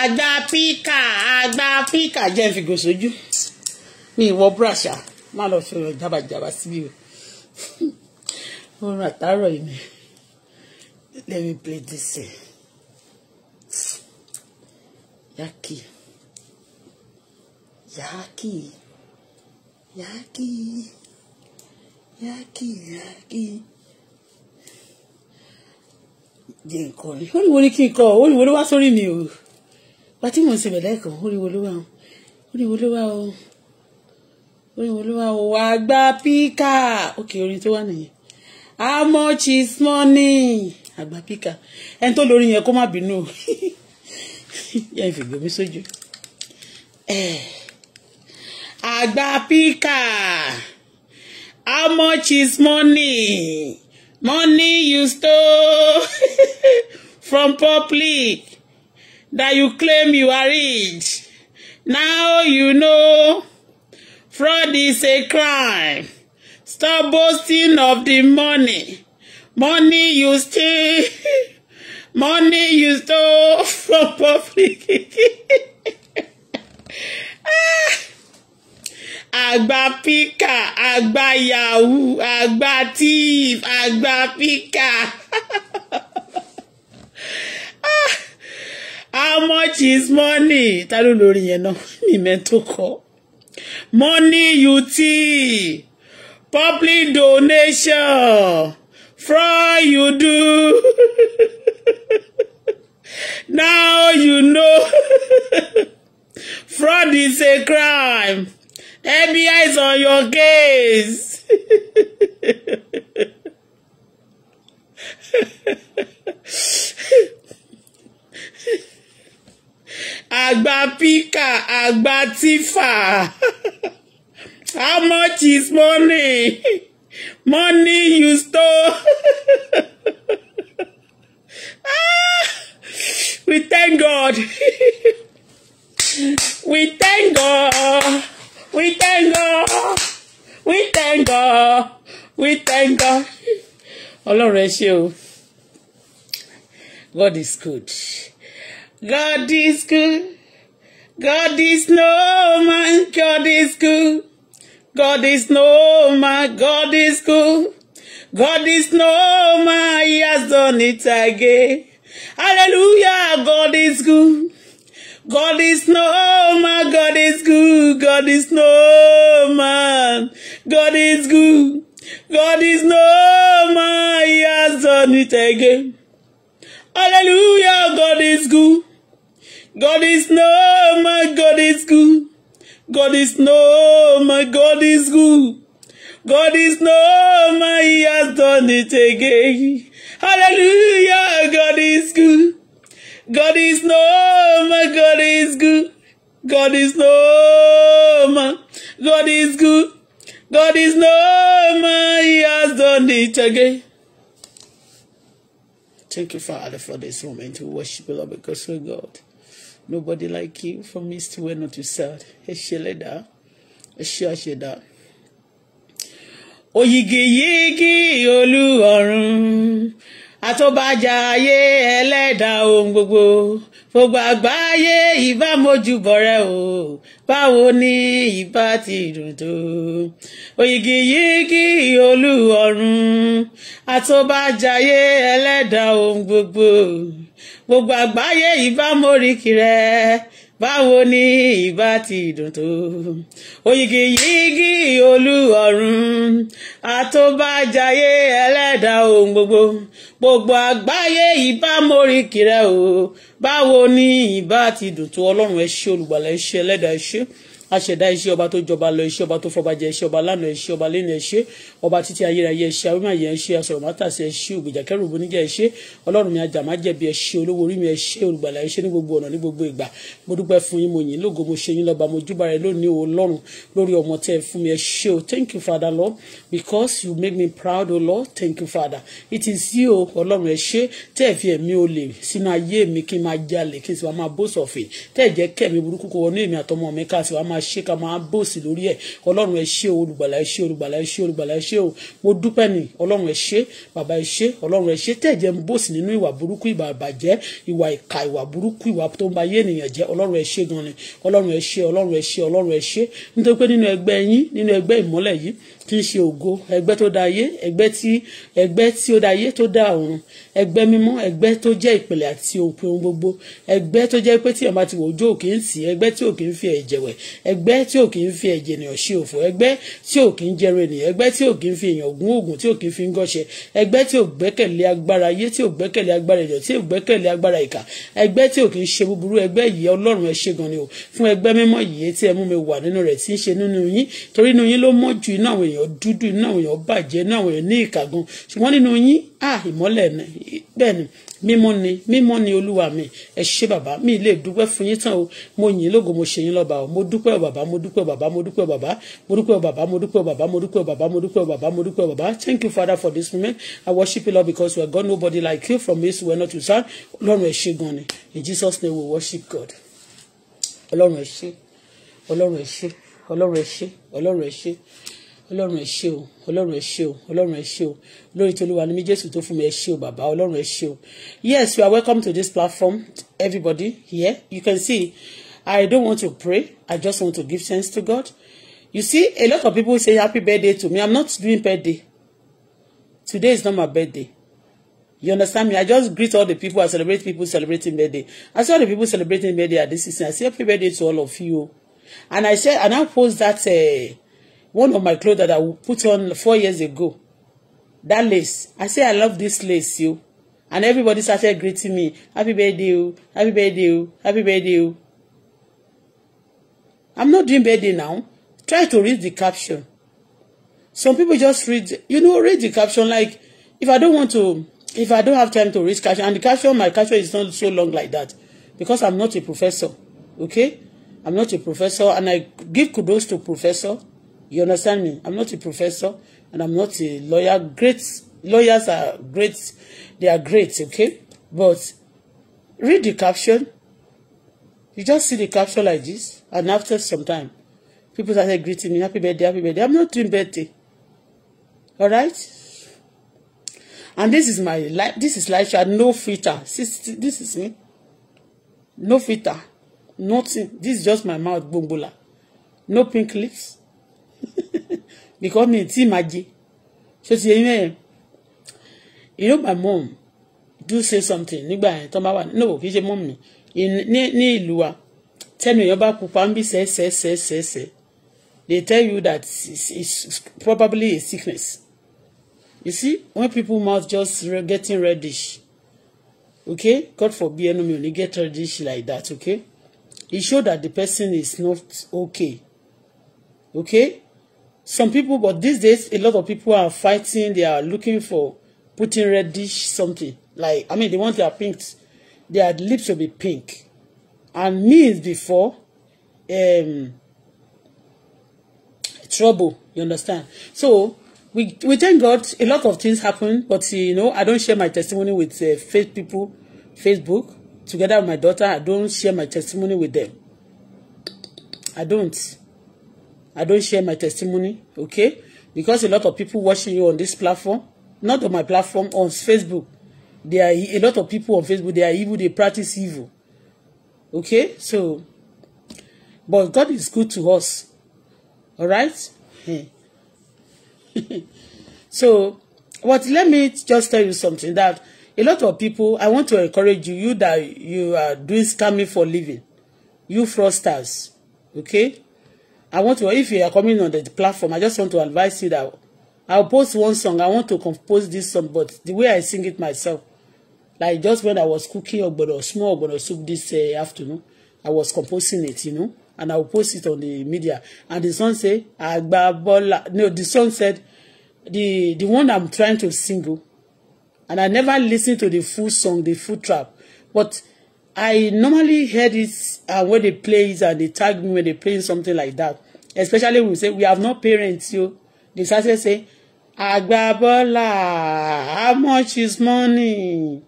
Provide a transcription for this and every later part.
àgbà píkà àgbà píkà jẹ́ ìfìgò sójú mi ìwọ búràṣà má lọ sọ̀rọ̀ jábàjábà síbí o oorun àtàárọ̀ yìí ni let me play this thing yaki yaki yaki yaki yaki jẹ nǹkan rí ó ní wo ni kí n kọ ó ní wo ni wá sórí mi o pàtí mò ń ṣe bẹ̀lẹ́ kan oríwo ló o oríwo o wà o gba píkà òkè orin tó wà nìyẹn how much is money àgbà píkà ẹni tó lórí yẹn kó má bínú yẹn fìgbẹ́ mi sójú àgbà píkà how much is money money you stole from public that you claim you are rich. Now you know fraud is a crime. Stop boasting of the money. Money you steal. Money you stole from public. Agba pika, agba yahoo agba thief agba pika. ah how much is money ta ló lórí yẹn náà mi mẹ́tò kọ́ money you tea public donation fraud you do now you know fraud is a crime FBI is on your case. àgbà píkà àgbà tifa. how much is money money you store. ah, we thank God we thank God we thank God we thank God we thank God ọlọ́run ẹ ṣé o God is good. God is good. God is no man. God is good. God is no man. God is good. God is no man. He has done it again. Hallelujah. God is good. God is no man. God is good. God is no man. God is good. God is no man. He has done it again. Hallelujah. God is good. God is no, my God is good. God is no, my God is good. God is no, my He has done it again. Hallelujah, God is good. God is no, my God is good. God is no, my God is good. God is no, my He has done it again. Thank you, Father, for this moment to worship you, Lord, because we're God nobody like you from east to west not to south ẹ ṣe lẹ́dà ẹ ṣe àṣẹdà. òyìgì yìgì olú ọ̀run àtọ́bàjà ayé ẹlẹ́dà ohun gbogbo gbogbo àgbáyé ìbá mojúbọ o báwo ni ìbá ti dùn tó òyìgì yìgì olú ọ̀run àtọ́bàjà ayé ẹlẹ́dà ohun gbogbo gbogbo àgbáyé ìbá móríkì rẹ báwo ni ìbá ti dùn tó òyìgì yìgì olú ọ̀run àtòbájayé ẹlẹ́dàá ohun gbogbo gbogbo àgbáyé ìbá móríkì rẹ o báwo ni ìbá ti dùn tó ọlọ́run ẹ ṣé olùgbàlà ẹ ṣé ẹlẹ́dàá aṣẹ̀dá ẹ ọba tó jọba lọ ẹ ọba tó fọba jẹ ẹ ọba lánàá ẹ ọba lẹ́nu ẹ ọba títí ayérayé ẹṣẹ awímọ ayé ẹṣẹ asọ̀rọ̀mátàsí ẹṣẹ ògbèjàkẹrù boníjà ẹṣẹ Ọlọ́run mi ajá má jẹ̀bi ẹṣẹ olówó orí mi ẹṣẹ olùgbàlà ẹṣẹ ní gbogbo ọ̀nà ní gbogbo ìgbà mo dúpẹ́ fún yín mo yìn lógo mo ṣe yín lọ́ba mo júbà rẹ lónìí o Ọlọ́run lórí ọmọ tẹ́ ẹ fún mi ẹṣẹ o thank you father lord because you make me proud o lord thank you father it is you o ẹṣẹ tẹ́ fi ẹ̀mí o lè sínú ayé mi kí n máa jalè kí n sì máa bó sọ̀fìn tẹ́ ẹ jẹ́ kẹ́mi burúkú kó wọnú èmi àtọmọ mi ká sì máa ṣe ká máa bó sí lórí ẹ̀ Ọlọ́run ẹṣẹ olùgbàlà ẹṣẹ olùgbàlà ẹṣẹ olùgbàlà ẹṣẹ ṣe o mo dúpẹ́ ni ọlọ́run ẹ ṣé bàbá ẹ ṣé ọlọ́run ẹ ṣé tẹ̀jẹ̀ ń bòsì nínú ìwà burúkú ìwà àbàjẹ́ ìwà ìkà ìwà burúkú ìwà tó ń ba ayé ènìyàn jẹ́ ọlọ́run ẹ ṣé gan ni ọlọ́run ẹ ṣé ọlọ́run ẹ ṣé ọlọ́run ẹ ṣé nítorí pé nínú ẹgbẹ́ yín nínú ẹgbẹ́ ìmọ́lẹ̀ yìí kì í ṣe ògo ẹgbẹ́ tó dáyé ẹgbẹ́ tí ẹgbẹ́ tí ó dáyé tó dá ọ̀run ẹgbẹ́ mímọ́ ẹgbẹ́ tó jẹ́ ìpìlẹ̀ àti òpin ohun gbogbo ẹgbẹ́ tó jẹ́ pé tí ọmọ ti wò ojú òkè ń tì ẹgbẹ́ tí òkè ń fi ẹ̀jẹ̀ wẹ̀ ẹgbẹ́ tí òkè ń fi ẹ̀jẹ̀ ènìyàn ṣe òfò ẹgbẹ́ tí òkè ń jẹrọ ènìyàn ẹgbẹ́ tí òkè ń fi èèyàn gún ògùn tí òkè ń gọ́ṣẹ́ ń ṣe ẹgbẹ́ tí èèyàn dúdú inú àwọn èèyàn bàjẹ́ inú àwọn èèyàn ní ìkàgùn ṣùgbọ́n nínú yín à ìmọ́lẹ̀ ni bẹ́ẹ̀ mímọ́ ni mímọ́ ni olúwa mi ẹ ṣé bàbá mi lè dúpẹ́ fún yín tán o mo yìn lógo mo ṣe yín lọ́ba o mo dúpẹ́ o bàbá mo dúpẹ́ o bàbá mo dúpẹ́ o bàbá mo dúpẹ́ o bàbá mo dúpẹ́ o bàbá mo dúpẹ́ o bàbá mo dúpẹ́ o bàbá mo dúpẹ́ o bàbá thank you father for this moment i worship you lord because we are God nobody like you from this are not to sound ọlọ́run ẹ ṣé gan ni in jesus name we worship god ọlọ́run ẹ ṣé ọlọ́run ẹ ṣé ọlọ́run ẹ ṣé ọlọ́run ẹ ṣé ọlọ́run ẹ ṣé o ọlọ́run ẹ ṣé o ọlọ́run ẹ ṣé o lórí tí olúwa ni mi jésù tó fún mi ẹ ṣé o bàbá ọlọ́run ẹ ṣé o yes you are welcome to this platform everybody here you can see i don't want to pray i just want to give thanks to god you see a lot of people say happy birthday to me i'm not doing birthday today is not my birthday you understand me? I just greet all the people. I celebrate people celebrating birthday. I saw the people celebrating birthday at this season. I say happy birthday to all of you. And I said, and I post that uh, one of my clothes that I put on four years ago. That lace. I say I love this lace, you. And everybody started greeting me. Happy birthday, you. Happy birthday, you. Happy birthday, you. I'm not doing birthday now. Try to read the caption. Some people just read, you know, read the caption like, if I don't want to, if I don't have time to read caption, and the caption, my caption is not so long like that, because I'm not a professor, okay? I'm not a professor, and I give kudos to professor You understand me? I'm not a professor and I'm not a lawyer. Great lawyers are great. They are great, okay? But read the caption. You just see the caption like this. And after some time, people started greeting me, happy birthday, happy birthday. I'm not doing birthday. All right? And this is my life. This is live chat. No filter. This, is me. No filter. Nothing. This is just my mouth, bumbula. No pink lips because me, tí máa jẹ ṣé ti yẹn yẹn you know my mom do say something nígbà yẹn No, bá wà no kì í ṣe mom mi ní ìlú wa tẹnu èèyàn Say say say bí sẹ́sẹ́sẹ́sẹ́sẹ́ they tell you that it's, it's probably a sickness you see when people mouth just getting reddish okay God forbid ẹnu mi get reddish like that okay it show that the person is not okay okay some people but these days a lot of people are fighting they are looking for putting red dish something like i mean they want their pink. their lips will be pink and me is before um trouble you understand so we we thank god a lot of things happen but you know i don't share my testimony with uh, faith people facebook together with my daughter i don't share my testimony with them i don't I don't share my testimony, okay? Because a lot of people watching you on this platform, not on my platform, on Facebook. There are a lot of people on Facebook, they are evil, they practice evil. Okay? So, but God is good to us. All right? So, what? let me just tell you something that a lot of people, I want to encourage you, you that you are doing scamming for living, you fraudsters, okay? I want to, if you are coming on the platform, I just want to advise you that I'll post one song. I want to compose this song, but the way I sing it myself, like just when I was cooking a small ogbono soup this uh, afternoon, I was composing it, you know, and I'll post it on the media. And the song say, Agbabola, no, the song said, the, the one I'm trying to sing, oh. and I never listened to the full song, the full trap, but I normally hear this uh, when they play it and they tag me when they playing something like that. Especially we say we have no parents you. The start say, Agbabola, how much is money?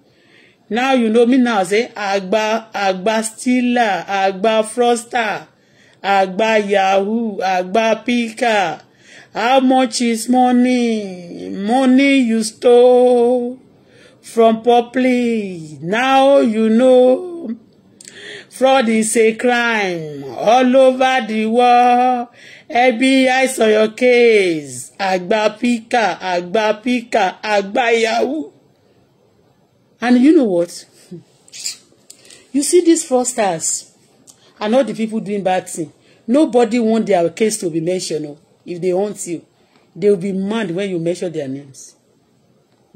Now you know me now say Agba Agba Stila, Agba Froster, Agba Yahoo, Agba Pika. How much is money? Money you stole from properly Now you know fraud is a crime all over the world. FBI saw your case. Agba pika, agba pika, agba yahoo. And you know what? You see these fraudsters and all the people doing bad thing. Nobody want their case to be mentioned. Oh. If they want you, they will be mad when you mention their names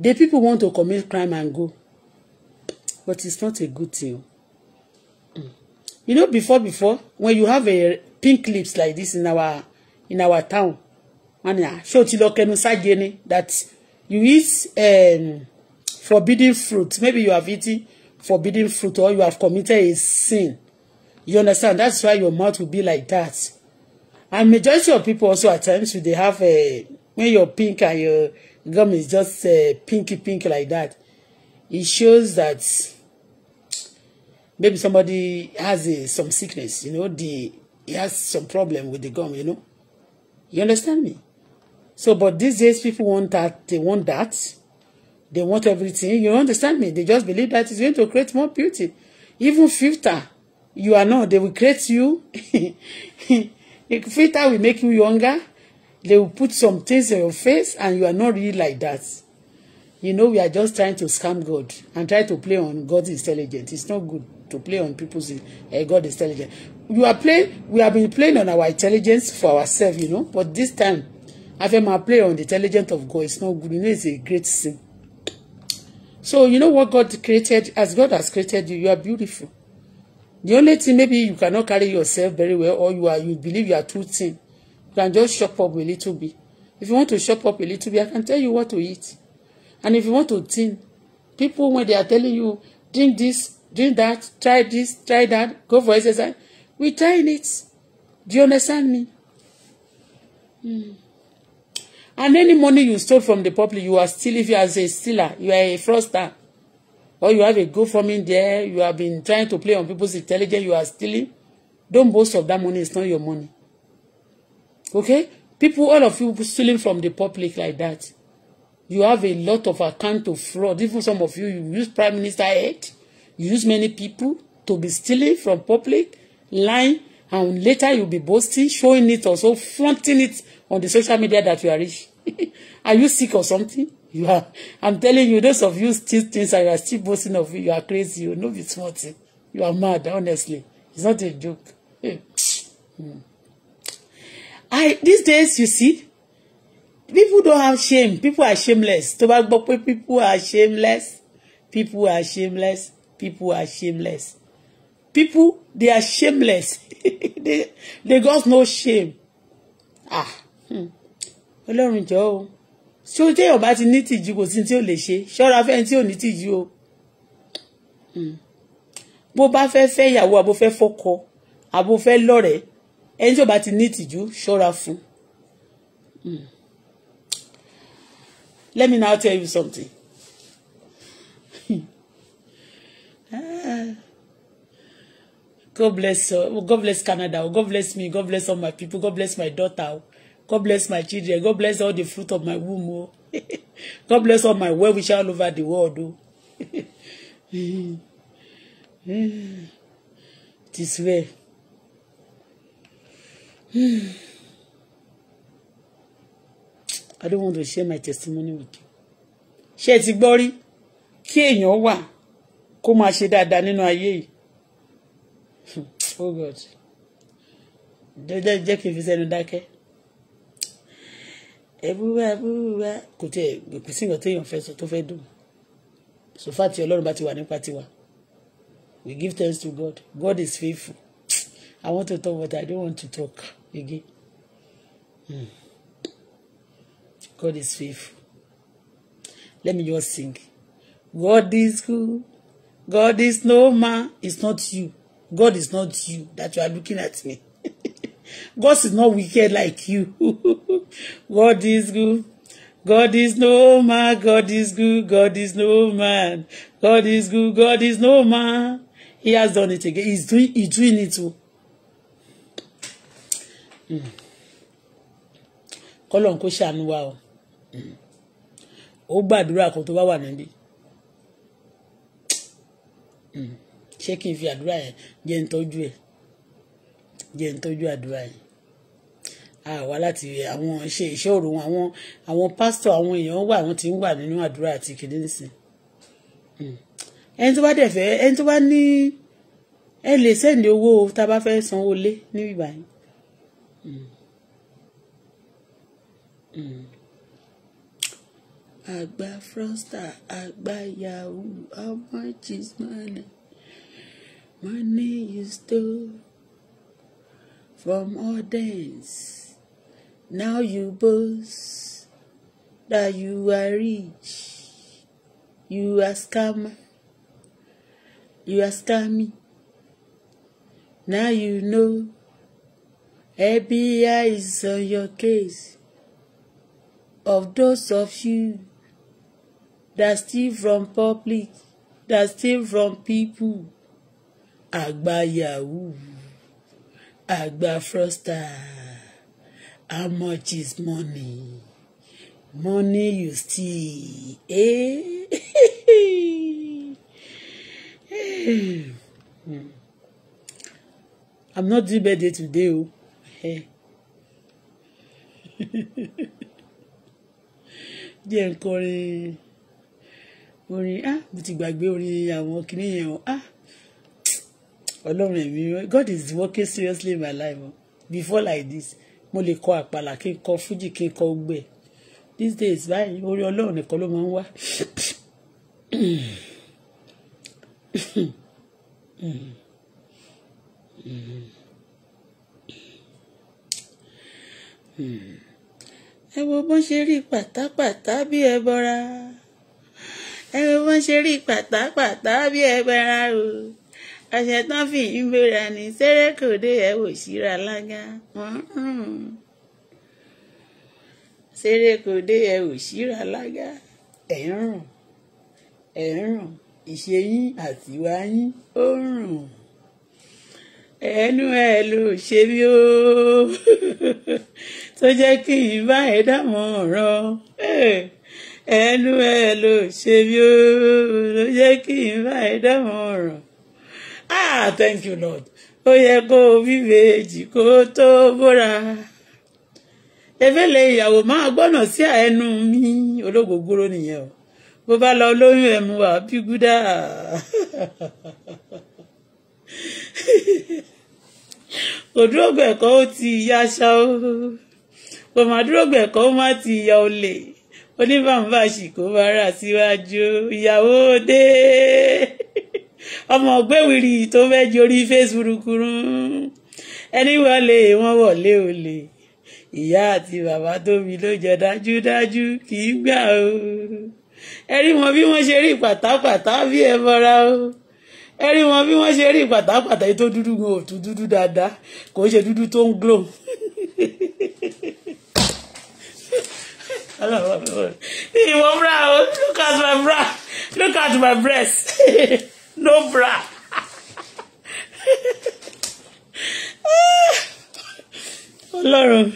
the people want to commit crime and go but it's not a good thing mm. you know before before when you have a pink lips like this in our in our town wọn ni ah ṣé that you eat um, forbidden fruit maybe you have eaten forbidden fruit or you have committed a sin you understand that's why your mouth will be like that and majority of people also at times they have a uh, when your pink and your gum is just uh, pinky pink like that it shows that maybe somebody has a, eh, some sickness you know the he has some problem with the gum you know you understand me so but these days people want that they want that they want everything you understand me they just believe that it's going to create more beauty even filter you are not they will create you filter will make you younger they will put some things in your face and you are not really like that you know we are just trying to scam God and try to play on God's intelligence it's not good to play on people's uh, eh, God intelligence We are playing we have been playing on our intelligence for ourselves you know but this time I feel my play on the intelligence of God it's not good you know it's a great sin so you know what God created as God has created you you are beautiful the only thing maybe you cannot carry yourself very well or you are you believe you are too thin can just shop up a little bit if you want to shop up a little bit I can tell you what to eat and if you want to thin people when they are telling you drink this drink that try this try that go for exercise we trying it do you understand me mm. and any money you stole from the public you are still if you are a stealer you are a fraudster or you have a go from in there you have been trying to play on people's intelligence you are stealing don't boast of that money it's not your money Okay? People, all of you stealing from the public like that. You have a lot of account of fraud. Even some of you, you use prime minister aid. You use many people to be stealing from public, lying, and later you be boasting, showing it also, flaunting it on the social media that you are rich. Are you sick or something? You are. I'm telling you, those of you still things and you are still boasting of it, you are crazy. You know it's not. You are mad, honestly. It's not a joke. Hey. Mm. I these days you see people don't have shame people are shameless To bá gbọ́ people are shameless people are shameless people are shameless people they are shameless they they got no shame ah hmm. Ọlọ́run jọ̀ọ́ o ṣé o téèyàn bá ti ní tìjú kò sí tí ò lè ṣe ṣọ́ra fẹ́ni tí ò ní tìjú o hmm. bó bá fẹ́ fẹ́ ìyàwó àbó fẹ́ fọ́kọ àbó fẹ́ lọ́rẹ̀ẹ́ ẹni tí ò bá ti ní ìtìjú ṣọ́ra fún hmm. Let me now tell you something. God bless uh, God bless Canada. Oh, God bless me. God bless all my people. God bless my daughter. Oh, God bless my children. God bless all the fruit of my womb. Oh. God bless all my well wishes all over the world. Oh. It is I don't want to share my testimony with you. Ṣé ti gbọ́ rí kí èèyàn wà kó máa ṣe dáadáa nínú ayé yìí? Oh God. Jẹ́ jẹ́ kí n fi sẹ́nu dákẹ́. Ẹ̀búwá ẹ̀búwá kò tẹ̀ kò sí nǹkan téèyàn fẹ́ sọ tó fẹ́ dùn. Sòfà tí Ọlọ́run bá ti wà nípa tiwa. We give thanks to God. God is faithful. I want to talk but I don't want to talk again. Mm. God is faithful. Let me just sing. God is good. God is no man. It's not you. God is not you that you are looking at me. God is not wicked like you. God is good. God is no man. God is good. God is no man. God is good. God is no man. He has done it again. He's doing, he's doing it too kọ́lọ̀ kó ṣàánú wa o ó gbàdúrà kan tó bá wà níbí ṣé kí n fi àdúrà yẹn jẹ́ ń tọ́jú ẹ̀ jẹ́ ń tọ́jú àdúrà yẹn àwa láti àwọn ṣe iṣẹ́ òru àwọn àwọn pásítọ̀ àwọn èèyàn wà wọ́n ti ń wà nínú àdúrà àti kìnìún nísìn ẹni tó bá dẹ̀ fẹ́ ẹni tó bá ní ẹ lè sẹ́ǹdì owó tá a bá fẹ́ sanwó lé níbí báyìí Mm. Mm. àgbà froster àgbà yahoo how much is money money you stole from audience now you boast that you are rich you are scammer you are scammy. now you know. FBI is on your case. Of those of you that steal from public, that steal from people, agba yahoo, agba fraudster, how much is money? Money you steal, eh? Hmm. I'm not doing birthday today o. Oh ẹ jẹ́ nǹkan orin orin ah mo ti gbàgbé orin àwọn kinní yẹn o ah ọlọ́run ẹ̀mí God is working seriously in my life before like this mo lè kọ àpàlà kí n kọ fújì kí n kọ gbẹ these days báyìí orí ọlọ́run nìkan ló máa ń wá. Mm-hmm. Hmm. ẹ wo bọ́n ṣe rí pàtàpàtà bí ẹ bọ́ra ẹ wo bọ́n ṣe rí pàtàpàtà bí ẹ bọ́ra o àṣẹ tán fi ń bèrà ní sẹ́rẹ́kòdé ẹ wò síra lága sẹ́rẹ́kòdé hmm. ẹ wò síra lága ẹ̀ ń rùn ẹ̀ ń rùn ìṣe yín àtiwá yín ó ń rùn. Eh, ẹnu ẹ ló ṣe mí o tó jẹ́ kí n bá ẹ dámọ̀ràn ẹnu ẹ ló ṣe o tó jẹ́ kí n bá ẹ dámọ̀ràn ah thank you lord ó yẹ kó o bí méjì kó o tó bóra efele ìyàwó máa gbọ́nà sí ẹnu mi olóògbògbòrò nìyẹn o bó bá lọ lóyún ẹ̀ mú wa bí gúdà. òdúrógbẹ̀kọ́ ó ti ìyá aṣá o pọ̀mọ́ àdúrógbẹ̀kọ́ ó má ti ìyá olè oníbàmbà ṣìkò bára síwájú ìyàwó dé ọmọ ọgbẹ́wìrì tó fẹ́ jorí fésburúkúrú ẹni wọlé wọn wọlé olè ìyá àti bàbá tóbi ló jẹ dájúdájú kì í gbà o ẹrí wọn bí wọn ṣe rí pátápátá bí ẹ bọra o ẹ rí wọn bí wọ́n ṣe rí pàtàpàtà tó dúdú gan òtún dúdú dáadáa kò ṣe dúdú tó ń glow ìwọ bra o look at my bra look at my breast no bra. ọlọ́run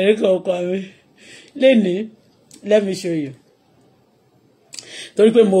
ẹ̀rí kan ọkọ mi lẹ́ni let me show you torí pé mo.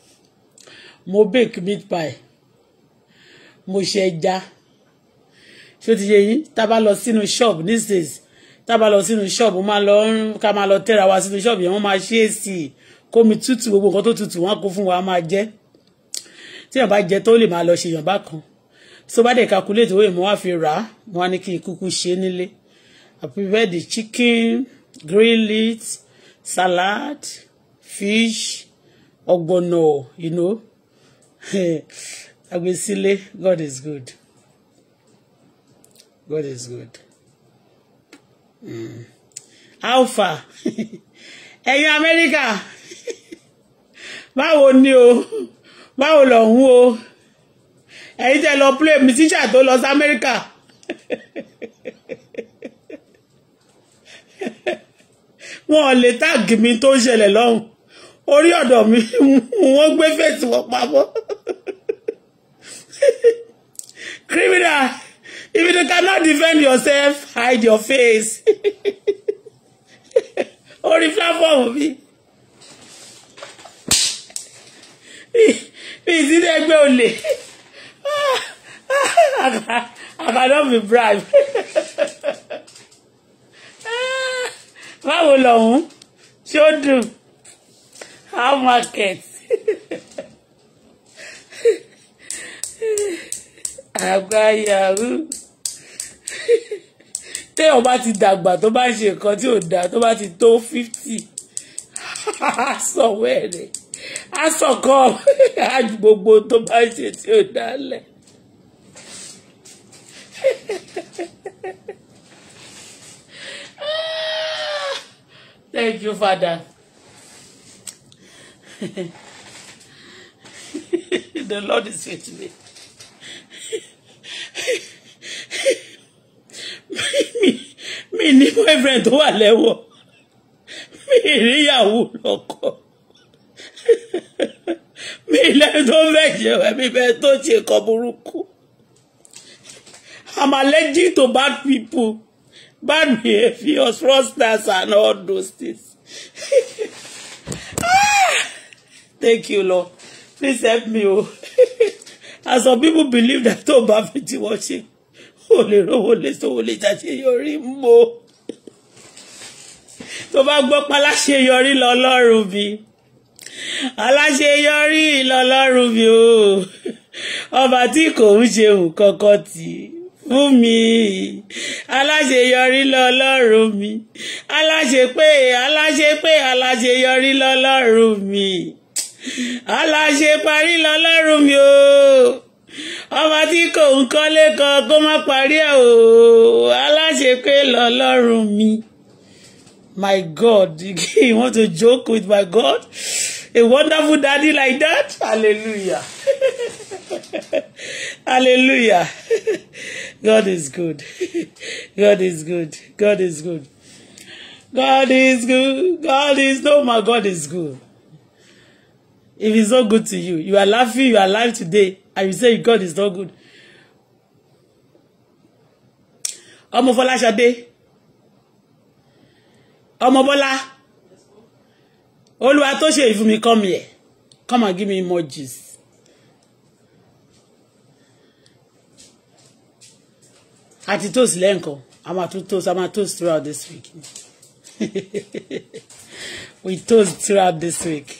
mo bake meat pie mo ṣe ẹja ṣó ti yé yín tá lọ sínú shop these days tá a lọ sínú shop ó máa lọ ká máa lọ tẹ́ra wa sínú shop yẹn wọ́n máa ṣe é sí i kómi tútù gbogbo nǹkan tó tútù wọn kó fún wa máa jẹ tí èèyàn bá jẹ tó lè máa lọ ṣe èèyàn kan tó bá dẹ̀ calculate owó ìmọ̀ wá fi rà á wọn á ní kí n kúkú ṣe nílé I prepare the chicken grill it salad fish ọ̀gbọ̀nọ̀ you know agbesile God is good God is good mm. alpha ẹ̀yin Amẹ́ríkà báwo ni o báwo lọ̀hún o ẹ̀yin tẹ́ lọ play mi tíṣà tó lọ sí Amẹ́ríkà wọn lè táàgì mi tó ń ṣẹlẹ̀ lọ́hùn orí ọ̀dọ̀ mi wọ́n gbé fèsì wọn pamọ́. Criminal, if you cannot defend yourself, hide your face. Orí platform mi. Mi ti dé ẹgbẹ́ olè. Ah, ah, I cannot be bribed. Ah, báwo lọ̀hún? Ṣé ó dùn? How market? àgbáyàwó téèyàn bá ti dàgbà tó bá ń ṣe nǹkan tí ò dáa tó bá ti tó fifty àsọ̀wọ́ ẹ̀rẹ̀ àsọ̀kọ́ àjù gbogbo tó bá ń ṣe tí ò dáa lẹ̀. Thank you, Father. The Lord is with me. mi ní boyfriend tó wà lẹ́wọ̀n mi níyàwó lọ́kọ mi lẹ́yìn tó fẹ́ jẹ̀wẹ́ mi fẹ́ tó ṣe kọ́ burúkú I'm allergic to bad people bad behaviors fraudsters and all those things ah, thank you Lord please help me oh. as some people believe that tó bad fi ti wọ́n ò lè rówó lé sówó lè ṣàṣeyọrí mo tó bá gbọ́ pa aláṣeyọrí lọ́lọ́run mi aláṣeyọrí lọ́lọ́run mi o ọba tí kò ń ṣe nǹkan kan tì í fún mi aláṣeyọrí lọ́lọ́run mi aláṣepé aláṣepé aláṣeyọrí lọ́lọ́run mi aláṣeparí lọ́lọ́run mi o ọmọ tí kò ń kọ́lé kan kó má parí ẹ̀ o aláṣepé lọ́lọ́run mi my God you want to joke with my God a wonderful daddy like that hallelujah hallelujah God is good God is good God is good God is good God is no my God is good if he's so good to you you are laughing you are alive today and you say God is not good. ọmọ Fọláṣadé ọmọ Bọ́lá Olúwa tó ṣe ìfún mi come here come and give me more gist. àti toast lẹ́ǹkan a máa tún toast a toast throughout this week we toast throughout this week.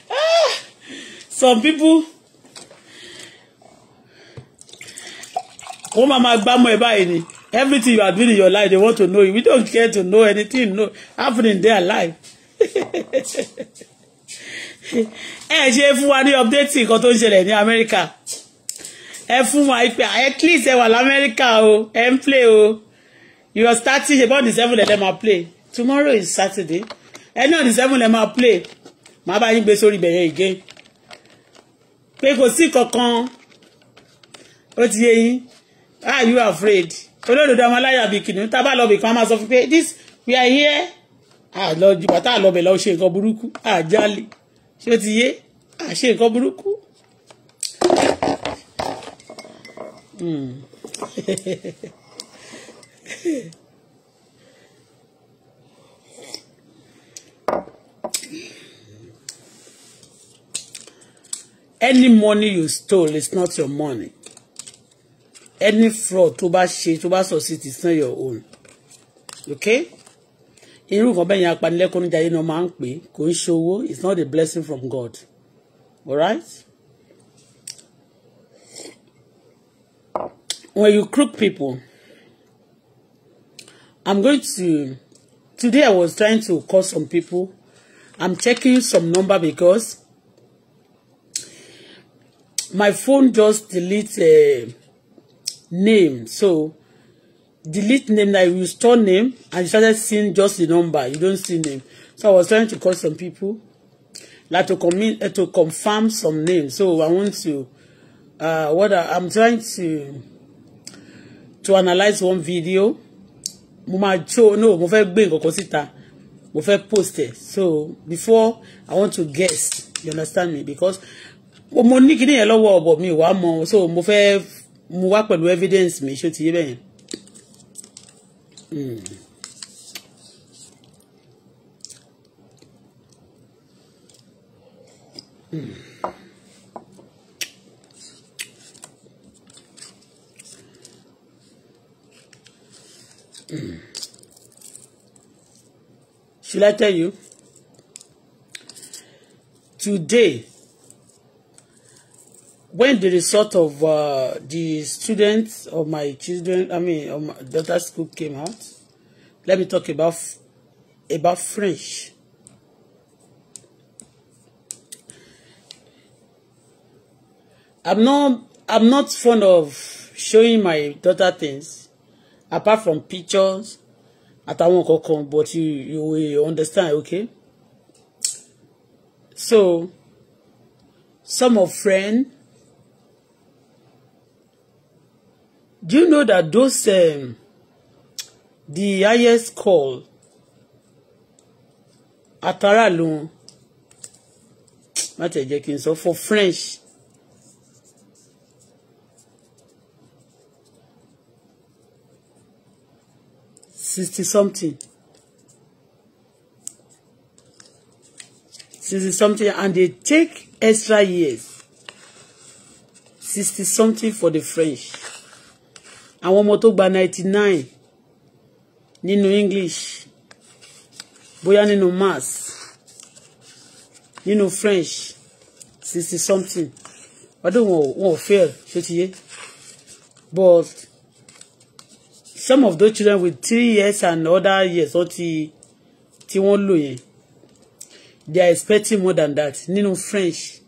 Ah! some people wọ́n máa ma gbámọ́ ẹ báyìí ni everything you are doing in your life they want to know you we don't care to know anything no happening in their life ẹ ṣe fún wa ní update nǹkan tó ń ṣẹlẹ̀ ní America. ẹ fún wa pé at least ẹ wà lamẹ́ríkà o ẹ ń play o you are starting about the seven ẹ lẹ́ play tomorrow is Saturday ẹ náà the seven ẹ máa play màá bá yín gbé sórí bẹ̀yẹn ìgé pé kò sí kankan ó ti yé yín are you afraid olódodo àwọn aláya bíi kìnìún tá a bá lọ bìkan a máa sọ fún pé this we are here Ah àlọ jùlọ tá a lọ bẹ̀ lọ ṣe buruku. Ah, àjálè ṣé ó ti yé àṣe nǹkan buruku. Hmm. any money you stole is not your money any fraud tó bá ṣe tó bá succeed is not your own okay irú nǹkan bẹ́ẹ̀ yẹn apanilẹ́kùn níjà yìí náà máa ń pè kò ń ṣòwò not a blessing from God All right? when you crook people I'm going to today I was trying to call some people I'm checking some number because my phone just delete uh, name so delete name that like you store name and you started seeing just the number you don't see name so I was trying to call some people like to commit uh, to confirm some names so I want to uh, what I, I'm trying to to analyze one video mo no mo fẹ́ gbé so before I want to guess you understand me because mo ní kinní yẹn lọ́wọ́ ọ̀bọ̀ mi wàá mọ so mo fẹ́ mu wá pẹ̀lú evidence mi ṣó ti yé bẹ́ẹ̀ hmm. Hmm. Hmm. Should I tell you? Today, when the result of uh, the students of my children, I mean, of my daughter's school came out, let me talk about about French. I'm not I'm not fond of showing my daughter things apart from pictures àtàwọn kankan but you you will understand okay so some of friend do you know that those um, the highest call àtàrà ló wọn má tẹ̀ jẹ́ for French sixty something sixty something and they take extra years sixty something for the French àwọn ọmọ tó gba 99. nine nínú English bóyá nínú maths nínú French sixty something ọdún wọn wọn ò fail ṣé ti yé but some of those children with three years and other years ọ ti tí wọ́n lò yẹn they are expecting more than that nínú French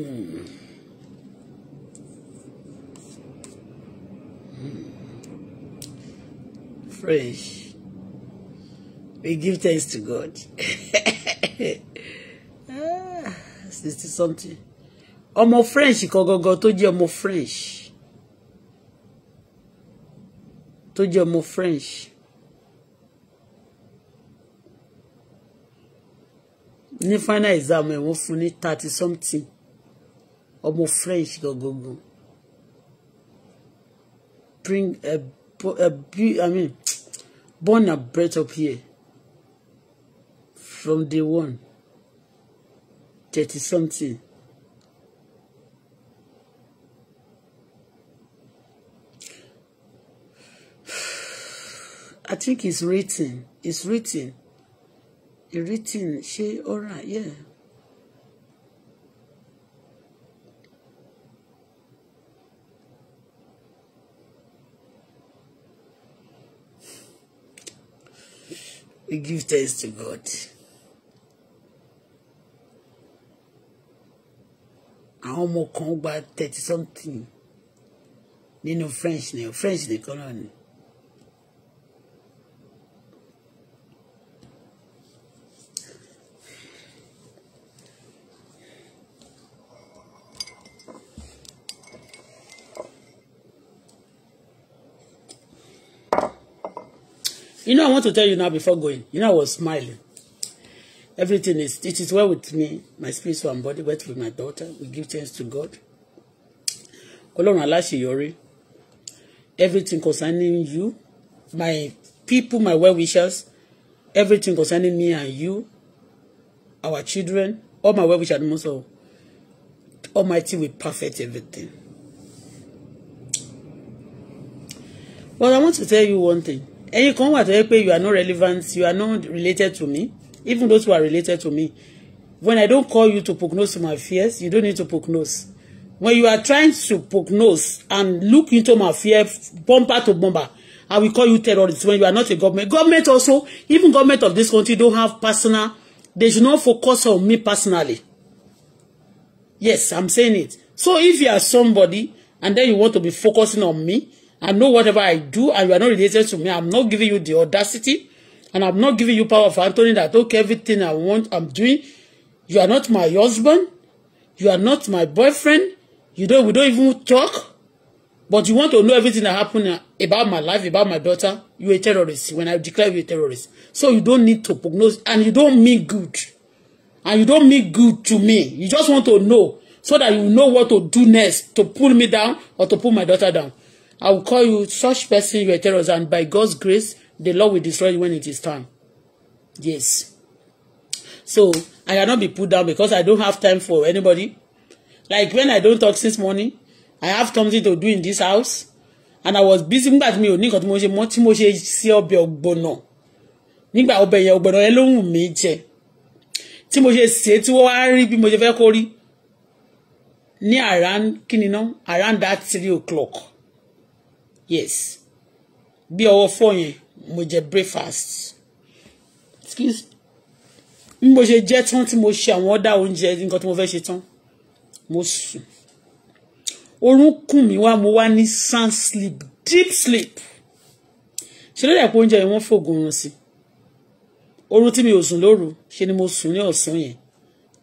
Ooh. Fresh. We give thanks to God. ah, sixty something. Ọmọ French kan gangan tó jẹ́ ọmọ French. Tó jẹ́ ọmọ French. Ní final exam ẹ̀ wọ́n fún ní thirty something ọmọ French gangan bring a, a, I mean, born and bred up here from day one thirty something. I think it's written. It's written. It's written. She, all yeah. We give thanks to God. Àwọn ọmọ kan gba thirty something nínú French ni French nìkan náà ni. You know, I want to tell you now before going. You know, I was smiling. Everything is, it is well with me, my spiritual and body, well with my daughter. We give thanks to God. Ọlọ́run aláṣeyọrí. Everything concerning you, my people, my well wishers, everything concerning me and you, our children, all my well wishers, most of Almighty will perfect everything. Well, I want to tell you one thing ẹ̀yin kan wà tó yẹ pé you are not relevant you are not related to me even those who are related to me when I don't call you to poke nose to my fears you don't need to poke nose when you are trying to poke nose and look into my fear bumper to bumper I will call you terrorist when you are not a government government also even government of this country don't have personal they should not focus on me personally yes I'm saying it so if you are somebody and then you want to be focusing on me I know whatever I do and you are not related to me. I'm not giving you the audacity and I'm not giving you power for Anthony that okay, everything I want, I'm doing. You are not my husband. You are not my boyfriend. You don't, we don't even talk. But you want to know everything that happened about my life, about my daughter. You're a terrorist. When I declare you a terrorist. So you don't need to prognose and you don't mean good. And you don't mean good to me. You just want to know so that you know what to do next to pull me down or to pull my daughter down. I will call you such person you are terrorist, and by God's grace, the Lord will destroy you when it is time. Yes. So I cannot be put down because I don't have time for anybody. Like when I don't talk since morning, I have something to do in this house. And I was busy nígbà me. mi ò ní nǹkan tí mo ṣe mọ́ tí mo ṣe sí ọbẹ̀ ọ̀gbọ̀nà nígbà ọbẹ̀ yẹn ọ̀gbọ̀nà yẹn ló wù mí jẹ tí around kí ni around that three o'clock yes bí ọwọ́ four yẹn mo jẹ breakfast excuse me. mo ṣe jẹ tán tí mo ṣe àwọn ọ̀dà oúnjẹ nǹkan tí mo fẹ́ ṣe tán mo sùn oorun kùn mí wá mo wá ní sound sleep deep sleep ṣe ló dẹ̀ pé oúnjẹ yẹn wọ́n fògùn ràn sí oorun tí mi ò sùn lóru ṣe ni mo sùn ní ọ̀sán yẹn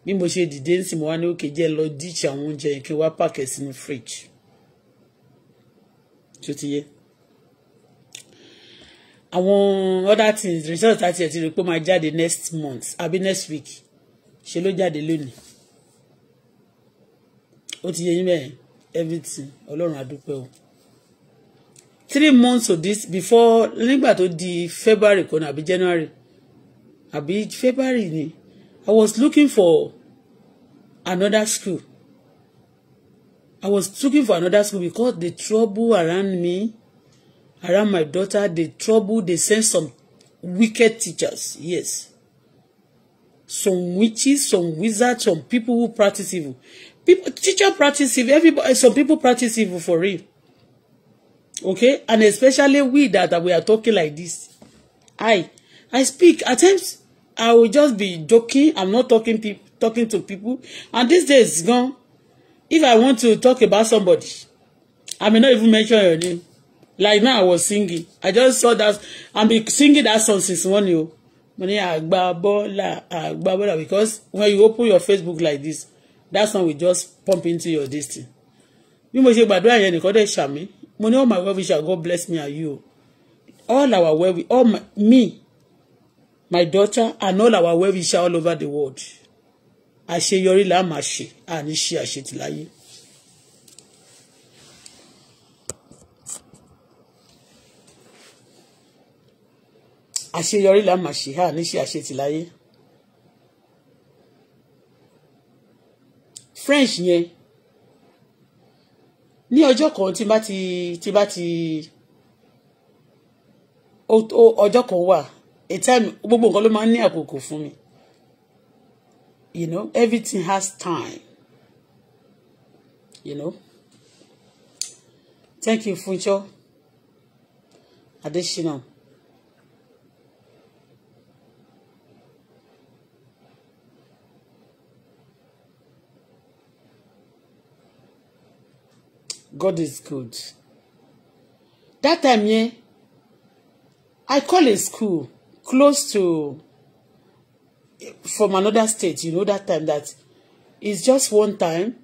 bí mo ṣe dìde ń sì mo wá ní òkè jẹ́ lọ díìchì àwọn oúnjẹ yẹn kí n wá pàkẹ́ sínú fridge ṣó ti yé àwọn other things result àti ẹ̀ ti rí pé ó máa jáde next month àbí next week ṣe ló jáde lónìí ó ti yé yín bẹ́ẹ̀ everything ọlọ́run àdúpẹ́ o three months of this before nígbà tó di February kan àbí January àbí February ni I was looking for another school I was looking for another school because the trouble around me, around my daughter, the trouble, they sent some wicked teachers, yes. Some witches, some wizards, some people who practice evil. People, teacher practice evil, everybody, some people practice evil for real. Okay? And especially we that we are talking like this. I, I speak, at times, I will just be joking. I'm not talking talking to people. And these days, gone if I want to talk about somebody, I may not even mention your name. Like now I was singing. I just saw that I've been singing that song since morning o. Oh. Mo ní Agbabola Agbabola because when you open your Facebook like this, that song will just pump into your destiny. Bí mo ṣe gbàdúrà yẹn nìkan dẹ̀ ṣàmì, mo ní all oh my well wishes God bless me and you. All our well all my, me, my daughter and all our well wishes all over the world àṣeyọrí là máa ṣe àní ṣe àṣetì láyé. àṣeyọrí là máa ṣe àní ṣe àṣetì French yẹn ní ọjọ́ kan tí bá ti tí bá ti ọjọ́ kan wà a time gbogbo nǹkan ló máa ń ní àkókò fún mi You know, everything has time. You know. Thank you, Funcho. Additional. God is good. That time, yeah, I call a school close to from another state you know that time that it's just one time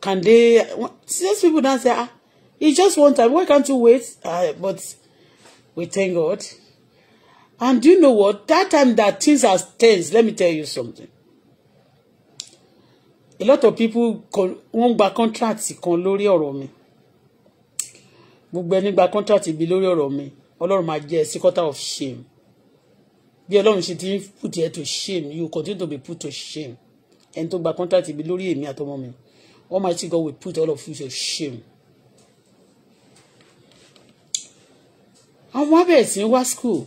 can they since people don't say ah it's just one time why can't you wait uh, but we thank God and do you know what that time that things are tense let me tell you something a lot of people wọ́n gba contract kan lórí ọ̀rọ̀ mi gbogbo ẹni gba contract bi lórí ọ̀rọ̀ mi Ọlọ́run máa jẹ́ sí quarter of shame bí ọlọ́run ṣe ti put ẹ to shame you continue to be put to shame ẹni tó gba contract mi lórí èmi àtọmọ mi Almighty God will put all of you to shame. àwọn abẹ́ẹ̀ sí wá school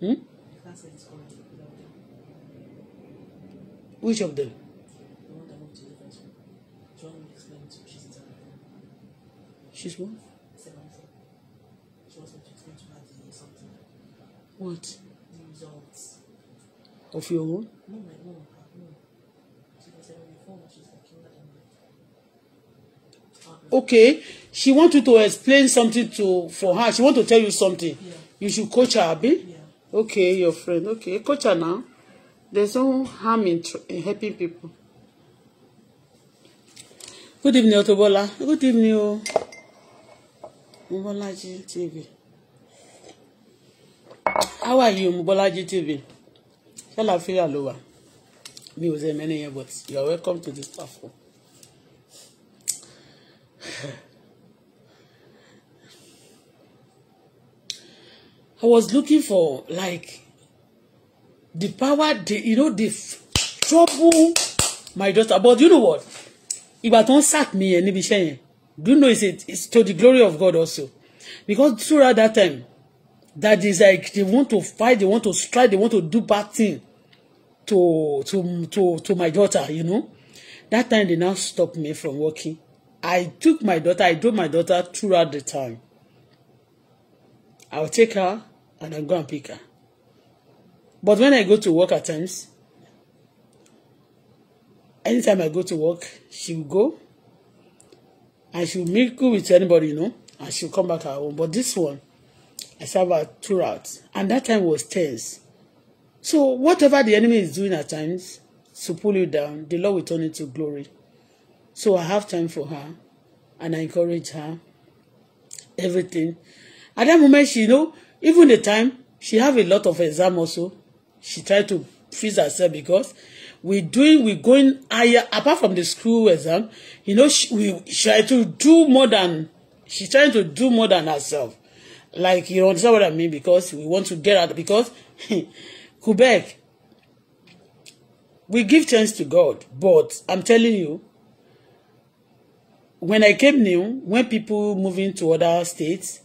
Hmm? Which of them? She's one. What? results. Of your own? No, my own. Okay, she want you to explain something to for her. She want to tell you something. Yeah. You should coach her, abi? Yeah. Okay, your friend. Okay, coach her now. There's no harm in, in helping people. Good evening, Otobola. Good evening, oh. Obolaji TV how are you Mubolaji TV ṣàlàfíà ló wà mi ò sẹ́ mẹ́ni yẹn but you are welcome to this platform. I was looking for like the power the you know the trouble my daughter but you know what ìgbà tó ń sack mi yẹn níbi iṣẹ́ yẹn do you know it's, a, it's to the glory of God also because throughout that time that is like they want to fight they want to strike they want to do bad thing to to to to my daughter you know that time they now stop me from working I took my daughter I drove my daughter throughout the time I will take her and I go and pick her but when I go to work at times anytime I go to work she will go and she will mingle with anybody you know and she will come back her home but this one I served throughout. And that time was tense. So whatever the enemy is doing at times to pull you down, the Lord will turn it to glory. So I have time for her and I encourage her. Everything. At that moment, she you know, even the time, she have a lot of exam also. She tried to freeze herself because we doing we going higher apart from the school exam you know she, we try to do more than she trying to do more than herself Like you understand what I mean? Because we want to get out because Quebec, we give thanks to God, but I'm telling you, when I came new, when people moving to other states,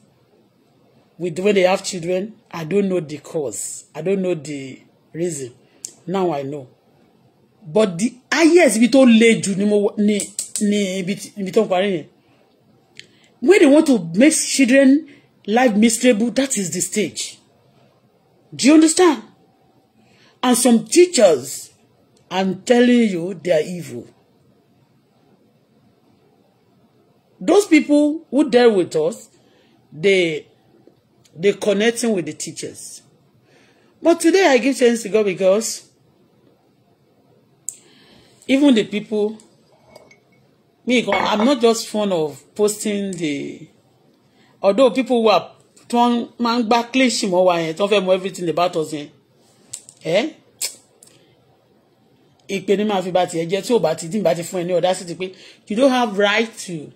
with when they have children, I don't know the cause. I don't know the reason. Now I know. But the ah yes, we don't jù ni mo ni ni ibi tó When they want to make children life miserable, that is the stage. Do you understand? And some teachers, I'm telling you, they are evil. Those people who deal with us, they they connecting with the teachers. But today I give thanks to God because even the people, me, I'm not just fond of posting the although people who are tí wọ́n máa ń gbá clash mọ́ wa yẹn tí fẹ́ mọ everything about us yẹn ẹ́ ìpè máa fi ba tiẹ̀ jẹ́ tí ò bá ti dín bá ti fún ẹ ní ọ̀dá sí ti pé you don't have right to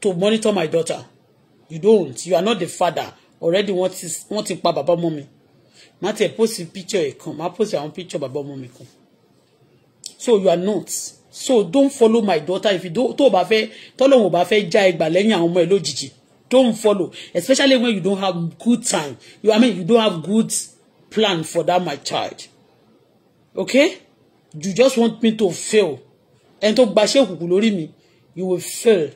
to monitor my daughter you don't you are not the father already wọ́n ti wọ́n ti pa bàbá ọmọ mi má tiẹ̀ post picture ẹ̀ kan má post àwọn picture bàbá ọmọ mi kan so you are not so don't follow my daughter if you don't tó o bá fẹ́ tọ́lọ́hún ò bá fẹ́ já ẹgbà lẹ́yìn àwọn ọmọ ẹ lójijì don't follow especially when you don't have good time you i mean you don't have good plan for that my child okay you just want me to fail and to gba ṣé òkùnkùn mi you will fail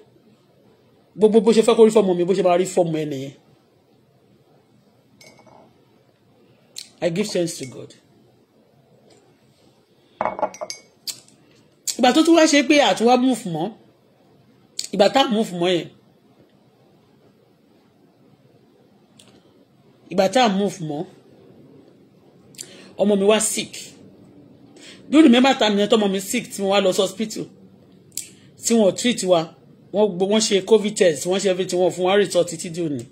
gbogbo bo ṣe fẹ́ kó rí fọ́ọ̀mù mi bo ṣe máa rí fọ́ọ̀mù ẹ i give thanks to god. ìgbà tó tún wá ṣe pé àtúwá move mọ́ ìgbà tá move mọ́ yẹn ìgbà tá à ń move mọ́ ọmọ mi wá sick do you remember time yẹn tọmọ mi sick tí mo wá lọ sí hospital tí wọ́n treat wa wọ́n gbọ́ wọ́n ṣe covid test wọ́n ṣe everything wọ́n fún wa result títí di òní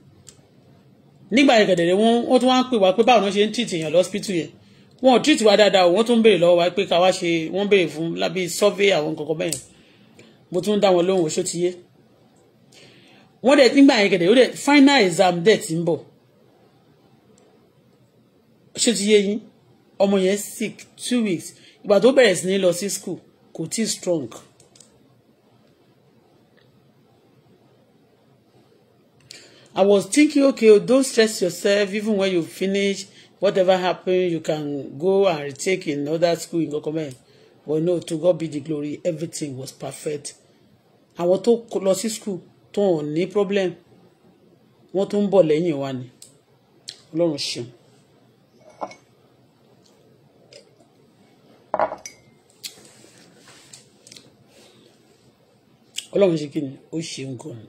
nígbà yẹn gẹ̀dẹ̀dẹ̀ wọ́n wọ́n tún wá ń pè wá pé báwọn ṣe ń treat èèyàn lọ́spítù yẹn wọ́n treat wa dáadáa wọ́n tún ń béèrè lọ́wọ́ wa pé ká wá ṣe wọ́n béèrè fún lábẹ́ survey àwọn kankan bẹ́ẹ̀ mo tún ń dá wọn lóhùn oṣó ti yé wọ́n dẹ̀ nígbà yẹn gẹ̀dẹ̀ ó dẹ̀ final exam dẹ̀ ti ń bọ̀ ṣé ti yé yín ọmọ yẹn sick two weeks ìgbà tó bẹ̀rẹ̀ sí ní lọ sí school kò tí strong. I was thinking okay don't stress yourself even when you finish whatever happen you can go and retake in another school in Gokome but no to God be the glory everything was perfect àwọn tó lọ sí school tó ní problem wọ́n tó ń bọ̀ lẹ́yìn wa ni Ọlọ́run ṣeun. ọlọ́run ṣe kí ni ó ṣe nǹkan ni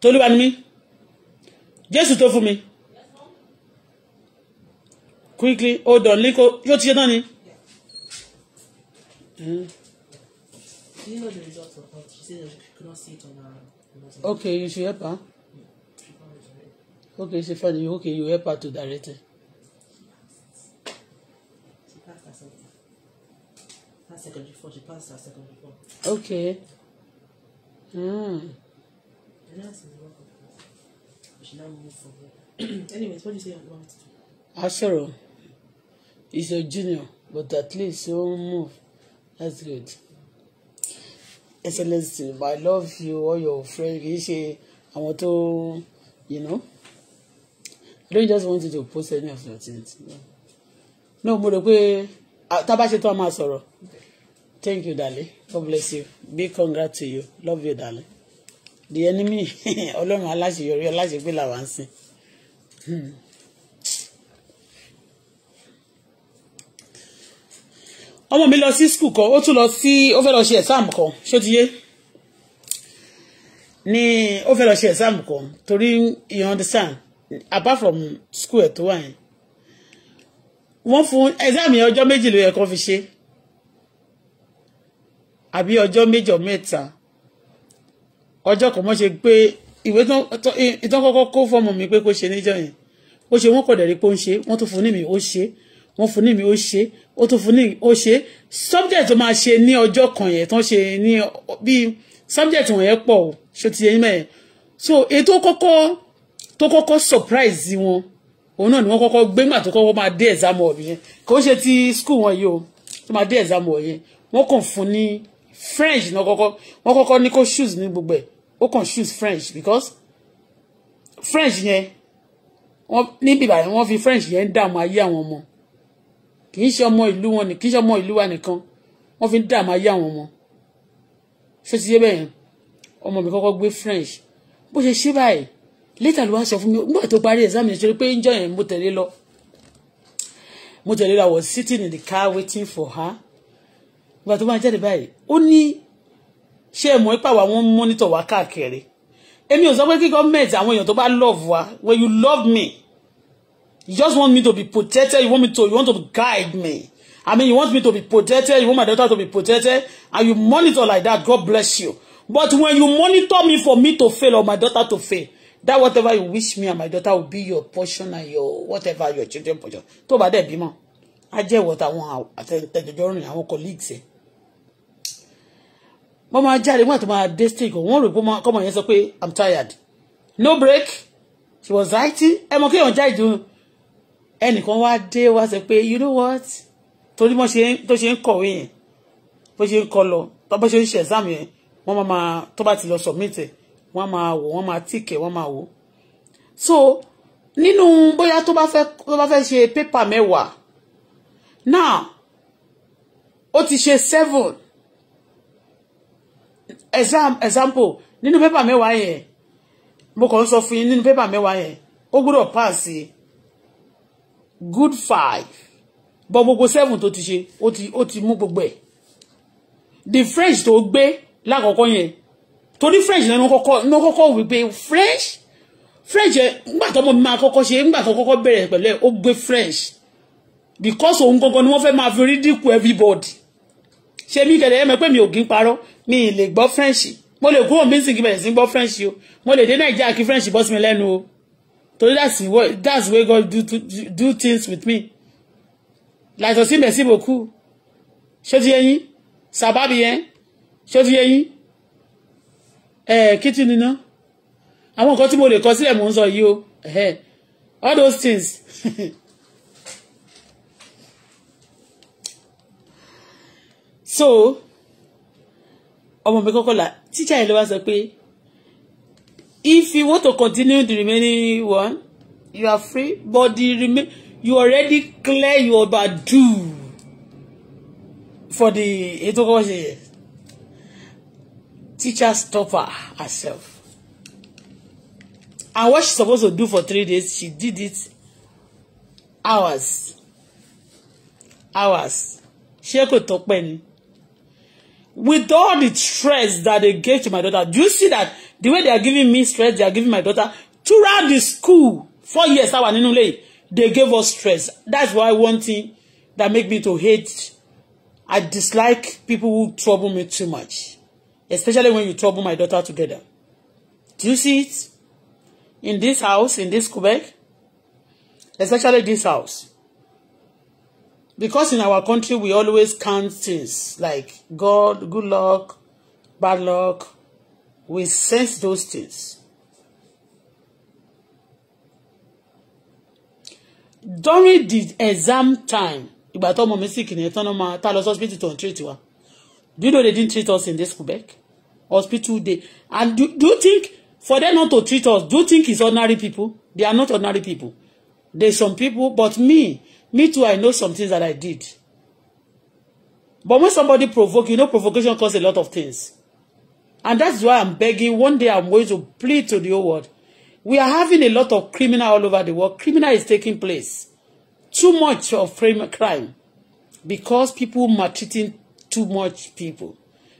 tolúwa ni mí jésù tó fún mi quickly hold on linko yóò ti ṣe náà ni. Hmm. okay you should help her okay she find you okay you help her to direct her. Secondary four, she passed her secondary four. Okay. Mm. Anyways, what do you say about it? Asoro is a junior, but at least he won't move. That's good. Excellency, I love you, all your friends. I want to, you know. I don't just want you to post any of your things. No, mo rò pé tá a bá ṣe Thank you, darling. God bless you. Big congrats to you. Love you, darling. The enemy, Ọlọ́run aláṣeyọrí aláṣegbé làwọn ń sìn. Hmm. ọmọ mi lọ sí skul kan ó tún lọ sí ó fẹ́ lọ ṣe exam kan ṣó ti yé ní ó fẹ́ lọ ṣe exam kan torí you understand apart from school ẹ̀ tó wà yẹn wọ́n fún exam yẹn ọjọ́ méjì ló yẹ kó fi ṣe àbí ọjọ́ méjọ mẹ́ta ọjọ́ kan mọ́ ṣe pé ìwé tán kọ́kọ́ kó fọ́ọ̀mù mi pé kó ṣe níjọ́ yẹn ó ṣe wọ́n kò dẹ̀ rí pé ó ń ṣe wọ́n tún fún ní mi ó ṣe wọ́n fún ní mi ó ṣe ó tún fún ní mi ó ṣe subject tó máa ṣe ní ọjọ́ kan yẹn tán ṣe ní bíi subject wọ̀nyẹn pọ̀ ṣe ti yẹn so èyí tó kọ́kọ́ tó kọ́kọ́ surprise wọn òun náà ni wọ́n kọ́kọ́ gbé ńgbà tó kọ́kọ́ máa dé exam hall yẹn kò ń ṣe ti school wọn yìí o tó máa dé exam hall wọ́n kàn fún ní french náà kọ́kọ́ wọ́n kọ́kọ́ ní kó shoes, ní gbogbo ẹ̀ ó kàn choose french because french yẹn wọ́n níbi ìbàdàn wọ́n fi french yẹn ń dààmú ayé àwọn ọmọ kì í ṣe ọmọ ìlú wọn kì í ṣe ọmọ ìlú wa nìkan wọ́n fi ń dààmú ayé àwọn ọmọ ṣé ti yé ọmọ mi kọ́kọ́ gbé french bó ṣe ṣe báyìí later ló wá sọ fún mi nígbà tó parí exam yẹn ṣe pé ń jọ yẹn mo tẹ̀lé lọ mo tẹ̀lé lọ I was sitting in the car waiting for her ìgbà tó máa jáde báyìí ó ní ṣé ẹ mọ̀ ipa wa wọ́n mọ́nítọ̀ wá káàkiri èmi ò sọ pé kí gọ́ọ̀mẹ̀ntì àwọn èèyàn tó bá love wa when you love me you just want me to be protected you want me to you want to guide me I mean you want me to be protected you want my daughter to be protected and you monitor like that God bless you but when you monitor me for me to fail or my daughter to fail that whatever you wish me and my daughter will be your portion and your whatever your children portion tó bá dẹ̀ bímọ á jẹ́ ìwọ̀ta àwọn àtẹ̀jọ́rìn àwọn colleagues ẹ̀ wọ́n máa jáde wọ́n àti máa dé stick wọ́n rò pé kọ́mọ yẹn sọ pé i'm tired no break she was right ẹ mọ kéèyàn já ìdùn ẹnìkan wá dé wá sọ pé you know what torí mo ṣe tó ṣe ń kọ̀wé yẹn bó ṣe ń kọ lọ bó ṣe ń ṣe exam yẹn wọ́n máa máa tó bá ti lọ submit ẹ̀ wọ́n máa wò wọ́n máa tíkẹ̀ wọ́n máa wò so nínú bóyá tó bá fẹ́ tó bá fẹ́ ṣe pépà mẹ́wàá now ó ti ṣe seven exam example nínú pépà mẹ́wàá yẹn mo kàn ń sọ fún yín nínú pépà mẹ́wàá yẹn ó pass e. good five bọ́ gbogbo seven tó ti ṣe ó ti ó ti mú gbogbo ẹ̀ the french tó gbé lákọ̀ọ́kọ́ yẹn torí french náà ní wọ́n kọ́kọ́ wípé french french ẹ̀ ńgbà tó ọmọ mi máa kọ́kọ́ ṣe ńgbà tó kọ́kọ́ bẹ̀rẹ̀ pẹ̀lú ẹ̀ french because o gangan ni wọ́n fẹ́ máa fi ridicule everybody ṣe mí kẹ̀lẹ́ ẹ̀mẹ́ pé mi ò paro mi ì lè gbọ́ french mo lè kúrò mí sì kí bẹ̀rẹ̀ sí gbọ́ french o mo lè dé nàìjíríà kí french bọ́ sí mi lẹ́nu o torí that's what that's way God do to do things with me láìsọ sí mẹ̀sí bòkú ṣé ti yẹn yín sàbábì yẹn ṣé ti yẹn yín ẹ̀ kí tún nínú àwọn nǹkan tí mo lè kọ sílẹ̀ mò ń sọ yìí o all those things. so ọmọ mi kọ́kọ́ là tíṣà yẹn ló sọ pé if you want to continue the remaining one you are free but the remain you already clear your overdue for the ètò kọ́kọ́ ṣe yẹn teacher stop her herself and what she suppose to do for three days she did it hours hours ṣé kò tọ́pẹ́ ni with all the stress that they gave to my daughter, do you see that the way they are giving me stress, they are giving my daughter to run the school, four years, I was they gave us stress. That's why one thing that make me to hate, I dislike people who trouble me too much, especially when you trouble my daughter together. Do you see it? In this house, in this Quebec, especially this house, because in our country we always count things like God, good luck, bad luck. We sense those things. During the exam time, ìgbà tó ọmọ mi sì kìnìyàn tán máa tá lọ sí hospital to treat wa. Do you know they didn't treat us in this Quebec? Hospital day. And do, do you think for them not to treat us, do you think it's ordinary people? They are not ordinary people. There's some people, but me, Me too, I know some things that I did. But when somebody provoke, you know provocation causes a lot of things. And that's why I'm begging, one day I'm going to plead to the whole world. We are having a lot of criminal all over the world. Criminal is taking place. Too much of crime. Because people are maltreating too much people.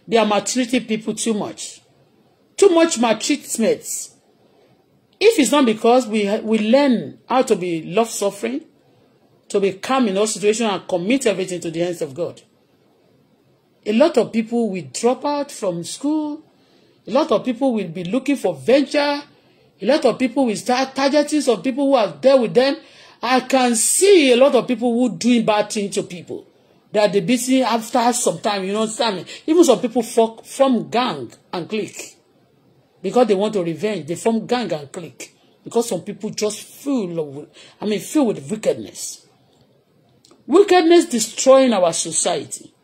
They are maltreating people too much. Too much maltreatment. If it's not because we, we learn how to be love suffering, to be calm in all situations and commit everything to the hands of God. A lot of people will drop out from school. A lot of people will be looking for venture. A lot of people will start targeting some people who are there with them. I can see a lot of people who doing bad things to people. That they beating after some time, you know what I mean? Even some people fuck from gang and clique. Because they want to revenge, they form gang and clique. Because some people just full of, I mean, filled with wickedness. Wickedness destroying our society.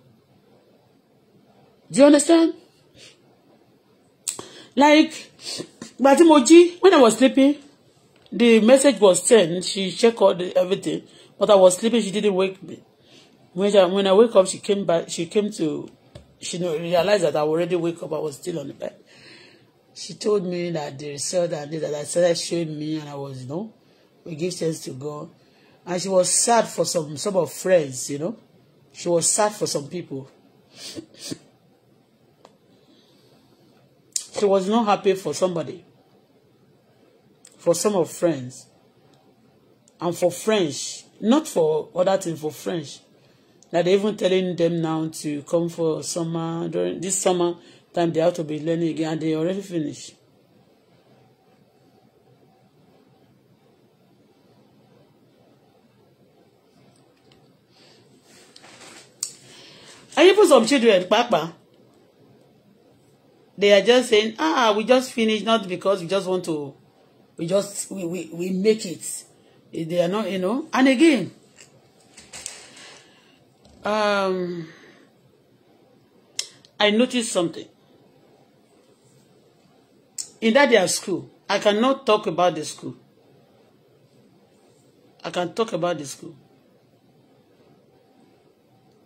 Do you understand? Like, Batimoji, when I was sleeping, the message was sent. She checked all the, everything, but I was sleeping. She didn't wake me. When I, when I wake up, she came back. She came to, she realized that I already wake up. I was still on the bed. She told me that the result and that I started showing me, and I was, you know, we give thanks to God and she was sad for some some of friends you know she was sad for some people she was not happy for somebody for some of friends and for French not for other thing for French that they even telling them now to come for summer during this summer time they have to be learning again and they already finish. and even some children papa they are just saying ah we just finished not because we just want to we just we we, we make it they are not you know and again um I noticed something in that day of school I cannot talk about the school I can talk about the school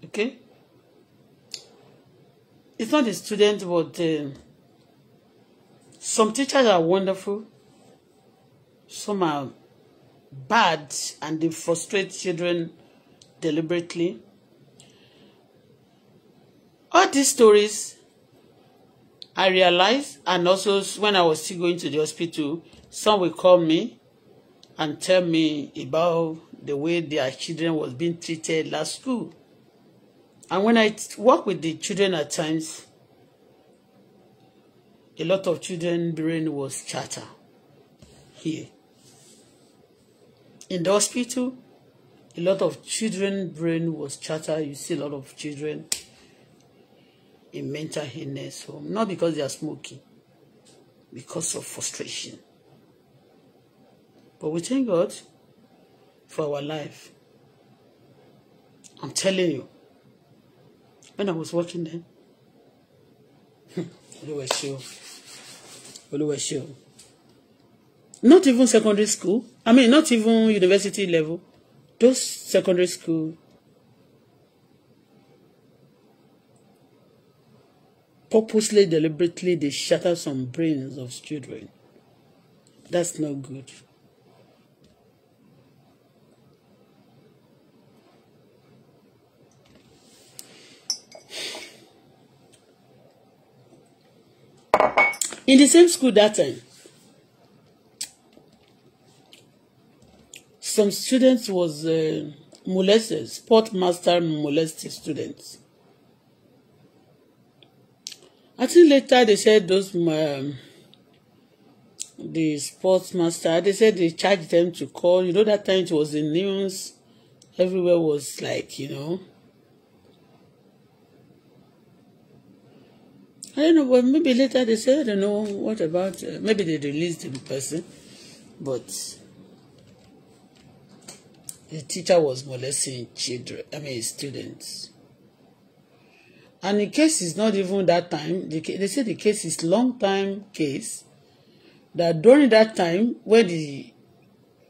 okay it's not the student, but uh, some teachers are wonderful. Some are bad and they frustrate children deliberately. All these stories, I realized, and also when I was still going to the hospital, some will call me and tell me about the way their children was being treated last school. And when I work with the children at times, a lot of children brain was chatter here. In the hospital, a lot of children brain was chatter. You see a lot of children in mental illness home, not because they are smoking, because of frustration. But we thank God for our life. I'm telling you. when I was watching them. Olúwa ṣé o. Olúwa Not even secondary school. I mean, not even university level. Those secondary school purposely, deliberately, they shatter some brains of children. That's no good. in the same school that time some students was uh, molested sport master molested students I think later they said those um, the sports master they said they charged them to call you know that time it was in news everywhere was like you know I don't know, but maybe later they say, I don't know, what about, uh, maybe they released the person, but the teacher was molesting children, I mean students. And the case is not even that time, the, they say the case is long time case, that during that time, when the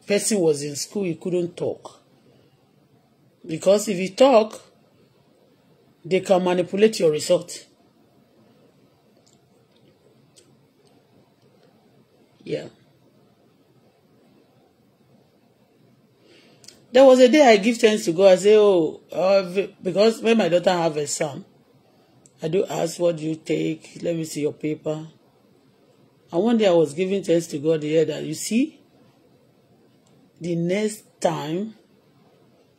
person was in school, he couldn't talk. Because if he talk, they can manipulate your result. Yeah. There was a day I give thanks to God. I say, oh, uh, because when my daughter have a son, I do ask, what do you take? Let me see your paper. And one day I was giving thanks to God here that, you see, the next time,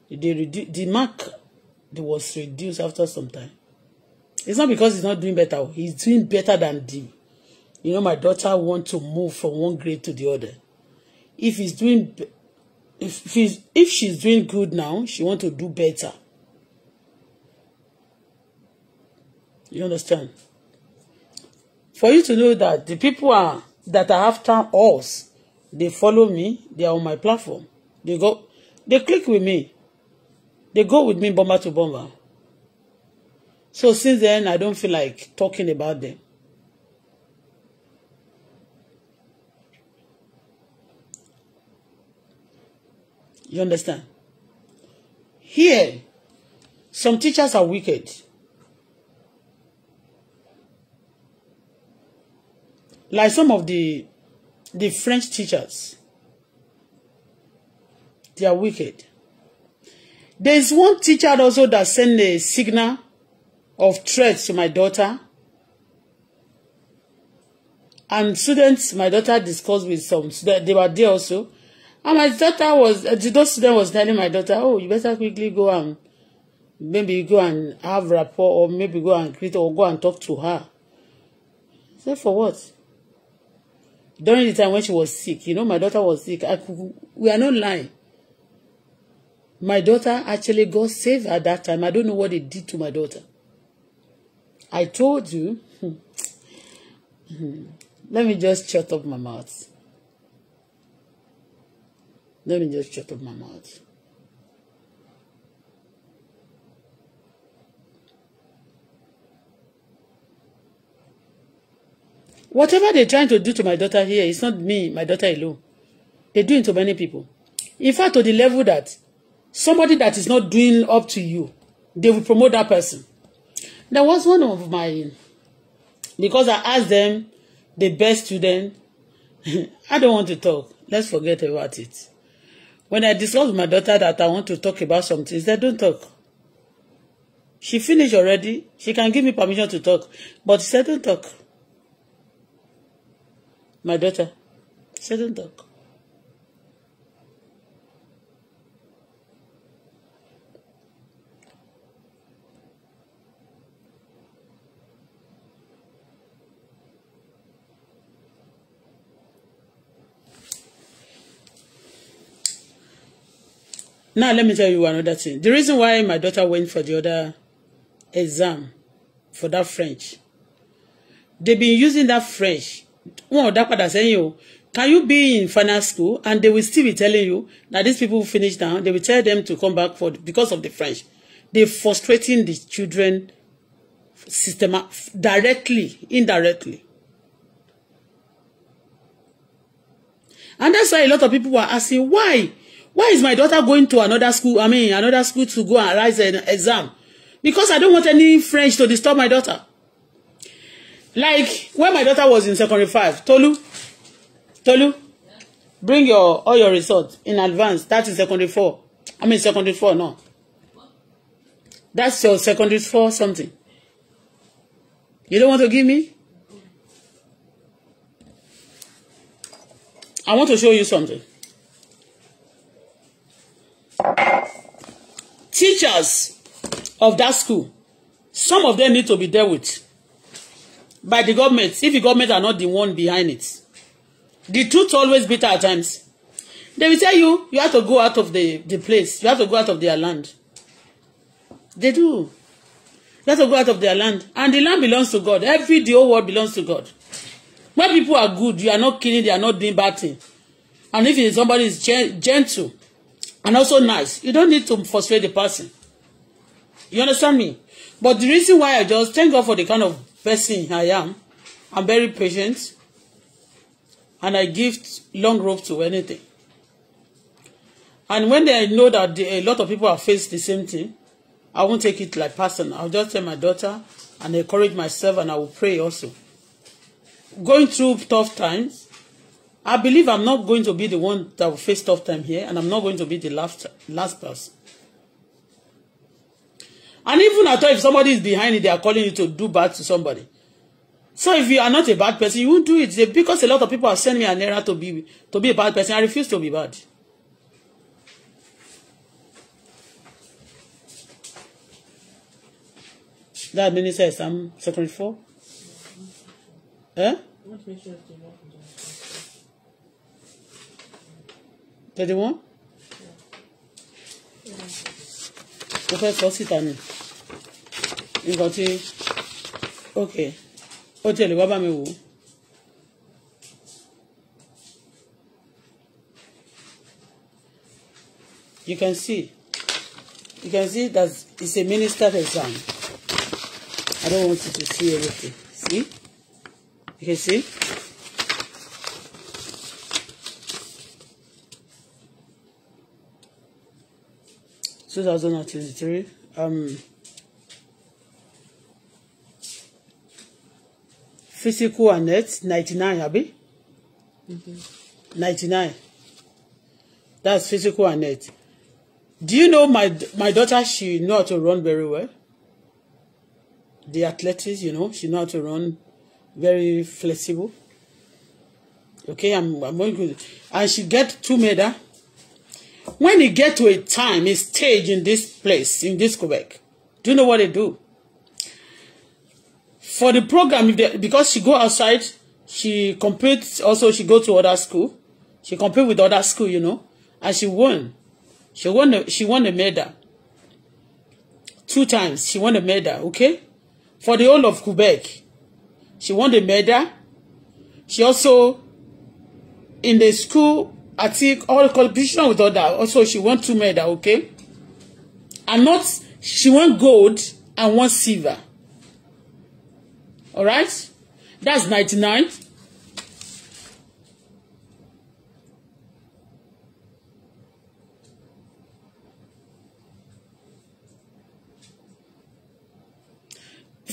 the, the mark they was reduced after some time. It's not because he's not doing better. He's doing better than the You know, my daughter want to move from one grade to the other. If he's doing, if he's, if she's doing good now, she want to do better. You understand? For you to know that the people are that are after us, they follow me, they are on my platform. They go, they click with me. They go with me bomber to bomber. So since then, I don't feel like talking about them. You understand? Here, some teachers are wicked. Like some of the the French teachers, they are wicked. There is one teacher also that sent a signal of threat to my daughter. And students, my daughter discussed with some, they were there also. And my daughter was, uh, The the student was telling my daughter, oh, you better quickly go and maybe go and have rapport or maybe go and greet or go and talk to her. I said, for what? During the time when she was sick, you know, my daughter was sick. I could, we are not lying. My daughter actually got saved at that time. I don't know what they did to my daughter. I told you. Let me just shut up my mouth. Let me just shut up my mouth. Whatever they're trying to do to my daughter here, it's not me, my daughter alone. They're doing to many people. In fact, to the level that somebody that is not doing up to you, they will promote that person. There was one of my, because I asked them the best student. I don't want to talk. Let's forget about it. When I discussed with my daughter that I want to talk about something, she said, don't talk. She finished already. She can give me permission to talk. But she said, don't talk. My daughter, she said, don't talk. Now let me tell you another thing. The reason why my daughter went for the other exam for that French, they've been using that French. Wọn ò dá padà sẹ́yìn o. Can you be in final school and they will still be telling you that these people finish down. they will tell them to come back for because of the French. They're frustrating the children system directly, indirectly. And that's why a lot of people were asking, why? why is my daughter going to another school i mean another school to go and write an exam because i don't want any french to disturb my daughter like when my daughter was in secondary five tolu tolu bring your all your results in advance That is secondary four i mean secondary four no that's your secondary four something you don't want to give me i want to show you something teachers of that school some of them need to be dealt with by the government if the government are not the one behind it the truth always bitter at times they will tell you you have to go out of the the place you have to go out of their land they do you have to go out of their land and the land belongs to God every the whole world belongs to God when people are good you are not killing they are not doing bad thing and if somebody is gentle and also nice. You don't need to frustrate the person. You understand me? But the reason why I just thank God for the kind of person I am, I'm very patient, and I give long rope to anything. And when I know that the, a lot of people have faced the same thing, I won't take it like person. I'll just tell my daughter and encourage myself, and I will pray also. Going through tough times, I believe I'm not going to be the one that will face tough time here, and I'm not going to be the last, last person. And even at all, if somebody is behind you, they are calling you to do bad to somebody. So if you are not a bad person, you won't do it. Because a lot of people are sending me an error to be, to be a bad person. I refuse to be bad. That minister is um, secondary four. Eh? What minister is twenty-one mo fẹ́ sọ síta ni nǹkan tí ok ó tiẹ̀ lè wá bá mi wò ó. you can see you can see that it's a minister's exam I don't want you to see everything see you can see 2023 um, physical and net ninety-nine, abi mm-hmm. 99 that's physical and net do you know my my daughter she know how to run very well the athletics you know she know how to run very flexible okay i'm i'm going to and she get two medal When he get to a time, a stage in this place, in this Quebec, do you know what they do? For the program, if they, because she go outside, she compete, also she go to other school. She compete with other school, you know, and she won. She won a, she won a medal. Two times, she won a medal, okay? For the whole of Quebec, she won the medal. She also, in the school, àti all competition with other also she want two medal okay and not she want gold and one silver all right that's ninety nine.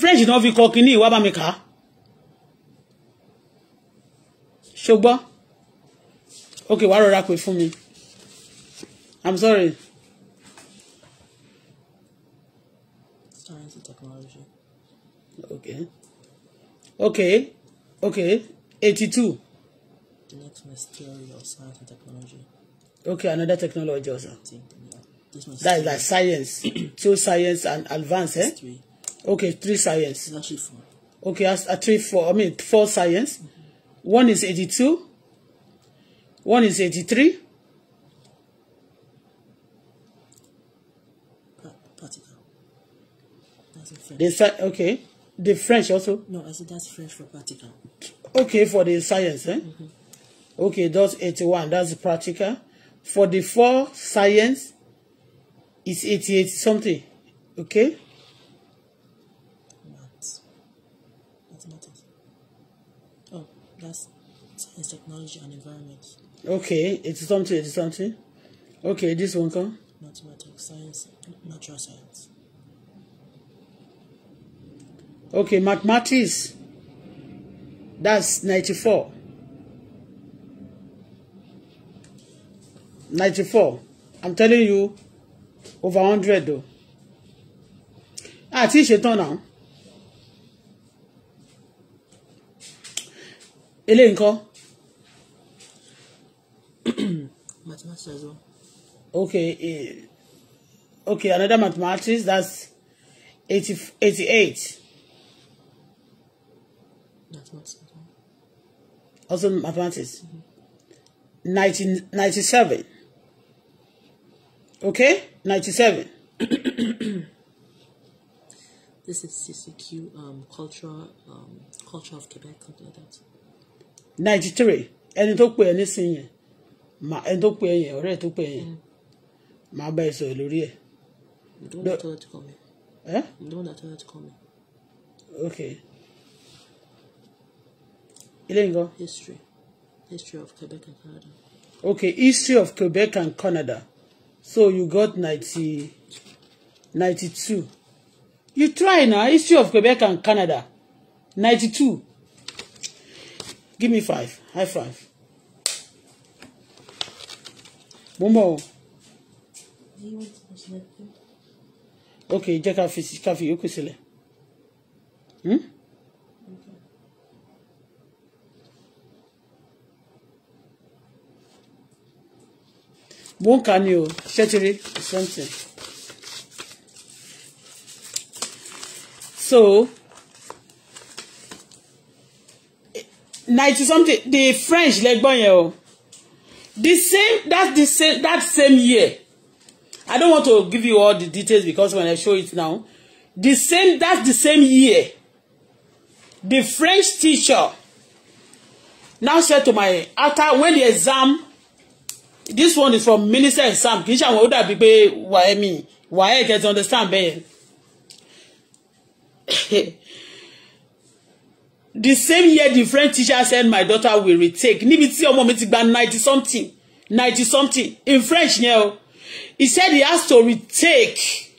french náà fi kọ kínní ìwà bá mi kà á ṣùgbọ́n ok wàá rọra pè fún mi i'm sorry. science and technology. okay okay okay eighty-two. the next one is theory of science and technology. okay another technology also. that is like science two science and advanced eh? Three. okay three science. it's actually four. okay as, uh, three four i mean four science mm-hmm. one is eighty-two. One is 83. The French. Okay. The French also? No, I said that's French for practical. Okay, for the science, eh? Mm-hmm. Okay, that's eighty one. That's practical. For the four science, it's eight something. Okay? Maths. Mathematics. Oh, that's science, technology, and environment okay it's something It's something okay this one come. mathematics science natural science. okay mathematics that's ninety-four ninety-four i'm telling you over hundred o àti ah, ìṣetán náà eléyìí nǹkan. mathematics Okay. Uh, okay, another mathematics, that's 80, 88. Mathematics. Also mathematics. Mm-hmm. 90, 97. Okay? 97. this is CCQ um, culture, um, culture of Quebec, something like that. 93. Ẹni tó pè é nísìnyẹn màá ẹni tó pè yẹn ọ̀rẹ́ tó pè yẹn màá bá ẹ sọ̀rọ̀ lórí ẹ̀. ǹdọ́wọ́n àtọ́wọ́ ti kọ́ mi. ẹ́ ǹdọ́wọ́n àtọ́wọ́ ti kọ́ mi. ok ilé nǹkan. history history of Quebec and Canada. ok history of Quebec and Canada so you got ninety ninety two you try na history of Quebec and Canada ninety two give me five high five. mo Okay, bọ̀ o. ok jẹ́ ká fi ká fi yòókù sílẹ̀. Hmm? mo ń kà ní o ṣẹ́tìrì something. so ninety something the French lẹ́gbọ́n yẹn o the same that's the same that same year I don't want to give you all the details because when I show it now the same that's the same year the French teacher now said to my after when the exam this one is from minister exam kì í ṣe àwọn ó dàbí pé wàhẹ́mi wàhẹ́ get understand bẹ́ẹ̀ the same year the French teacher said my daughter will retake níbi tí ọmọ mi ti gba ninety something ninety something in French yẹn o he said he has to retake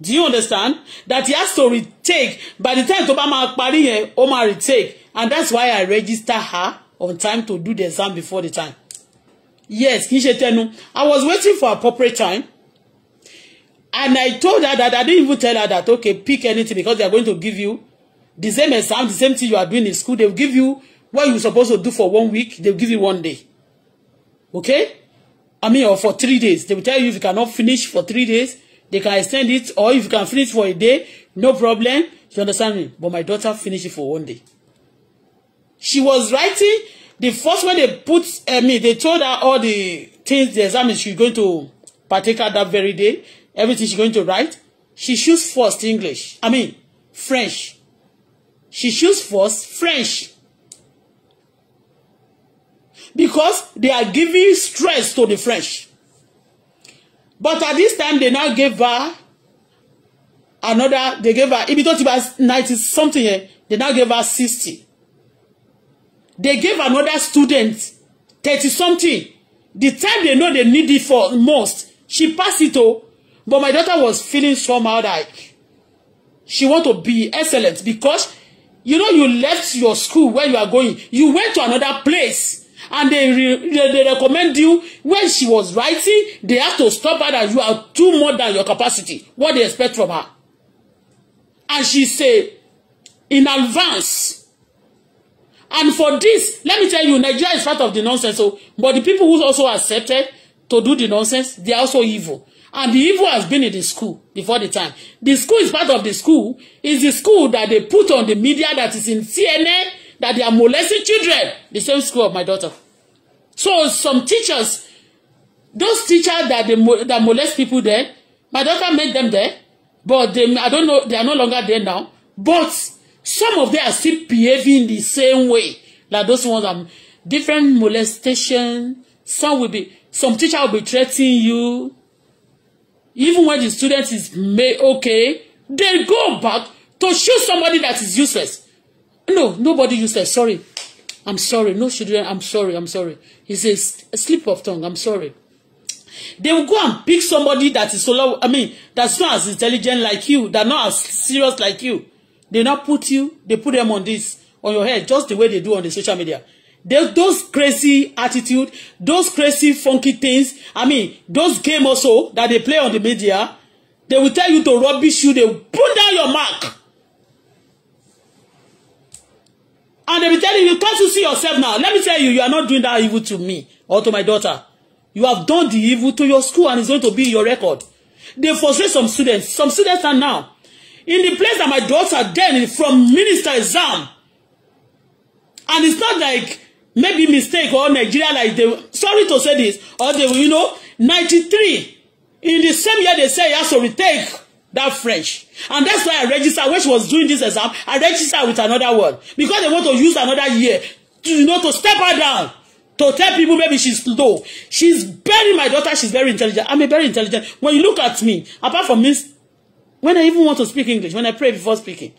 do you understand that he has to retake by the time tó bá máa parí yẹn ó máa retake and that's why I register her on time to do the exam before the time yes kì í ṣe tẹnu I was waiting for appropriate time And I told her that I didn't even tell her that, okay, pick anything because they are going to give you the same exam, the same thing you are doing in school. They'll give you what you supposed to do for one week, they'll give you one day. Okay? I mean, or for three days. They will tell you if you cannot finish for three days, they can extend it, or if you can finish for a day, no problem. You understand me? But my daughter finished it for one day. She was writing the first one they put, I mean, they told her all the things, the exam is she's going to partake at that very day everything she's going to write. She choose first English. I mean, French. She choose first French. Because they are giving stress to the French. But at this time, they now gave her another, they gave her, if tó ti bá 90 something here, they now gave her sixty. They gave another student thirty something. The time they know they need it for most, she passed it to But my daughter was feeling somehow that she want to be excellent because you know you left your school where you are going. You went to another place and they re they, they recommend you when she was writing they have to stop her that you are too more than your capacity what they expect from her and she say in advance and for this let me tell you Nigeria is part of the nonsense so but the people who also accepted to do the nonsense they are also evil and the evil has been in the school before the time the school is part of the school is the school that they put on the media that is in CNN that they are molesting children the same school of my daughter so some teachers those teachers that they that molest people there my daughter made them there but they I don't know they are no longer there now but some of them are still behaving the same way like those ones are um, different molestation some will be some teacher will be threatening you even when the student is may okay they go back to show somebody that is useless no nobody useless sorry i'm sorry no children i'm sorry i'm sorry it's a slip of tongue i'm sorry they will go and pick somebody that is so low i mean that's not as intelligent like you that not as serious like you they not put you they put them on this on your head just the way they do on the social media They, those crazy attitude, those crazy funky things, I mean, those game also that they play on the media, they will tell you to rubbish you, they will put down your mark. And they be telling you, can't you see yourself now? Let me tell you, you are not doing that evil to me or to my daughter. You have done the evil to your school and it's going to be your record. They frustrate some students. Some students are now in the place that my daughter then from minister exam. And it's not like maybe mistake or Nigeria like they sorry to say this or they you know 93 in the same year they say he has to retake that French and that's why I registered when she was doing this exam I registered with another one because they want to use another year to you know to step her down to tell people maybe she's slow. she's very my daughter she's very intelligent I'm a very intelligent when you look at me apart from this when I even want to speak English when I pray before speaking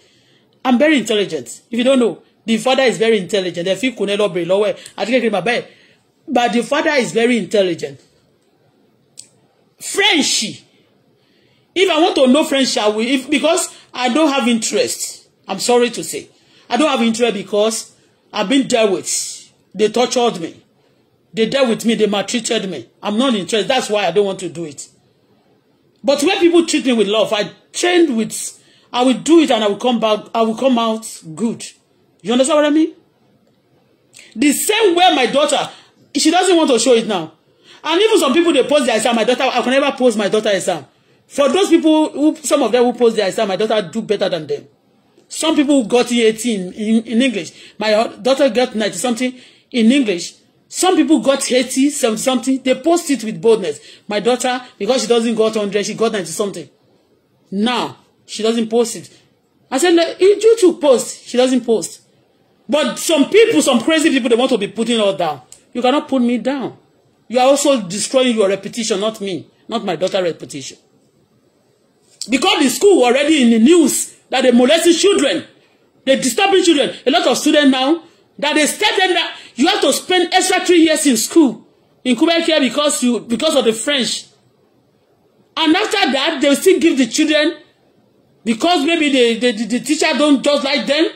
I'm very intelligent if you don't know the father is very intelligent ẹ̀fín kò ní lọ bèrè lọ́wọ́ ẹ̀ àti kékeré bàbá ẹ̀ but the father is very intelligent French if I want to know French I will if because I don't have interest I'm sorry to say I don't have interest because I've been dealt with they tortured me they dealt with me they maltreated me I'm not interested that's why I don't want to do it but when people treat me with love I trained with I will do it and I will come back I will come out good You understand what I mean? The same way my daughter, she doesn't want to show it now. And even some people, they post their exam. My daughter, I can never post my daughter exam. For those people, who, some of them who post their exam, my daughter do better than them. Some people got eighteen in, in English. My daughter got ninety something in English. Some people got eighty 70 something. They post it with boldness. My daughter, because she doesn't got hundred, she got ninety something. Now, she doesn't post it. I said, you two post. She doesn't post. But some people, some crazy people, they want to be putting all down. You cannot put me down. You are also destroying your reputation, not me, not my daughter's reputation. Because the school already in the news that they molesting children, they disturbing children. A lot of students now that they stated that you have to spend extra three years in school in Quebec here because you because of the French. And after that, they still give the children because maybe the, the, the teacher don't just like them.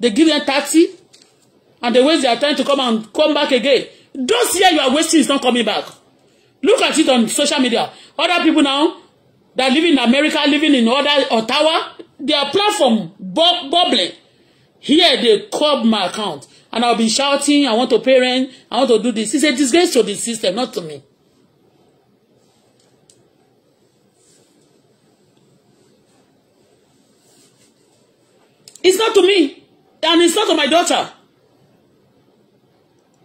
They give them 30 and they waste their time to come and come back again. Those years you are wasting is not coming back. Look at it on social media. Other people now that live in America, living in other Ottawa, their platform bubbling. Here they curb my account and I'll be shouting, I want to parent, I want to do this. It's a disgrace to the system, not to me. It's not to me and it's not of my daughter.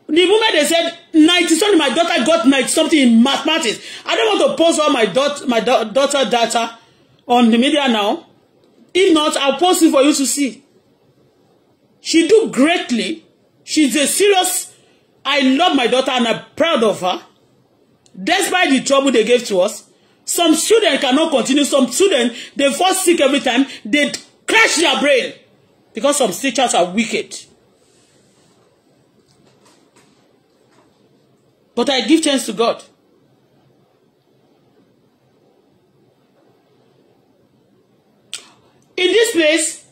The moment they said 90 something, my daughter got 90 something in mathematics. I don't want to post all my, daughter' my da daughter data on the media now. If not, I'll post it for you to see. She do greatly. She's a serious. I love my daughter and I'm proud of her. Despite the trouble they gave to us, some students cannot continue. Some students, they fall sick every time. They crash their brain because some teachers are wicked. But I give thanks to God. In this place,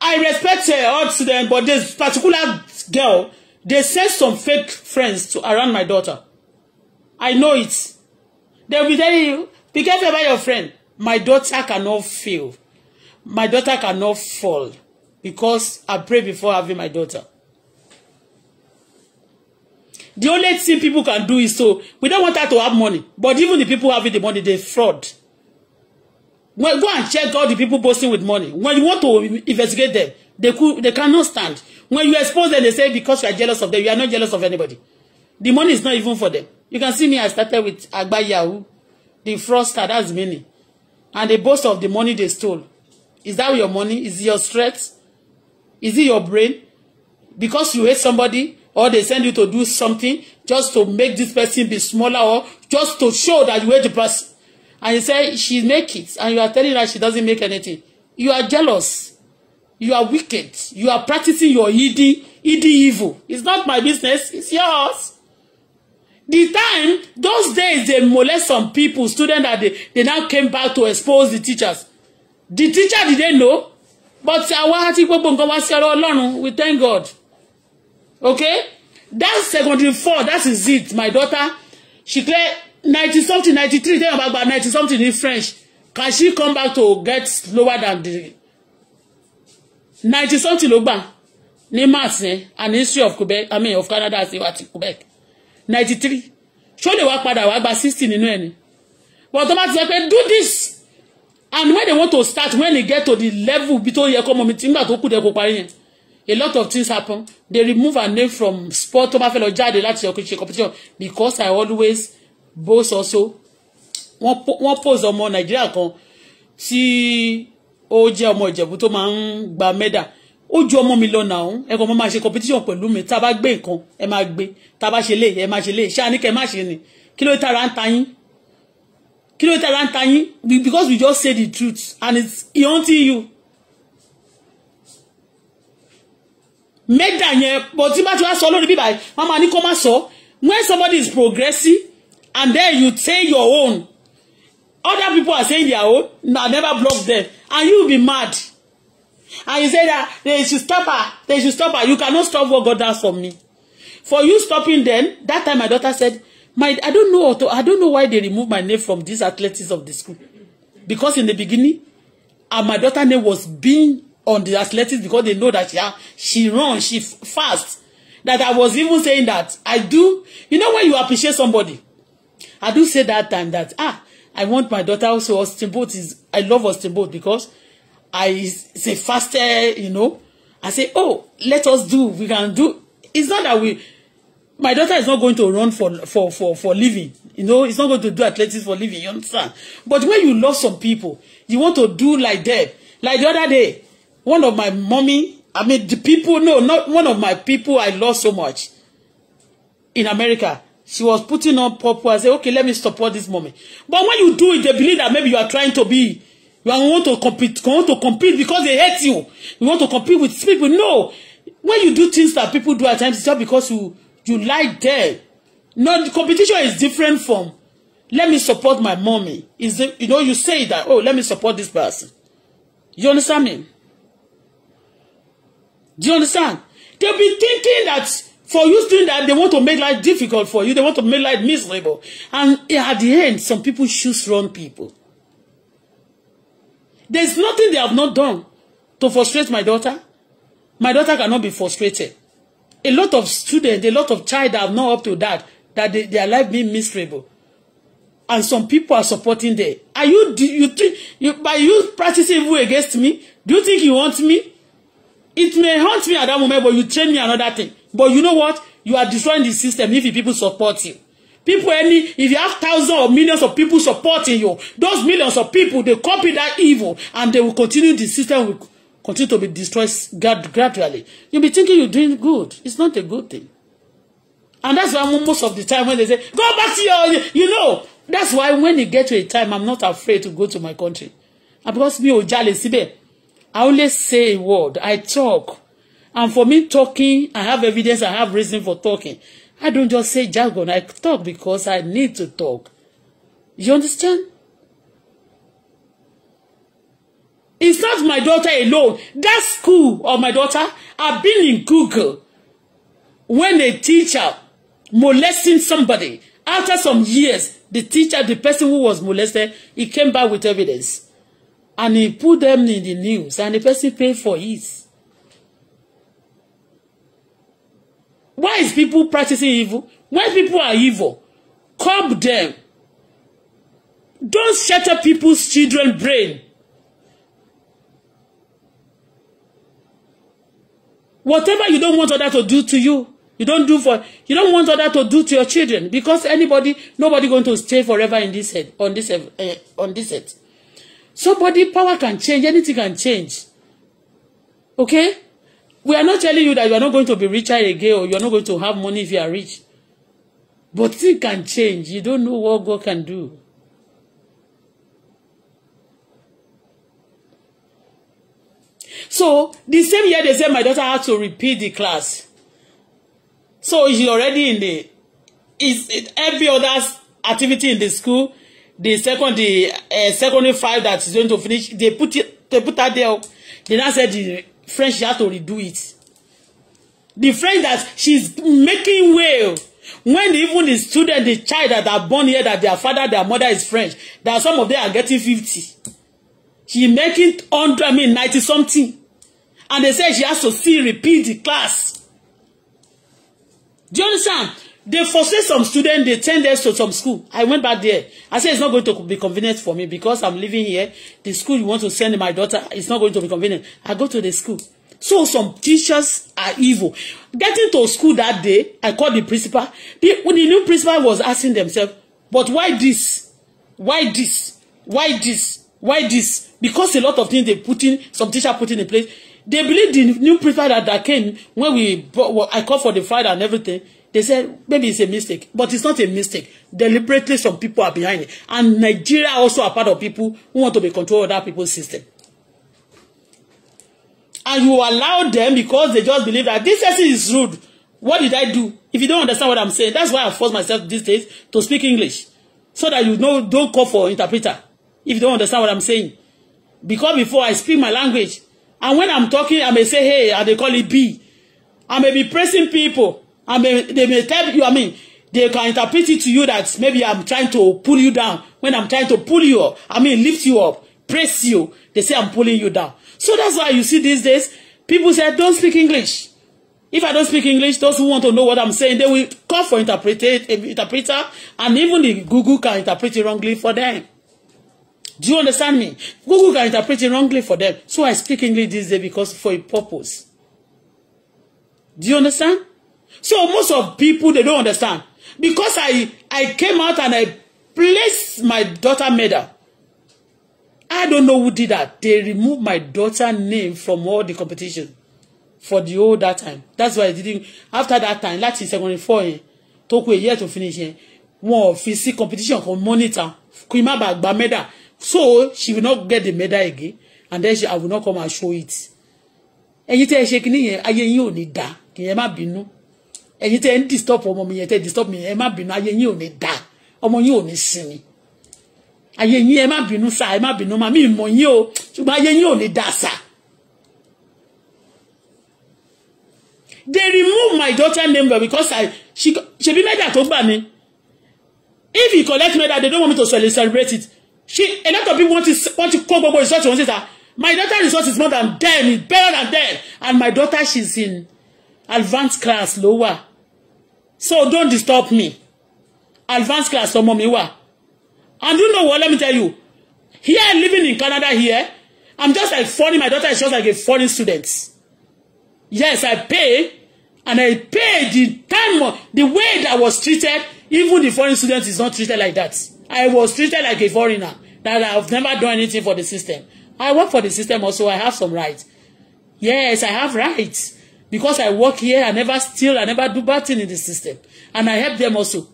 I respect uh, all students, but this particular girl, they sent some fake friends to around my daughter. I know it. They'll be telling you, be careful about your friend. My daughter cannot fail. My daughter cannot fall because I pray before having my daughter. The only thing people can do is to we don't want her to have money. But even the people having the money, they fraud. Well, go and check all the people boasting with money. When you want to investigate them, they could they cannot stand. When you expose them, they say because you are jealous of them. You are not jealous of anybody. The money is not even for them. You can see me, I started with Agba Yahoo, the fraudster, that's many. And they boast of the money they stole. Is that your money? Is it your strength? Is it your brain? Because you hate somebody or they send you to do something just to make this person be smaller or just to show that you hate the person. And you say she make it and you are telling her she doesn't make anything. You are jealous. You are wicked. You are practicing your ED, ED evil. It's not my business. It's yours. The time, those days, they molest some people, students that they, they now came back to expose the teachers. The teacher didn't know but àwa ti gbogbo nǹkan wá sí ọ̀rọ̀ Ọlọ́run we thank God okay that secondary four that is it my daughter she clear ninety something ninety three tẹ́yàn bá gba ninety something in French can she come back to get lower than the ninety something ló gbà ní maths yẹn and history of Quebec I mean of Canada àti àti Quebec ninety three ṣó lè wá padà wá gba sixty nínú ẹ̀ ni but tó ti sọ pé do this and when they want to start when they get to the level bí tó yẹ kọ́ ọmọ mi tí nígbà tó kù dẹ́ kó parí yẹn a lot of things happen they remove her name from sport tó bá fẹ́ lọ jáde láti ṣe ṣe competition because I always boast also wọ́n pose ọmọ Nàìjíríà kan tí ó jẹ́ ọmọ Ìjẹ̀bú tó máa ń gba mẹ́dà ó ju ọmọ mi lọ nàún ẹ kò mọ máa ṣe competition pẹ̀lú mi tá a bá gbé nǹkan ẹ máa gbé tá a bá ṣe lé ẹ máa ṣe lé ṣáà ní kẹ́ ẹ ṣe ni kí ló tára ń ta yín kí ló tẹ̀lé ń ta because we just say the truth and it's e haunting you. mẹ́dà yẹn but tí bá ti wá sọ lórí bíbá yìí wọ́n máa ní kó má when somebody is progressing, and then you say your own other people are saying their own na never block them and you be mad and you say that they should stop her they should stop her you cannot stop what God has for me for you stopping them that time my daughter said my I don't know to, I don't know why they remove my name from these athletics of the school because in the beginning and uh, my daughter name was being on the athletics because they know that yeah, she run she fast that I was even saying that I do you know when you appreciate somebody I do say that time that ah I want my daughter also Austin Bolt is I love Austin Bolt because I say faster you know I say oh let us do we can do it's not that we my daughter is not going to run for for for for living you know it's not going to do athletics for living you understand but when you love some people you want to do like that like the other day one of my mommy i mean the people no not one of my people i love so much in America she was putting on purple I say okay let me support this mommy but when you do it they believe that maybe you are trying to be you want to compete you want to compete because they hate you you want to compete with people no when you do things that people do at times it's just because you you lie there no the competition is different from let me support my mommy is it, you know you say that oh let me support this person you understand me do you understand they be thinking that for you doing that they want to make life difficult for you they want to make life miserable and at the end some people choose wrong people there's nothing they have not done to frustrate my daughter my daughter cannot be frustrated a lot of students, a lot of child are not up to that, that they, their life being miserable. And some people are supporting them. Are you, do you think, you, by you practicing evil against me, do you think you want me? It may haunt me at that moment, but you train me another thing. But you know what? You are destroying the system if the people support you. People, any, if you have thousands or millions of people supporting you, those millions of people, they copy that evil and they will continue the system will continue to be destroyed gradually you'll be thinking you're doing good it's not a good thing and that's why most of the time when they say go back to your you know that's why when you get to a time i'm not afraid to go to my country and because me ò jalè i only say a word i talk and for me talking i have evidence i have reason for talking i don't just say jargon i talk because i need to talk you understand It's not my daughter alone. That school of my daughter I've been in Google when a teacher molesting somebody. After some years, the teacher, the person who was molested, he came back with evidence. And he put them in the news and the person paid for it. Why is people practicing evil? When people are evil, curb them. Don't shatter people's children's brain. whatever you don't want other to do to you you don't do for you don't want other to do to your children because anybody nobody going to stay forever in this head on this uh, on this head. somebody power can change anything can change okay we are not telling you that you are not going to be richer again or you are not going to have money if you are rich but things can change you don't know what God can do So the same year they said my daughter had to repeat the class. So she's already in the is it every other activity in the school, the second the uh, secondary five that is going to finish, they put it they put her there. They now said the French has to redo it. The French that she's making well when even the student the child that are born here that their father their mother is French that some of them are getting 50 she making 100 I mean 90 something and they said she has to still repeat the class. Do you understand? They forsake some students, they send them to some school. I went back there. I said, it's not going to be convenient for me because I'm living here. The school you want to send my daughter, it's not going to be convenient. I go to the school. So some teachers are evil. Getting to school that day, I called the principal. The, the new principal was asking themselves, but why this? Why this? Why this? Why this? Because a lot of things they put in, some teacher put in a place. They believe the new prefect that, that came when we well, I called for the Friday and everything. They said maybe it's a mistake, but it's not a mistake. Deliberately, some people are behind it, and Nigeria also are part of people who want to be control other people's system. And you allow them because they just believe that this person is rude. What did I do? If you don't understand what I'm saying, that's why I force myself these days to speak English, so that you know don't call for interpreter if you don't understand what I'm saying. Because before I speak my language, And when I'm talking, I may say, hey, and they call it B. I may be pressing people. I may, they may tell you, I mean, they can interpret it to you that maybe I'm trying to pull you down. When I'm trying to pull you up, I mean, lift you up, press you, they say I'm pulling you down. So that's why you see these days, people say, don't speak English. If I don't speak English, those who want to know what I'm saying, they will call for interpreter, interpreter, and even the Google can interpret it wrongly for them. Do you understand me? Google can interpret it wrongly for them. So I speak English this day because for a purpose. Do you understand? So most of people, they don't understand. Because I, I came out and I placed my daughter medal. I don't know who did that. They removed my daughter name from all the competition for the whole that time. That's why I didn't. After that time, láti secondary four yẹn tó kù a year to finish yẹn, wọn ò competition for monitor kí n má medal so she will not get the medal again and then she I will not come and show it ẹ̀yin tẹ́ ẹ ṣe kinní yẹn ayé yín ò ní da kìyẹn má bínú ẹ̀yin tẹ́ ẹ ń disturb ọmọ mi yẹn tẹ́ disturb mi yẹn ẹ má bínú ayé yín ò ní da ọmọ yín ò ní sinmi ayé yín ẹ má bínú sá ẹ má bínú má mi mọ̀ yín o ṣùgbọ́n ayé yín ò ní da sa. they remove my daughter name because I she she be medal tó gbà mí if you collect medal they don't want me to celebrate it she a lot of people want to want to kó gbogbo resources wọn síta my daughter resource is more than them, ten better than them, and my daughter she's in advanced class lower. so don't disturb me advanced class ọmọ mi wà and you know what let me tell you here living in Canada here I'm just like foreign my daughter is just like a foreign student yes I pay and I pay the time the way that I was treated even the foreign student is not treated like that. I was treated like a foreigner, that I've never done anything for the system. I work for the system also, I have some rights. Yes, I have rights. Because I work here, I never steal, I never do bad thing in the system. And I help them also.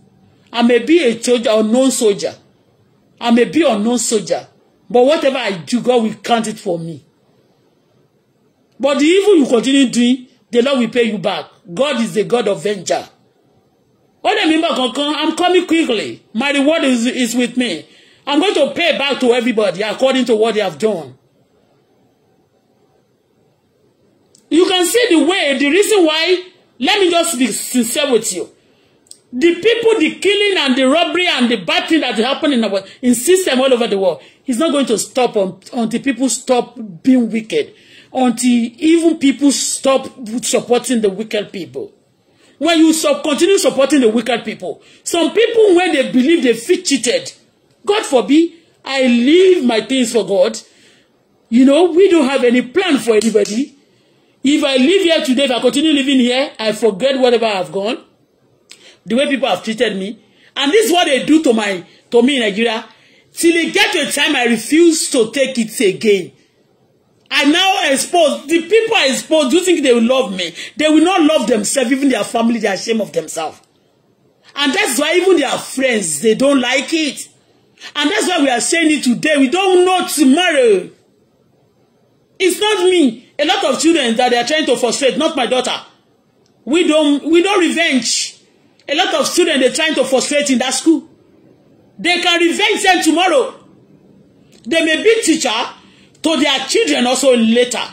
I may be a soldier, or unknown soldier. I may be unknown soldier. But whatever I do, God will count it for me. But the evil you continue doing, the Lord will pay you back. God is the God of vengeance ó lè mímọ̀ i'm coming quickly my reward is, is with me i'm going to pay back to everybody according to what they have done. you can see the way the reason why let me just be sincere with you the people the killing and the robbery and the bad thing that happened in our in system all over the world is not going to stop on, until people stop being wicked until even people stop supporting the wicked people when you so continue supporting the wicked people. Some people, when they believe they feel cheated, God forbid, I leave my things for God. You know, we don't have any plan for anybody. If I live here today, if I continue living here, I forget whatever I have gone, the way people have treated me. And this is what they do to my to me in Nigeria. Till they get to a time I refuse to take it again. I now expose the people I expose. Do you think they will love me? They will not love themselves, even their family. They are ashamed of themselves. And that's why even their friends, they don't like it. And that's why we are saying it today. We don't know tomorrow. It's not me. A lot of children that they are trying to frustrate, not my daughter. We don't, we don't revenge. A lot of students, they're trying to frustrate in that school. They can revenge them tomorrow. They may be teacher, to their children also later.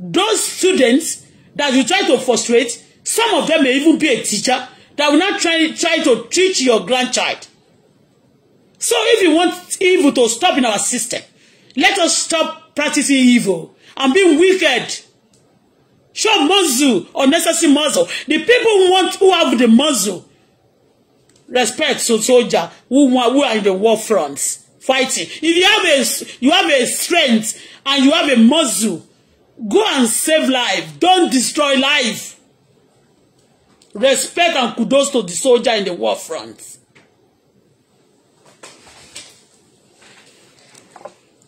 Those students that you try to frustrate, some of them may even be a teacher that will not try, try to teach your grandchild. So if you want evil to stop in our system, let us stop practicing evil and being wicked. Show muscle, unnecessary muscle. The people who want who have the muscle, respect to soldier who, who are in the war fronts fighting if you have a you have a strength and you have a muscle go and save life don't destroy life respect and kudos to the soldier in the war front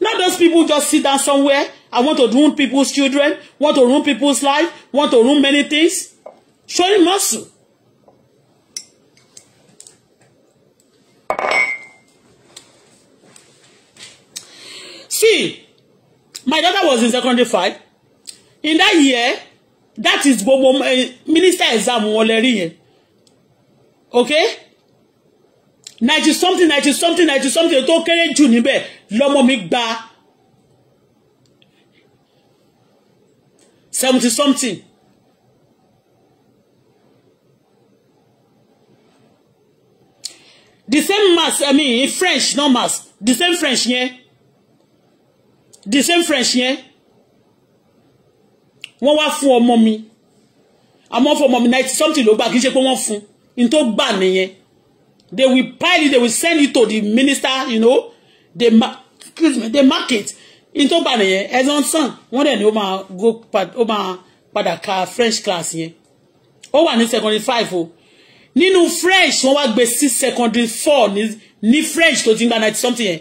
not those people just sit down somewhere I want to ruin people's children want to ruin people's life want to ruin many things showing muscle see my daughter was in secondary five in that year that is Bobo eh, minister exam wọn lè rí yẹn okay ninety something ninety something ninety something tó kéré jù níbẹ̀ lọ́mọ mi seventy something. the same mass i mean french no mass the same french yeah the same French yẹn wọ́n wá fún ọmọ mi àmọ́ fún ọmọ mi ninety something ló gbà kì í ṣe pé wọ́n fún in tó gbà nìyẹn they will pile it they will send it to the minister you know they ma excuse me they mark it in tó gbà nìyẹn ẹ̀sán sàn wọ́n dẹ̀ ni ó máa go ó máa padà ka French class yẹn ó wà ní secondary five o nínú French wọ́n wá gbé sí secondary four Ni ni French to ti ń gba ninety something yẹn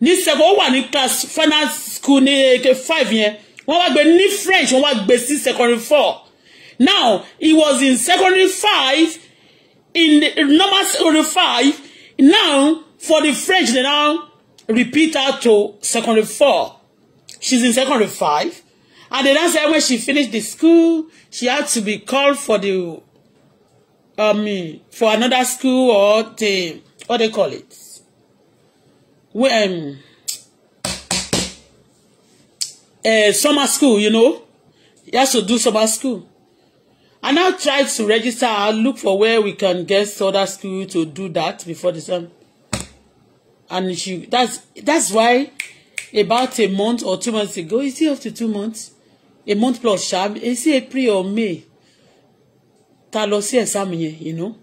ní seven ó wà ní class final school ní eke five yẹn wọ́n wá gbé ní French wọ́n wá gbé sí secondary four now he was in secondary five in the normal secondary five now for the French they now repeat her to secondary four she's in secondary five and they now say when she finish the school she had to be called for the um, for another school or the what they call it um, uh, summer school, you know. He has to do summer school. I now try to register. I look for where we can get other school to do that before the summer. And she, that's that's why about a month or two months ago, is it up to two months? A month plus sharp, is it April or May? Ta lọ you know.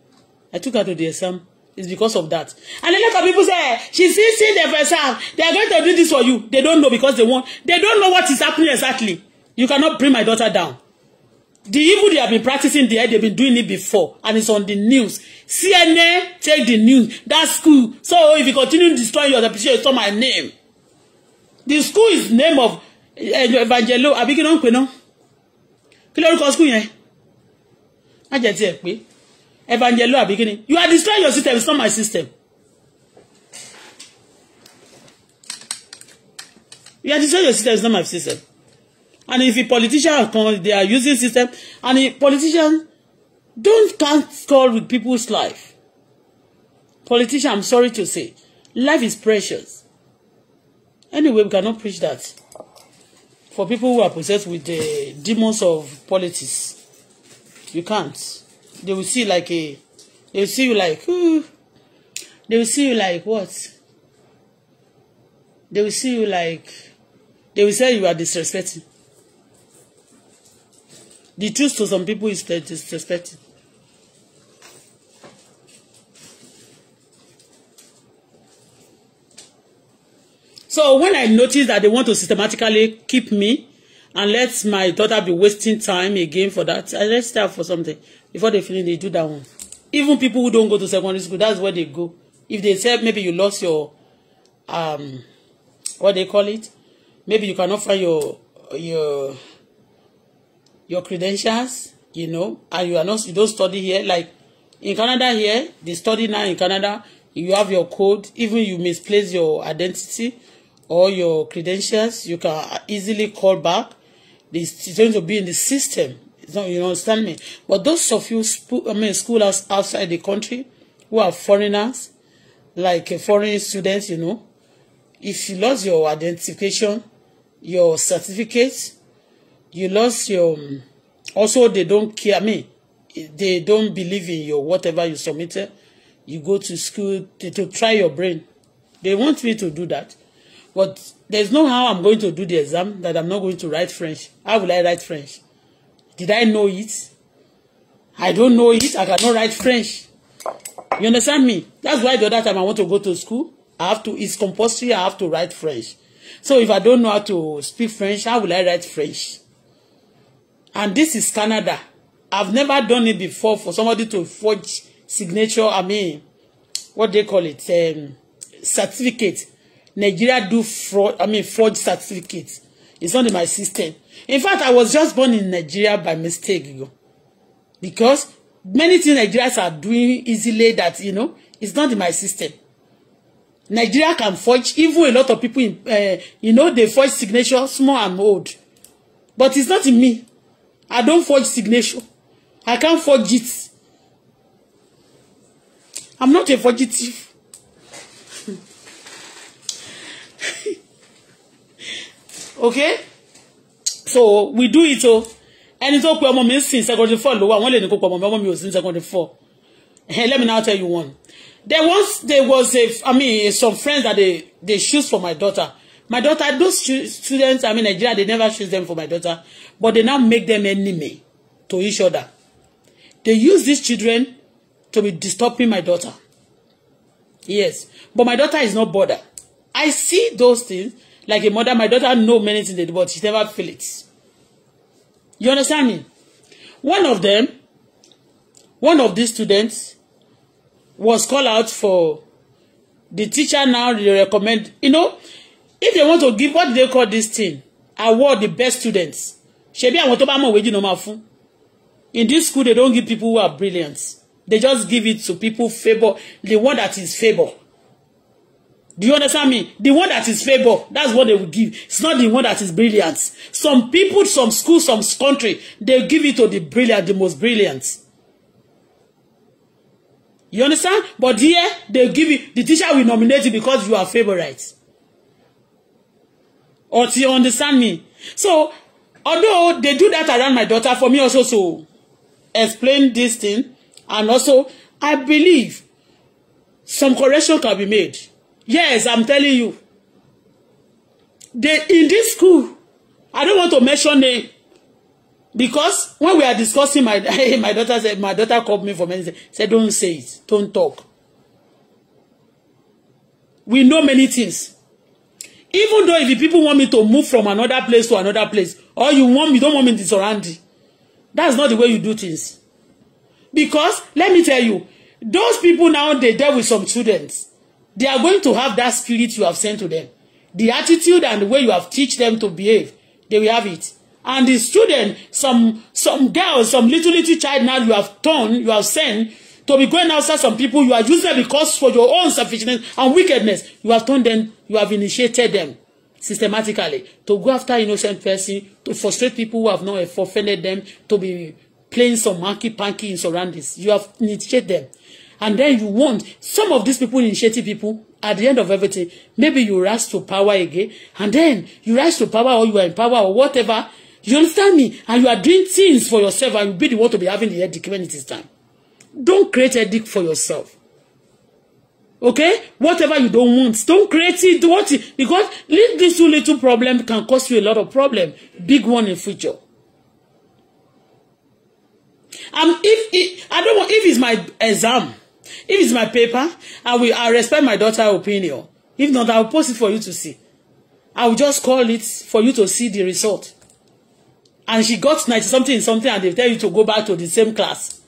I took her to the exam. It's because of that. And a lot of people say, she's seeing the person. They are going to do this for you. They don't know because they want, they don't know what is happening exactly. You cannot bring my daughter down. The evil they have been practicing there, they've been doing it before, and it's on the news. CNN take the news. That school. So if you continue destroying your reputation, it's not my name. The school is name of uh, Evangelo. Abikino Peno. Kí lórúkọ school yẹn? Má jẹ́ tiẹ̀ pé evangelo àbí kíni you are destroying your system it's not my system you are destroying your system it's not my system and if a politician come they are using system and a politician don't can't call with people's life politician i'm sorry to say life is precious anyway we cannot preach that for people who are possessed with the demons of politics you can't they will see like a they will see you like ooh. they will see you like what they will see you like they will say you are disrespecting the truth to some people is that disrespecting so when I noticed that they want to systematically keep me and let my daughter be wasting time again for that. I let her for something before they finish they do that one even people who don't go to secondary school that's where they go if they say maybe you lost your um what they call it maybe you cannot find your your your credentials you know and you are not you don't study here like in Canada here they study now in Canada you have your code even you misplace your identity or your credentials you can easily call back it's going to be in the system So you understand me? But those of you, I mean, schoolers outside the country who are foreigners, like uh, foreign students, you know, if you lost your identification, your certificate, you lost your. Um, also, they don't care. I mean, they don't believe in your whatever you submitted. You go to school to, to try your brain. They want me to do that. But there's no how I'm going to do the exam that I'm not going to write French. How will I write French? Did I know it? I don't know it. I cannot write French. You understand me? That's why the other time I want to go to school, I have to, it's compulsory, I have to write French. So if I don't know how to speak French, how will I write French? And this is Canada. I've never done it before for somebody to forge signature, I mean, what they call it, um, certificate. Nigeria do fraud, I mean, forge certificate. It's not in my system in fact i was just born in nigeria by mistake you know, because many things nigerians are doing easily that you know it's not in my system nigeria can forge even a lot of people in uh, you know they forge signature small and old but it's not in me i don't forge signature i can't forge it i'm not a fugitive okay so we do it o oh. ẹni tó pe ọmọ mi ń sìn secondary four ló wà wọ́n lè ní kó pọ̀ ọmọ mi ọmọ mi ò sí secondary four let me now tell you one there once there was a i mean some friends that they they choose for my daughter my daughter those students i mean Nigeria they never choose them for my daughter but they now make them enemy to each other they use these children to be disturbing my daughter yes but my daughter is not bother. I see those things like a mother. My daughter know many things but she never feel it. You understand me? One of them, one of these students, was called out for the teacher. Now they recommend, you know, if they want to give what they call this thing, award the best students. Ṣebí àwọn tó bá mọ̀ weji no ma In this school, they don't give people who are brilliant. They just give it to people favor, the one that is favor. Do you understand me? The one that is favor, that's what they will give. It's not the one that is brilliant. Some people, some school, some country, they give it to the brilliant, the most brilliant. You understand? But here, they give it, the teacher will nominate you because you are favorite. Or do you understand me? So, although they do that around my daughter, for me also to explain this thing, and also, I believe some correction can be made. Yes, I'm telling you. They in this school, I don't want to mention name because when we are discussing my my daughter said my daughter called me for many things. Said don't say it, don't talk. We know many things. Even though if the people want me to move from another place to another place, or you want me, don't want me to surround. That's not the way you do things. Because let me tell you, those people now they deal with some students they are going to have that spirit you have sent to them the attitude and the way you have teach them to behave they will have it and the student some some girls some little little child now you have torn you have sent to be going outside some people you are using because for your own selfishness and wickedness you have turned them you have initiated them systematically to go after innocent person to frustrate people who have not offended them to be playing some monkey panky in surroundings you have initiated them and then you want some of these people initiative people at the end of everything maybe you rise to power again and then you rise to power or you are in power or whatever you understand me and you are doing things for yourself and you be the one to be having the headache when it is time don't create headache for yourself okay whatever you don't want don't create it what it, because this too little problem can cause you a lot of problem big one in future um if it, i don't want if it's my exam If it's my paper, I will I respect my daughter's opinion. If not, I will post it for you to see. I will just call it for you to see the result. And she got 90 something in something and they tell you to go back to the same class.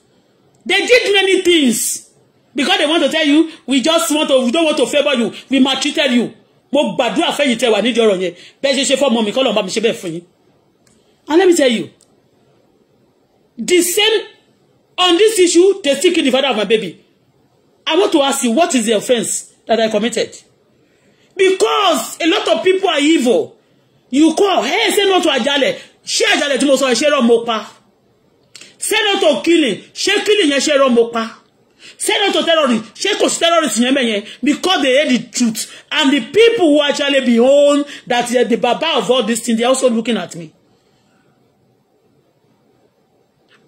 They did many things because they want to tell you we just want to we don't want to favor you we maltreated you. Mo badu afe tẹ wà nídìí ọ̀rọ̀ yẹn bẹ́ẹ̀ ṣe ṣe fọ́mọ mi kọ́lọ̀ bá mi ṣe bẹ́ẹ̀ fún And let me tell you the same on this issue they still kill the father of my baby I want to ask you, what is the offense that I committed? Because a lot of people are evil. You call, hey, say no to Ajale. Ṣé Ajale tí mo sọ ṣe Say no to killing. Ṣé killing yẹn ṣe rán mo Say no to terrorism. Ṣé kò sí terrorism yẹn mẹ́yẹn? Because they hear the truth. And the people who actually behold that they the baba of all these things, they are also looking at me.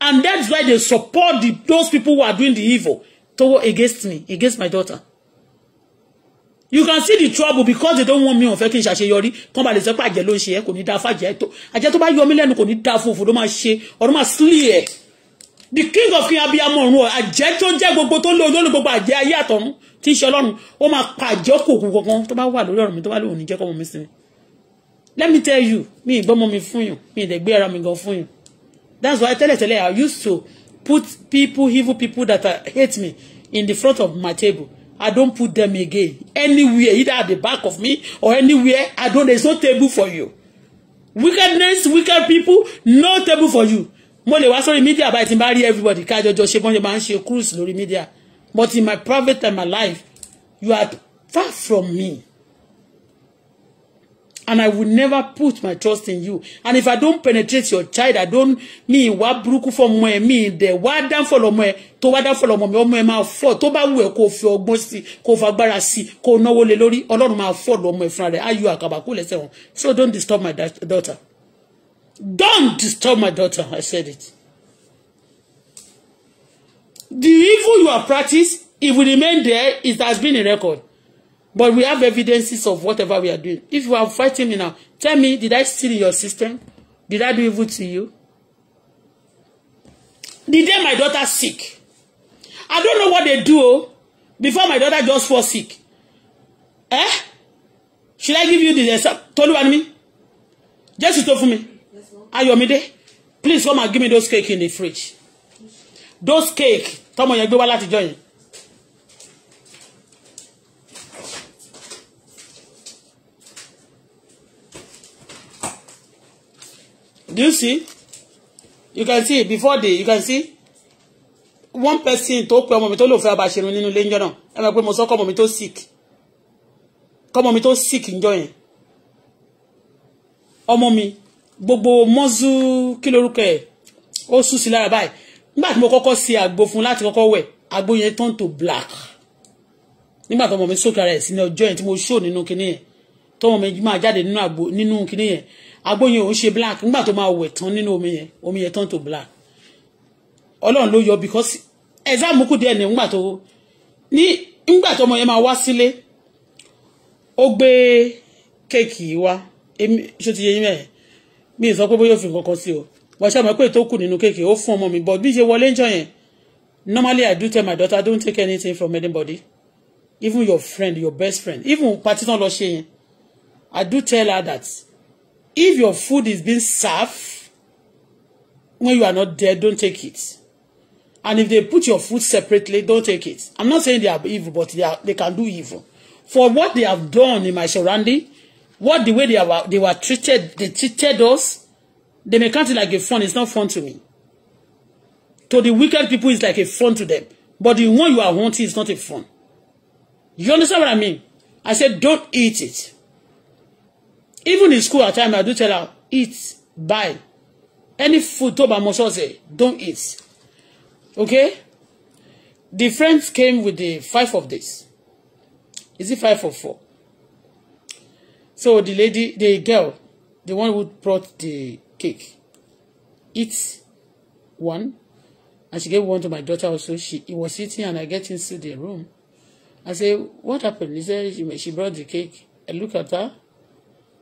And that's why they support the, those people who are doing the evil toward against me against my daughter you can see the trouble because they don't want me ò fẹ́ kí n ṣàṣeyọrí kán balẹ̀ sẹ́pà àjẹ́ ló ń ṣe ẹ́ kò ní dáa fàjẹ́ tó àjẹ́ tó bá yọ mí lẹ́nu kò ní dáa fòfò ló máa ṣe ọ̀rọ̀ máa sílì ẹ̀ the king of king abiyamọ ọ̀run ọ̀ àjẹ́ tó jẹ́ gbogbo tó lóyún lónìí gbogbo àjẹ́ ayé àtọ̀run tí ń ṣe ọlọ́run ó máa pa àjẹ́ òkòkò kankan tó bá wà lórí ọ̀run mi tó bá lóhùn ní jẹ́ kọ́mọ mi sinmi let me tell you mi ìgbọ́mọ mi fún yàn mi ìdẹ̀gbé ara mi gan fún yàn that's why tẹ́lẹ̀tẹ́lẹ̀ I used to put people, evil people that are, hate me in the front of my table. I don't put them again. Anywhere, either at the back of me or anywhere, I don't, there's no table for you. Wickedness, wicked people, no table for you. Mo lè wá sórí media báyìí tí marry everybody ká jọjọ ṣe bọ́n ṣe máa ń ṣe cruise lórí media. But in my private time, my life, you are far from me and I will never put my trust in you. And if I don't penetrate your child, I don't mean what burúkú fọ́mọ ẹ Me the what dáńfọ̀ follow me? tó wá dáńfọ̀ lọ́mọ mi ọmọ ẹ máa fọ̀ tó bá wù ẹ́ kó fi ọgbọ́n sí i kó fagbára sí i kó náwó lé lórí ọlọ́run máa fọ̀ lọ́mọ ẹ fúnra rẹ̀ ayọ̀ àkàbàkù lẹ́sẹ̀ So don't disturb my daughter. Don't disturb my daughter. I said it. The evil you have practiced, if we remain there, it has been a record. But we have evidences of whatever we are doing. If you are fighting me now, tell me, did I steal your system? Did I do evil to you? The day my daughter sick, I don't know what they do oh. before my daughter just fall sick. Eh? Should I give you the example? Toluwanimi? for me. Are you Ayọ̀mídé, please come and give me those cake in the fridge. Those cake, Come tọ́mọ yẹn gbé wá to join. do you see you can see before the you can see one person tó pe ọmọ mi tó lò fẹ́ abàṣẹrun nínú ilé ńjọ́ náà ẹ máa pé mo sọ kọ́mọ mi tó sick kọ́mọ mi tó sick ńjọ́ yẹn ọmọ mi gbogbo mọ́zú kí lorúkọ ẹ̀ ó sùn sí lára báyìí nígbà tí mo kọ́kọ́ ṣe àgbo fún láti kọ́kọ́ wẹ̀ àgbo yẹn turn to black nígbà tó ọmọ mi sókè ara ẹ̀ sí ní ọjọ́ yẹn tí mo ṣó nínú kinní yẹn tó ọmọ mi máa jáde nínú àgbo nínú kinní yẹn àgbo yẹn òun ṣe black nígbà tó máa wẹ̀ tán nínú omi yẹn omi yẹn tán tó black ọlọ́run ló yọ because exam kù díẹ̀ ní nígbà tó ní nígbà tó ọmọ yẹn máa wá sílé ó gbé kéèkì wá èmi ṣó ti yẹ yín mẹ́ẹ̀ mi ì sọ pé bóyá òfin kankan sí o wọ́n ṣe àmọ́ pé tó kù nínú kéèkì ó fún ọmọ mi but bí ṣe wọlé ń jọ yẹn normally I do tell my daughter I don't take anything from anybody even your friend your best friend even pati tán lọ ṣe yẹn I do tell her that if your food is being served when you are not there don't take it and if they put your food separately don't take it i'm not saying they are evil but they are they can do evil for what they have done in my surrounding what the way they were they were treated they treated us they may count it like a fun it's not fun to me to the wicked people it's like a fun to them but the one you are wanting is not a fun you understand what i mean i said don't eat it even in school at time I do tell her eat buy any food tó my mọ ṣọ́ọ̀ṣẹ̀ don't eat okay the friends came with the five of this is it five or four so the lady the girl the one who brought the cake eat one and she gave one to my daughter also she he was eating and I get into the room I say what happened he said she, she brought the cake I look at her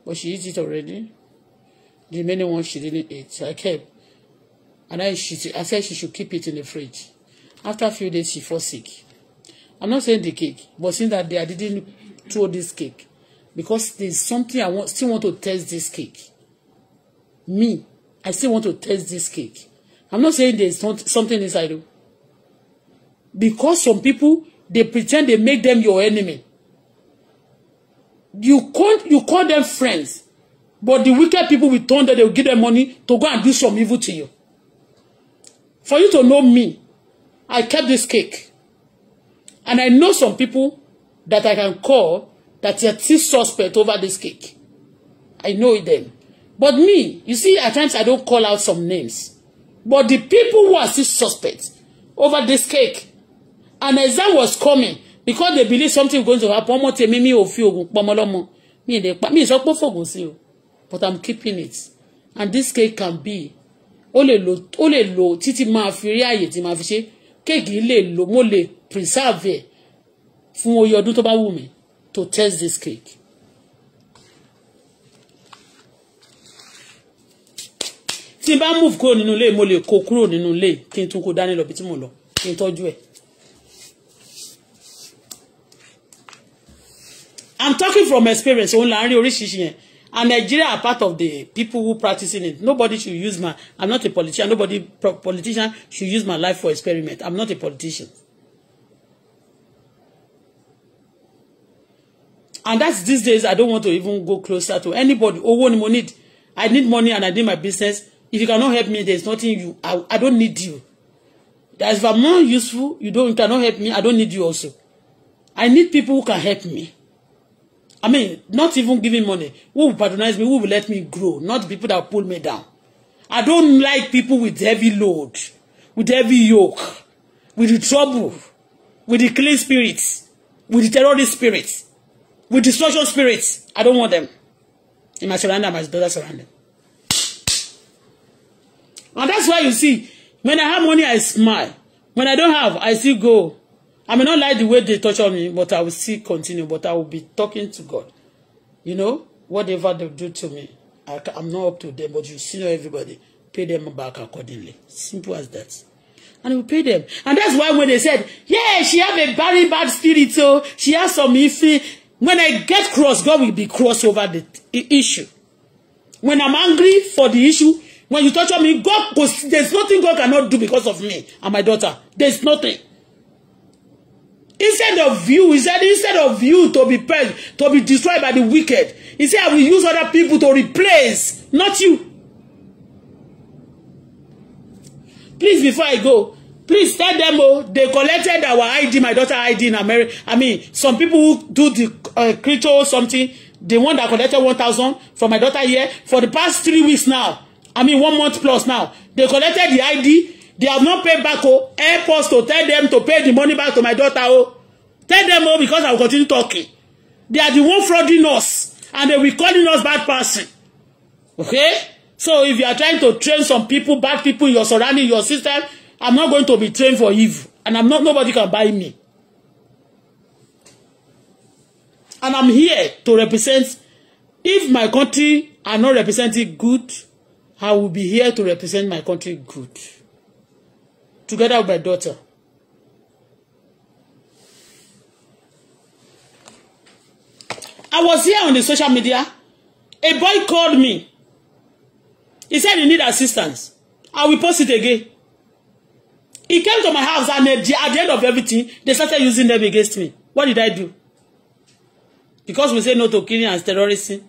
but she ate it already. The many one she didn't eat, so I kept. And then she, I said she should keep it in the fridge. After a few days, she fall sick. I'm not saying the cake, but since that day, I didn't throw this cake because there's something I want, still want to test this cake. Me, I still want to test this cake. I'm not saying there's not something inside. Because some people, they pretend they make them your enemy you call, you call them friends, but the wicked people will turn that they will give them money to go and do some evil to you. For you to know me, I kept this cake. And I know some people that I can call that are still suspect over this cake. I know them. But me, you see, at times I don't call out some names. But the people who are still suspect over this cake, an exam was coming because they believe something going to happen ọmọ tèmi mi ò fi oògùn pọmọ lọ́mọ mi ìdẹ pa mi ìsọ pé fògùn sí o but i'm keeping it and this cake can be ó lè lò ó lè lò títí máa fi rí àyè tí máa fi ṣe kéèkì lè lò mo lè preserve ẹ fún oye ọdún tó bá wù mí to test this cake. tí n bá move kúrò nínú ilé mo lè kó kúrò nínú ilé kí n tún kó dání lọ bí tí mo lọ kí n tọ́jú ẹ̀. I'm talking from experience Only I'm ń rí and Nigeria are part of the people who practicing it nobody should use my I'm not a politician nobody politician should use my life for experiment I'm not a politician and that's these days I don't want to even go closer to anybody Oh, one mo need I need money and I need my business if you cannot help me there's nothing you I, I don't need you that if I'm not useful you don't you cannot help me I don't need you also I need people who can help me. I mean, not even giving money. Who will patronize me? Who will let me grow? Not people that pull me down. I don't like people with heavy load, with heavy yoke, with the trouble, with the clean spirits, with the terrorist spirits, with the social spirits. I don't want them in my surrounding, my daughter's surrounding. And that's why you see, when I have money, I smile. When I don't have, I still go. I may not like the way they touch on me, but I will still continue. But I will be talking to God. You know, whatever they do to me, I, I'm not up to them. But you see everybody, pay them back accordingly. Simple as that. And we pay them. And that's why when they said, yeah, she have a very bad spirit, so oh, she has some iffy. When I get cross, God will be cross over the issue. When I'm angry for the issue, when you touch on me, God, there's nothing God cannot do because of me and my daughter. There's nothing. Instead of you, he said, instead of you to be purged, to be destroyed by the wicked, he said, I will use other people to replace, not you. Please, before I go, please tell them oh, they collected our ID, my daughter ID in America. I mean, some people who do the uh, crypto something, the one that collected one thousand for my daughter here, for the past three weeks now, I mean, one month plus now, they collected the ID They have not paid back. Oh, help us to tell them to pay the money back to my daughter. Oh, tell them oh because I will continue talking. They are the one frauding us and they will calling us bad person. Okay? So if you are trying to train some people, bad people in your surrounding, your system, I'm not going to be trained for evil. And I'm not, nobody can buy me. And I'm here to represent, if my country are not representing good, I will be here to represent my country good together with my daughter. I was here on the social media. A boy called me. He said he need assistance. I will post it again. He came to my house and at the, end of everything, they started using them against me. What did I do? Because we say no to killing and terrorism.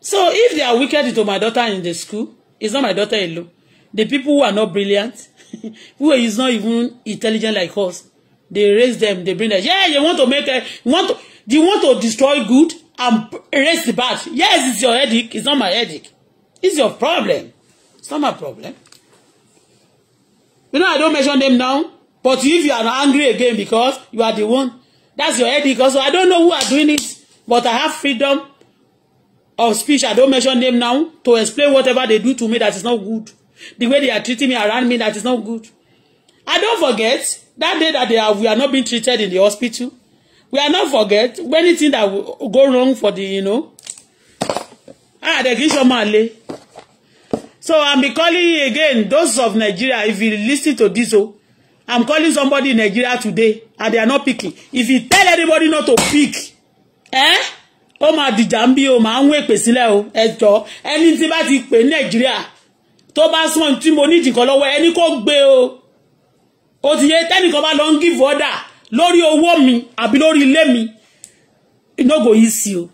So if they are wicked to my daughter in the school, it's not my daughter alone the people who are not brilliant who is not even intelligent like us they raise them they bring them yeah you want to make a you want to you want to destroy good and raise the bad yes it's your headache it's not my headache it's your problem it's not my problem you know I don't mention them now but if you are angry again because you are the one that's your headache also I don't know who are doing it but I have freedom of speech I don't mention them now to explain whatever they do to me that is not good the way they are treating me around me that is not good i don't forget that day that they are we are not being treated in the hospital we are not forget anything that will go wrong for the you know ah the kisho man le so i'm be calling again those of nigeria if you listen to this oh i'm calling somebody in nigeria today and they are not picking if you tell anybody not to pick eh Oh my, the jambi, oh my, máa ń wé pè sílẹ̀ o ẹjọ́ ẹni tí bá tó bá súnmọ́ tí mo ní ìdìkan lọ́wọ́ ẹni kò gbé o ó ti yẹ tẹ́nìkan bá lọ ń give order lórí owó mi àbí lórí ilé mi no go easy o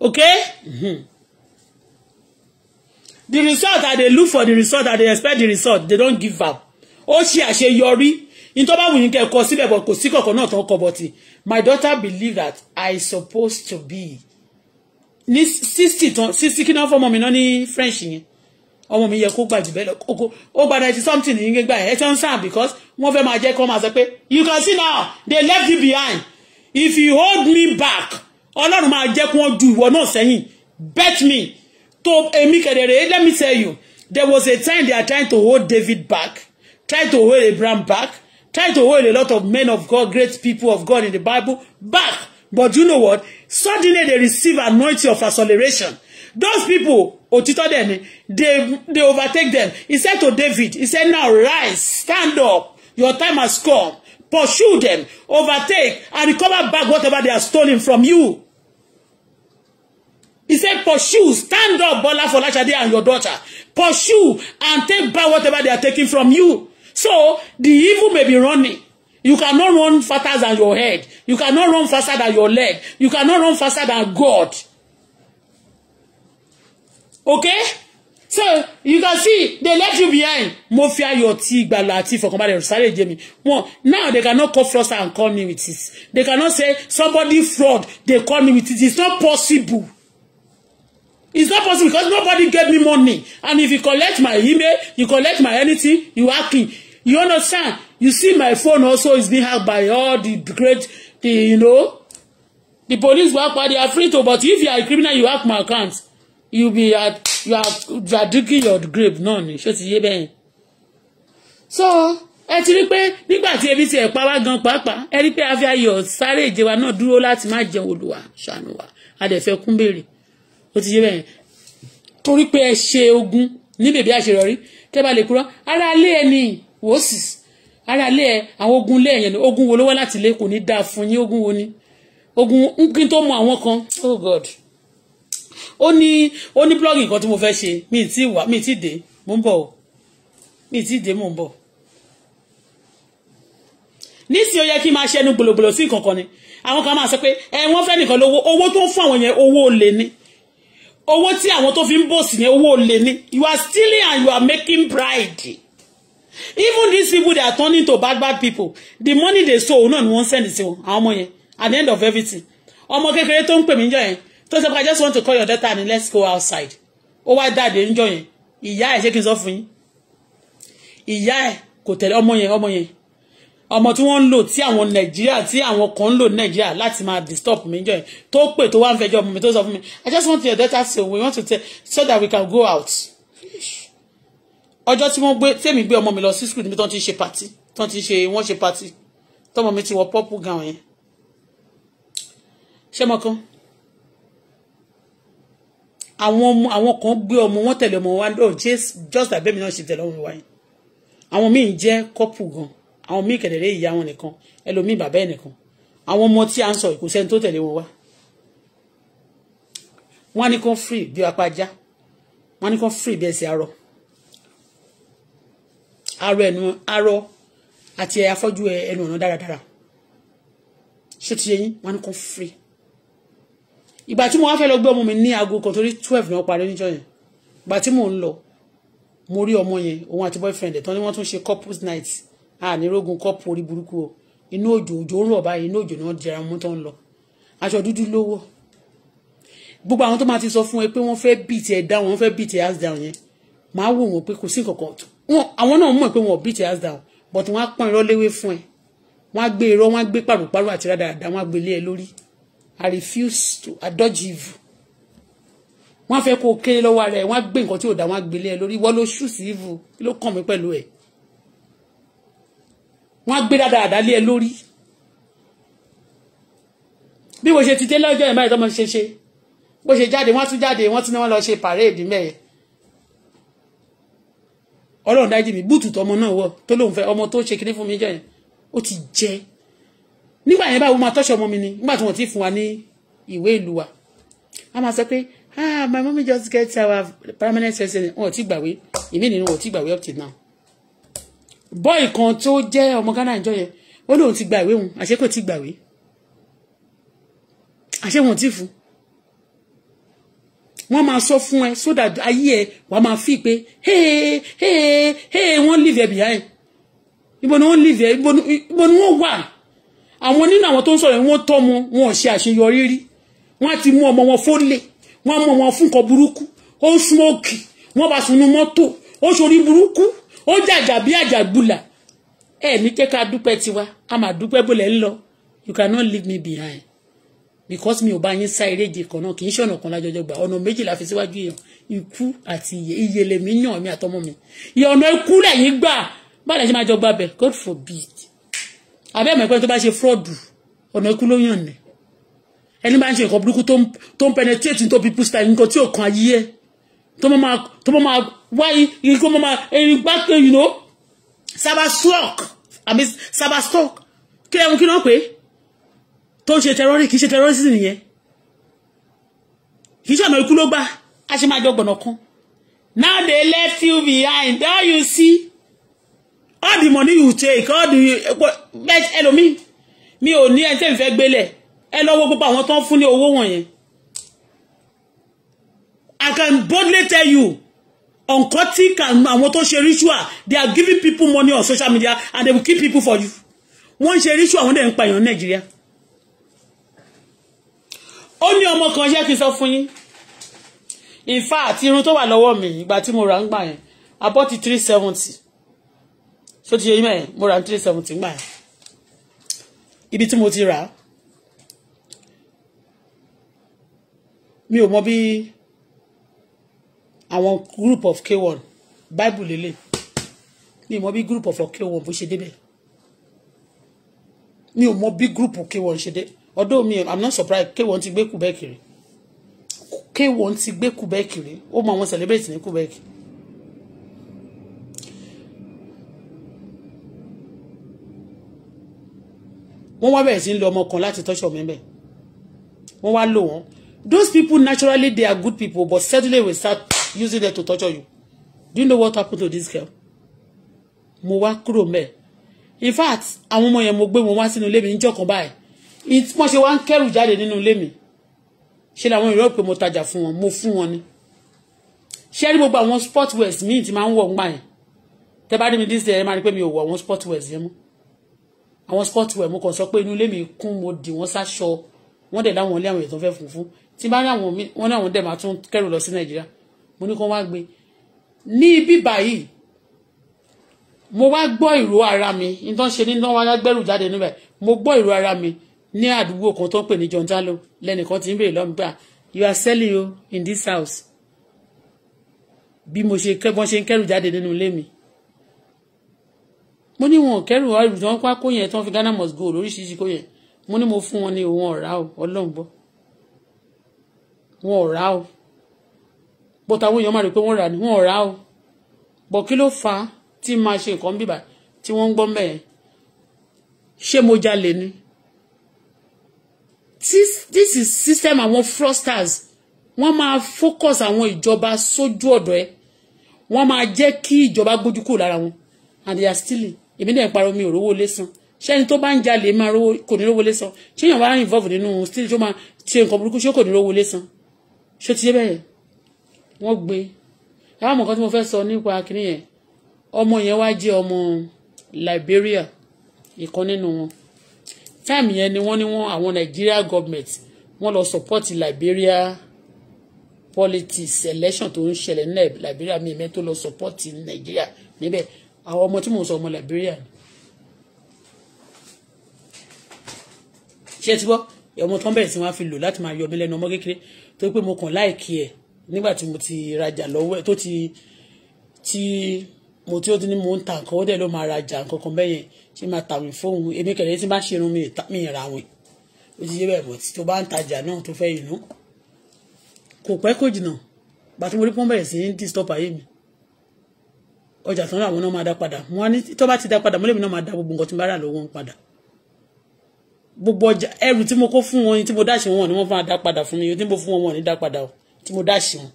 okay mm-hmm. the result i dey look for the result i dey expect the result they don give am ó ṣe àṣeyọrí ní tó bá wù yín kẹ́ kọ síbẹ̀ bọ̀ kò sí kọ̀ọ̀kan náà tó kọ bọ̀tì my daughter believe that i suppose to be ní sixty tán sixty kí náà fọmọ mi náà ní french yẹn ọmọ mi yẹ kó gbà jù bẹ́ẹ̀ lọ kókó ó gba ninety something yìí gbà ẹ̀ tó ń sàn because wọ́n fẹ́ máa jẹ́ kó máa sọ pé you can see now they left you behind if you hold me back ọlọ́run máa jẹ́ kó wọ́n ju ìwọ náà sẹ́yìn bet me to èmi kẹ̀dẹ̀rẹ̀ let me tell you there was a time they are trying to hold David back trying to hold Abraham back trying to hold a lot of men of God great people of God in the Bible back but you know what suddenly they receive anointing of acceleration those people òtítọ́ dẹ̀ ni they they overtake them he said to David he said now rise stand up your time has come pursue them overtake and recover back whatever they are stolen from you he said pursue stand up Bola Folashade and your daughter pursue and take back whatever they are taking from you so the evil may be running you cannot run faster than your head you cannot run faster than your leg you cannot run faster than God okay so you can see they left you behind mo fi ayọ̀ ti ìgbàlà àti ìfọ̀kànbalẹ̀ sáré jẹ mi wọn now they cannot call fraudster and call me with it they cannot say somebody fraud they call me with it it's not possible it's not possible because nobody gave me money and if you collect my email you collect my anything you hacking you understand you see my phone also is being hacked by all the great the you know the police work by they are free to but if you are a criminal you hack my account you be you are you are, you are digging your grave náà ni ṣó ti yé bẹ́ẹ̀ so ẹ ti rí pé nígbà tí ebi ti ẹ̀ pa wá gan pàápàá ẹ rí pé a fi ayọ̀ sáré ìjẹwa náà dúró láti má jẹun olùwà ṣàánú wa a dẹ̀ fẹ́ kún béèrè ó ti yé bẹ́ẹ̀ torí pé ẹ ṣe ogun ní bèbí àṣeyọrí kẹ́ bá lè kúrọ́ ara ilé ẹni wò sì ara ilé ẹ àwọn ogun ilé ẹ̀yẹn ogun wo ló wá láti ilé kò ní dáa fún yín ogun wo ni ogun kí tó mọ àwọn kan oh god ó ní ó ní blogging kan tí mo fẹ́ ṣe mi ì tí wà mi ì tí dé mò ń bọ̀ o mi ì tí dé mò ń bọ̀ nísìnyí ó yẹ kí n máa ṣẹnu gbòlògbòlò sí nǹkan kan ni àwọn kan máa sọ pé ẹ wọ́n fẹ́ nìkan lówó owó tó ń fún àwọn yẹn owó olè ni owó tí àwọn tó fi ń bò sí yẹn owó olè ni you are stealing and you are making pride. even these people they are turning to bad bad people the money they sold náà ni wọ́n send sí wọn àwọn ọmọ yẹn at the end of everything ọmọ kékeré tó ń pè mí jọ yẹn tó sọ pé i just want to call your daughter and let's go outside ó wá jáde níjọ́ yẹn ìyá ẹ̀ ṣé kí n sọ fún yín ìyá ẹ̀ kò tẹ̀lé ọmọ yẹn ọmọ yẹn ọmọ tí wọ́n ń lò tí àwọn nàìjíríà tí àwọn kan ń lò nàìjíríà láti máa disturb mi jọ yẹn tó pè tó wá ń fẹjọ́ mi tó sọ fún mi i just want your daughter to. we want to tell so that we can go out ọjọ́ tí wọ́n gbé tèmi gbé ọmọ mi lọ sí school níbi tó ti ṣe party tó ti ṣe wọ́n ṣe party tọmọ mi ti wọ purple gown yẹn ṣé mo kàn àwọn ọmọ àwọn kan gbé ọmọ wọn tẹ̀lé ọmọ wa lọ oh, just like bẹ́ẹ̀ mi náà ṣe tẹ̀lé ọmọ wa yìí àwọn míì jẹ́ kọ́pù gan àwọn míì kẹ̀dẹ̀rẹ́ ìyá wọn nìkan ẹlòmíì bàbá ẹ̀ nìkan àwọn ọmọ tí a ń sọ kò sẹ́ni tó tẹ̀lé wọn wá wọ́n á ní kán free bí apájá wọ́n á ní kán free bí ẹsẹ̀ arọ arọ ẹnu arọ àti afọ́jú ẹnu ọ̀nà dáradára ṣé ti yẹ yín wọ́n á ní kán free ìgbà tí mo wá fẹ́ lọ gbé ọmọ mi ní aago kan torí twelve náà parí níjọ́ yẹn ìgbà tí mò ń lọ mo rí ọmọ yẹn òun àti boyfriend ẹ̀ tán ni wọ́n tún ṣe couples night ànírógun kọ́pù orí burúkú o inú òjò òjò ń rọ̀ báyìí inú òjò náà jẹra mú tán lọ aṣọ dúdú lówó gbogbo àwọn tó máa ti sọ fún ẹ pé wọ́n fẹ́ beat ẹ down wọ́n fẹ́ beat ẹ ass down yẹn máa wò wọ́n pé kò sí kankan tó àwọn náà mọ̀ pé wọ́n beat ass down but wọ́n á pọ́n irọ́ léwé fún ẹ wọ́n á gbé irọ́ wọ́n á gbé pàrọ̀pàrọ̀ àti rádaràda wọ́n á gbé lé ẹ lórí I refuse to adopt evil wọ́n fẹ́ kó kéré lọ́wọ́ ara ẹ̀ wọ́n á gbé nǹkan tí ò dá wọ́n á gbélé ẹ lórí wọ́n ló ṣù sí evil kí ló kàn mí pẹ̀lú ẹ̀ wọ́n á gbé dáadáa àdálé ẹ lórí bí mo ṣe ti dé lọ́jọ́ ìmọ̀ ìtọ́mọ ṣe ṣe bó ṣe jáde wọ́n tún jáde wọ́n tún ní wọ́n lọ ṣe pàréèdì mẹ́ẹ̀ ọlọ́run dájú mi búùtù tọmọ náà wọ̀ tó lóun fẹ́ ọmọ tó ṣe kinní fún mi jẹ́ yẹn ó ti jẹ́ nígbà yẹn báwo máa tọ́ṣọ ọmọ mi ni nígbà tí wọ́n ti fún wa ní ìwé ìlú wa a máa sọ pé ah my mommy just get our permanent resident wọn ò tí gbàwé èmi nínú wọn ò tí gbàwé up till now bọ́ì kan tó jẹ́ ọmọ Ghana ìjọ yẹn ó lóun ti gba ìwé òun àṣé kò ti gbàwé àṣé wọn ò tí fún wọ́n máa sọ fún ẹ so that ayé ẹ wàá máa fi pé hey hey hey wọ́n leave ẹ behind ibo ni wọ́n leave ẹ ibo ni wọ́n wà àwọn nínú àwọn tó ń sọ̀rọ̀ wọ́n tọ́ ọmọ wọn ṣe àṣeyọrí rí wọ́n ti mú ọmọ wọn fólè wọ́n mú ọmọ wọn burúkú ó ń smoke wọ́n bá sunú mọ́tò ó ṣorí burúkú ó jàjà bí àjàgbùlà ẹ̀mí jẹ́ ká dúpẹ́ tiwa a máa dúpẹ́ bólẹ̀ ń you cannot leave me behind because mi ò bá yín sá eréje kan náà kì í ṣọ̀nà kan lájọjọ gbà ọ̀nà méjì la fi síwájú èèyàn ikú àti iye iye lèmi yàn mí àtọmọ mi ìyọ̀nà ikú lẹ́yìn gbà bá lẹ́yìn máa jọ gbàbẹ̀ God forbid àbí ẹ̀mọ̀ ẹ̀pẹ́ tó bá ṣe fraud ọ̀nà ikú ló yàn ní ẹni bá ń ṣe nǹkan burúkú tó ń penetrate into people's time nǹkan tí ò kan ayé ẹ tó mọ́ máa tó mọ́ máa wáyé ikú mọ́ máa erin gbá pé you know cyberstalk àbí cyberstalk kí lẹ́mu kí náà pé tó ń ṣe terrorism kì í ṣe terrorism nìyẹn kì í ṣe ọ̀nà ikú ló gbà á ṣe máa jọ gbọ̀nà kan now they left you behind don't you see all the money you take all the bẹ́ẹ̀ ẹlòmíì mi ò ní ẹni tẹ́ mi fẹ́ gbélẹ̀ ẹ lọ́wọ́ gbogbo àwọn tó ń fún ní owó I can boldly tell you on uncultic and àwọn tó ṣe ritual they are giving people money on social media and they will keep people for you wọ́n ṣe ritual wọ́n dẹ̀ ń pa Nigeria. Nàìjíríà ó ní ọmọ kan ṣe kí n sọ fún in fact irun tó wà lọ́wọ́ mi ìgbà tí mo rà ń gbà about I three seventy So ti yẹ yín mẹ́rin mo ra three seventy gbà ibi tí mo ti rà mi ò mọ bí àwọn group of k one. bible lélẹ̀ mi ò mọ bí group of k one. bó ṣe débẹ̀ mi ò mọ bí group k one. ṣe dé ọdọ mi i'm not surprised k one ti gbé kúbẹ́ẹ̀kì rí k one ti gbé kúbẹ́ẹ̀kì rí ó mọ àwọn celebrate ní kúbẹ́ẹ̀kì rí. wọ́n wá bẹ̀rẹ̀ sí ń lo ọmọ kan láti tọ́ṣọ̀ mi bẹ́ẹ̀ wọ́n wá lò wọ́n those people naturally they are good people but suddenly we start using them to torture you do you know what happened to this girl mo wá kúrò mẹ́ẹ̀ in fact àwọn ọmọ yẹn mo gbé wọn wá sínú ilé mi níjọ́ kan báyìí wọ́n ṣe wá ń kẹ́rù jáde nínú ilé mi ṣe làwọn ìrọ̀ pé mo tajà fún wọn mo fún wọn ni ṣé mo gbogbo àwọn sport wears míì ti máa ń wọ̀ ń gbà yẹn tẹ bá rí mi dísè ẹ máa rí pé mi ò wọ àwọn sport wears yẹn mọ́ àwọn scotwell mo kàn sọ pé inú ilé mi kún mo dì wọ́n sáṣọ wọ́n dẹ̀ láwọn ilé àwọn ètò fẹ́ funfun tí bá láwọn wọn náà wọ́n dẹ̀ máa tún kẹ́rù lọ sí nàìjíríà mo ní kó wá gbé ní ibi báyìí mo wá gbọ́ ìró ara mi nítorí ṣe ní wọ́n wá gbẹ́rù jáde níbẹ̀ mo gbọ́ ìró ara mi ní àdúgbò kan tó ń pè ní John Talo lẹ́nìkan tí ń béèrè lọ́mú gbà ah, you are selling o in this house bí mo ṣe kẹ́ bọ́n ṣe ń kẹ́rù jáde nínú ilé mi mo ní wọn kẹrù ẹrù tí wọn pa kó yẹn tí wọn fi Ghana must go lóríṣiríṣi kó yẹn mo ní mo fún wọn ní òun ọ̀rá o ọlọ́run gbọ́ wọn ọ̀rá o bó táwọn èèyàn máa rí pé wọ́n rà ní wọn ọ̀rá o bọ̀ kí ló fà á tí máa ṣe nǹkan bíbà tí wọ́n ń gbọ́ mẹ́ẹ̀ ṣé mo jalè ni this this is system àwọn fraudsters wọ́n máa focus àwọn ìjọba sójú ọ̀dọ̀ ẹ̀ wọ́n máa jẹ́ kí ìjọba gbójú kúrò lára wọn and they are stealing èmi dẹ̀ ń parọ́ mi ò rówó lé san ṣẹ́ni tó bá ń jalè máa rówó kò ní rówó lé san ṣéyàn wá involve nínú still tó máa ṣe nǹkan burúkú ṣé kò ní rówó lé ṣé ti ṣe bẹ́ẹ̀ wọ́n gbé àwọn nǹkan tí mo fẹ́ sọ nípa kínní yẹn ọmọ yẹn wá jẹ́ ọmọ Liberia ìkan nínú wọn táìmù yẹn ni wọ́n ní wọ́n àwọn Nigeria government wọ́n lọ support Liberia politics election tó ń ṣẹlẹ̀ ní Liberia mi ìmẹ́ lọ support Nigeria níbẹ̀ àwọn ọmọ tí mò ń sọ ọmọ Liberia ni ṣé ti gbọ́ ọmọ tó ń bẹ̀rẹ̀ sí wọn á fi lò láti máa yọ mí lẹ́nu ọmọ kékeré tó pé mo kàn láìkí ẹ̀ nígbà tí mo ti rajà lọ́wọ́ ẹ̀ tó ti tí mo tí ó ti ní mo ń ta nǹkan ó dẹ̀ ló máa rajà nǹkan kan bẹ́yẹn ṣé máa tàwìn fóun èmi kẹ̀lẹ́ tí bá ṣe irun mi ìra wìn ó ti yé bẹ́ẹ̀ bọ̀ tó bá ń tajà náà tó fẹ́ ìlú kò pẹ́ kò jìnnà bàtí mo rí pọ́n sí ní distop ayé mi ọjà tán làwọn náà máa dá padà wọn ní tó bá ti dá padà mọ́lẹ́mi náà máa dá gbogbo nǹkan tí mo bá rà lọ́wọ́ wọn padà gbogbo ọjà ẹrù tí mo kó fún wọn tí mo dáṣe wọn ni wọ́n fún adá padà fún mi tí mo fún wọn wọn ní dá padà o tí mo dáṣe wọn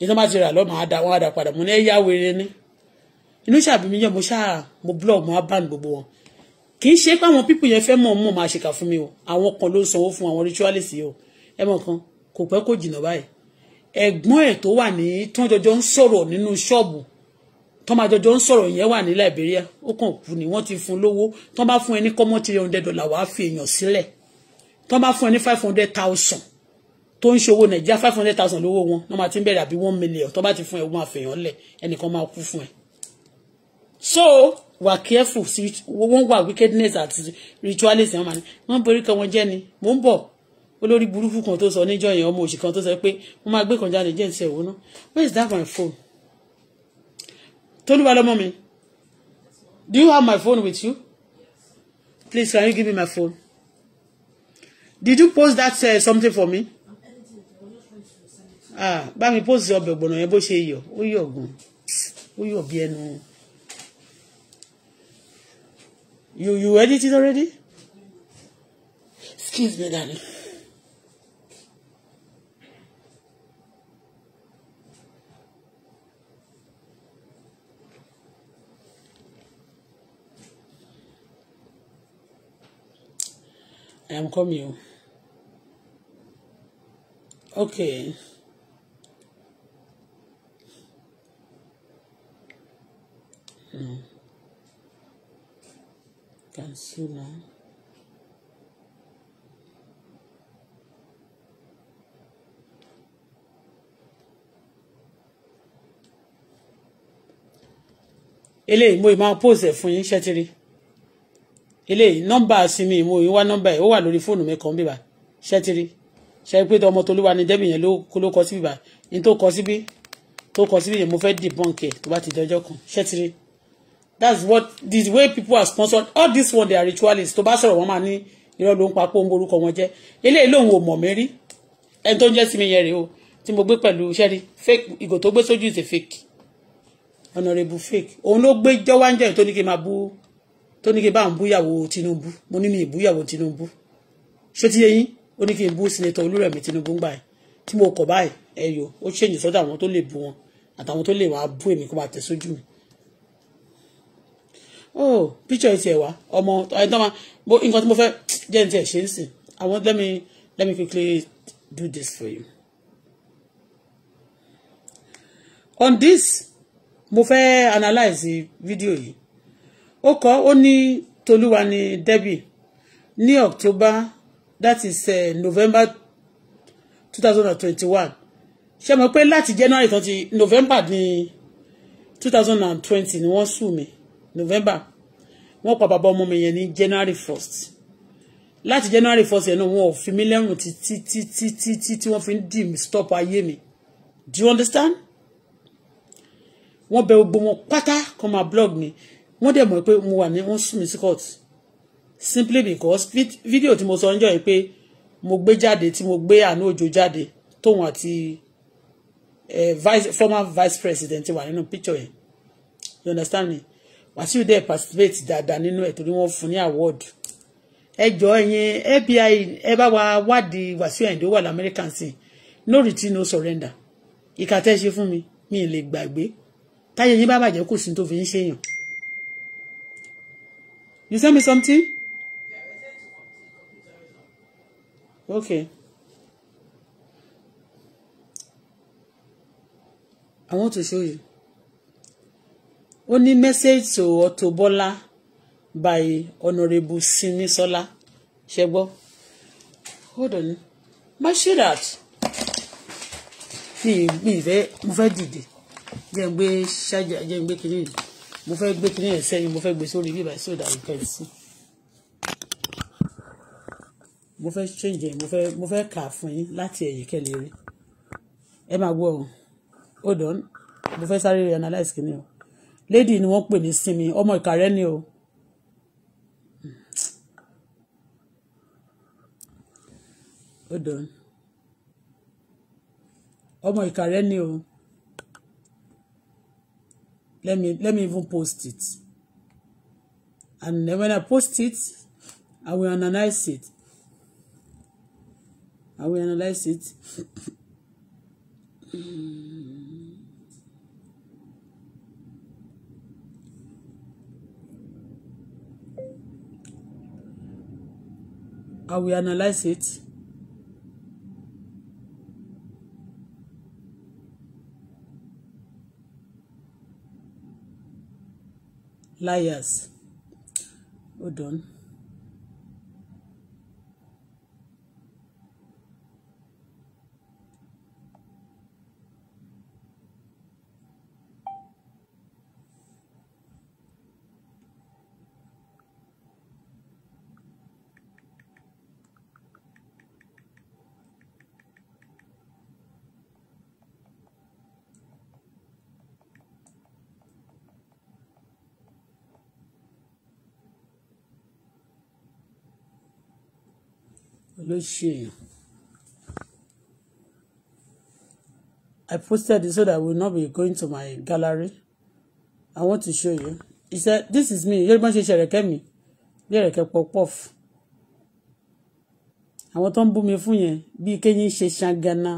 èyí tó bá ti rà lọ́ máa dá wọn á padà mo ní ẹ yá ni inú ṣàbí mi yàn mo ṣáà mo blog mo á bàn gbogbo wọn kì í ṣe pé àwọn pípù yẹn fẹ́ mọ̀ mọ̀ máa ṣèkà fún mi o àwọn kan ló ń sanwó fún àwọn ritualist o ẹ mọ̀ kan kò pẹ́ kò jìnnà báyìí ẹ̀gbọ́n ẹ̀ tó wà ní tí wọ́n jọjọ ń sọ̀rọ̀ nínú ṣọ́ọ̀bù tọ́ máa jọjọ ń sọ̀rọ̀ yẹn wà ní Liberia ó kàn kú ni wọ́n ti fún lówó tọ́ bá fún ẹ kọ́mọ́ three hundred dollar wàá fi èèyàn sílẹ̀ tọ́ bá fún ẹ five hundred thousand tó ń ṣòwò nàìjíríà five hundred thousand lówó wọn wọ́n máa ti bẹ̀rẹ̀ àbí one million tọ́ bá ti fún ẹ wọ́n àfẹ̀yàn lẹ̀ ẹnìkan máa kú fún ẹ. so wà careful sí wọ́n wà wickedness àti ritualism wọn máa ní wọ́n borí kan wọn jẹ́ ni mò ń bọ̀ olórí burúkú kan tó sọ níjọ́ yẹn ọmọ òṣì kan tó sọ pé wọ́n máa gbé kan jáde jẹ́ ìṣẹ̀wò náà where is that my phone Toluwa lọ́mọ mi do you have my phone with you please can you give me my phone did you post that uh, something for me ah bá mi post ọbẹ̀ gbọ̀nà yẹn bó ṣe yọ ó yọ gan ó yọ bí ẹnu you you edit it already excuse me darling. I am coming. Okay. No. Hmm. Can see now. eléyìí mo ì máa pòsè fún yín ṣẹ́tìrì eléyìí nọ́mbà sinmi ìmú ìwá nọ́mbà ẹ̀ ó wà lórí fóònù mi kan bíbá ṣẹ́tìrì ṣe pé ọmọ tolúwa ni débì yẹn ló kọ síbí bá ní tó kọ síbí tó kọ síbí yẹn mo fẹ́ debunk ẹ̀ tó bá ti dọjọ́ kan ṣẹ́tìrì that's what the way people are sponsored all this one they are ritualists tó bá sọ̀rọ̀ wọ́n máa ní irọ́ ló ń pa pé ó ń borúkọ wọn jẹ́ eléyìí lòun ò mọ̀ mí rí ẹni tó ń jẹ́ sí yẹn rèé o tí mo gbé pẹ̀lú ṣẹ́rí fake ìgò tó gbé sójú ìṣe fake honourable fake òun ló gbé jọ́wáńjẹ́ tó ní kí máa bú tó ní kí n bá ń búyàwó Tinubu mo ní mi ìbúyàwó Tinubu ṣó ti yé ó ní kí n bú sinetọ Olúrẹ̀mí Tinubu ń gbà ẹ tí mo kọ̀ báyìí ẹ yọ ó ṣèǹjì sọ́dọ̀ àwọn tó lè bú wọn àtàwọn tó lè wàá bú èmi kó bá tẹ̀ sójú mi. ó píṣọ ẹ tiẹ̀ wá ọmọ ẹ tán bó nǹkan tí mo fẹ́ jẹ́ ní tiẹ̀ ṣe ń sìn àwọn let me let me quickly do this for you. on this mo fẹ́ analyse fídíò yìí ó kọ ó ní tolúwa ní debbie ní october that is uh, november 2021. thousand and twenty-one ṣe mọ̀ pé láti january thirty november ní two thousand and ni wọ́n sùn mí november wọ́n pa bàbá ọmọ mi yẹn ní january first láti january first yẹn náà wọn ò fi mí lẹ́rùn títí títí títí tí wọ́n fi ń dì mí stop ayé mi do you understand? wọ́n bẹ gbogbo wọn pátá kó máa blog mi wọ́n dẹ̀ mọ̀ pé mo wà ní wọ́n sùn mí sí court simply because video tí mo sọ níjọ́ yìí pé mo gbé jáde tí mo gbé àánú òjò jáde tóun àti eh, former vice president wà nínú picture yẹn you understand me Wàsíù dẹ̀ participate dáadáa nínú ẹ̀ torí wọ́n fún ní award ẹ ẹ̀yin FBI ẹ bá wa wádìí Wàsíù Àyìndé wà lamẹ́ríkà sí no retreat no surrender ìkàtẹ́ ṣe fún mi mi ì lè gbàgbé táyé yín bá bàjẹ́ kò sí tó fi ń ṣèyàn. You send me something? Okay. I want to show you. Only message to Otobola Bola by Honorable Simisola. Shebo. Hold on. But see that. Mi mi fẹ́ mo fẹ́ dìde. Jẹ́ n gbé ṣájà jẹ́ n gbé kiri yìí mo fẹ́ gbé kíní yẹn sẹ́yìn mo fẹ́ gbé sórí bíbá sí òdà nǹkan sí mo fẹ́ change mo fẹ́ mo fẹ́ kà fún yín láti ẹ̀yìn kẹ́lẹ́ rí ẹ máa gbọ́ ọ̀hún hold on mo fẹ́ sáré analyse kíní o lady ni wọ́n pè ní sinmi ọmọ ìkàrẹ́ ni o. hold on ọmọ ìkàrẹ́ ni o let me let me even post it and then when I post it I will analyze it I will analyze it I will analyze it liars hold on. olóṣèlú. I posted it so that I will not be going to my gallery. I want to show you. He said, this is me. Yorùbá ṣe ṣẹ̀rẹ̀kẹ́ mi. Bí ẹ̀rẹ̀kẹ́ pọ̀pọ̀f. Àwọn tó ń bú mi fún yẹn bíi kéyìn ṣe ṣàgànà.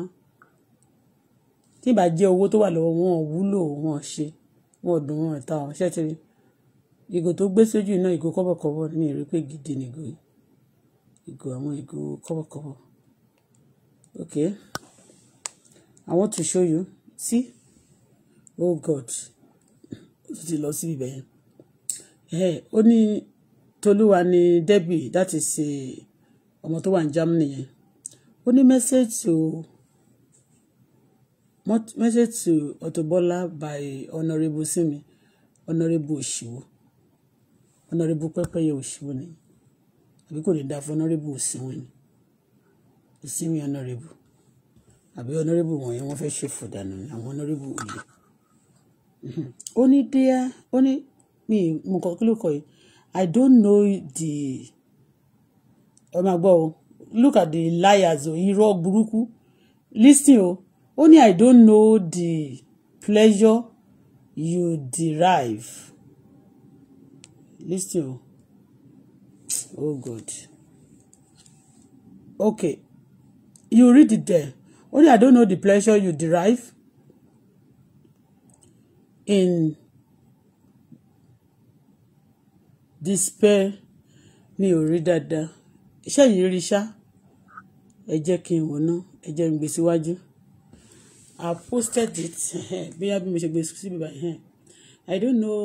Tí ìbá jẹ́ owó tó wà lọ́wọ́ wọn ò wúlò wọn ṣe. Wọn ò dùn wọn ìta wọn. Ṣé ti rí? Ìgò tó gbé sójú iná ìgò kọ́bọ̀kọ́bọ̀ ní ìrí pé gidi nìgò yìí ìgò àwọn ìgò kọ́bọ̀kọ́bọ̀ okay I want to show you see oh God ó ti lọ sí ibẹ̀ ẹ̀ ó ní Tolúwa ni Debbie that is eh, ọmọ tó wà ní Germany yẹn ó ní message to message to Otobola by Honourable Simi Honourable Oshiwo Honourable Pẹ́pẹ́yẹ Oshiwo nìyẹn àbí kò ní dáa fún honourable òsínwìn òsínwìn honourable àbí honourable wọ̀nyí wọ́n fẹ́ ṣe fòdànù ní àwọn honourable òye ó ní díẹ̀ ó ní mi mo kọ kí kọ yìí I don't know the ẹ máa gbọ́ o look at the liars o irọ́ burúkú listen o ó ní I don't know the pleasure you derive listen o. Oh God. Okay. You read it there. Only I don't know the pleasure you derive in despair mi ò rí dáadáa iṣẹ́ yìí rí ṣá ẹ jẹ́ kí n wò n gbé síwájú I posted it bí abí mo ṣe gbé síbi báyìí I don't know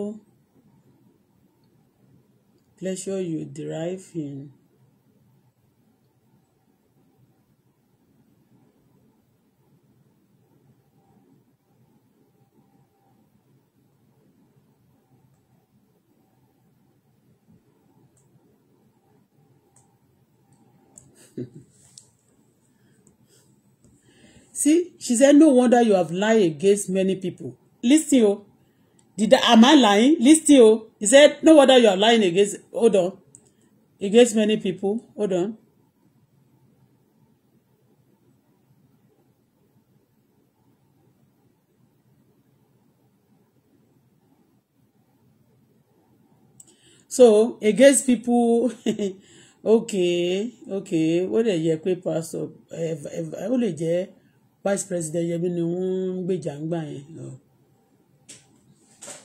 pleasure you derive in See, she said, no wonder you have lied against many people. Listen o. Oh. Did I, am I lying? Listen, oh. He said, no wonder you are lying against, hold on, against many people. Hold on. So, against people, okay, okay, ó lè jẹ́ pé pastor, eh, eh, eh, ó lè jẹ́ vice president Yẹmí ni wọ́n ń gbèjà ń gbà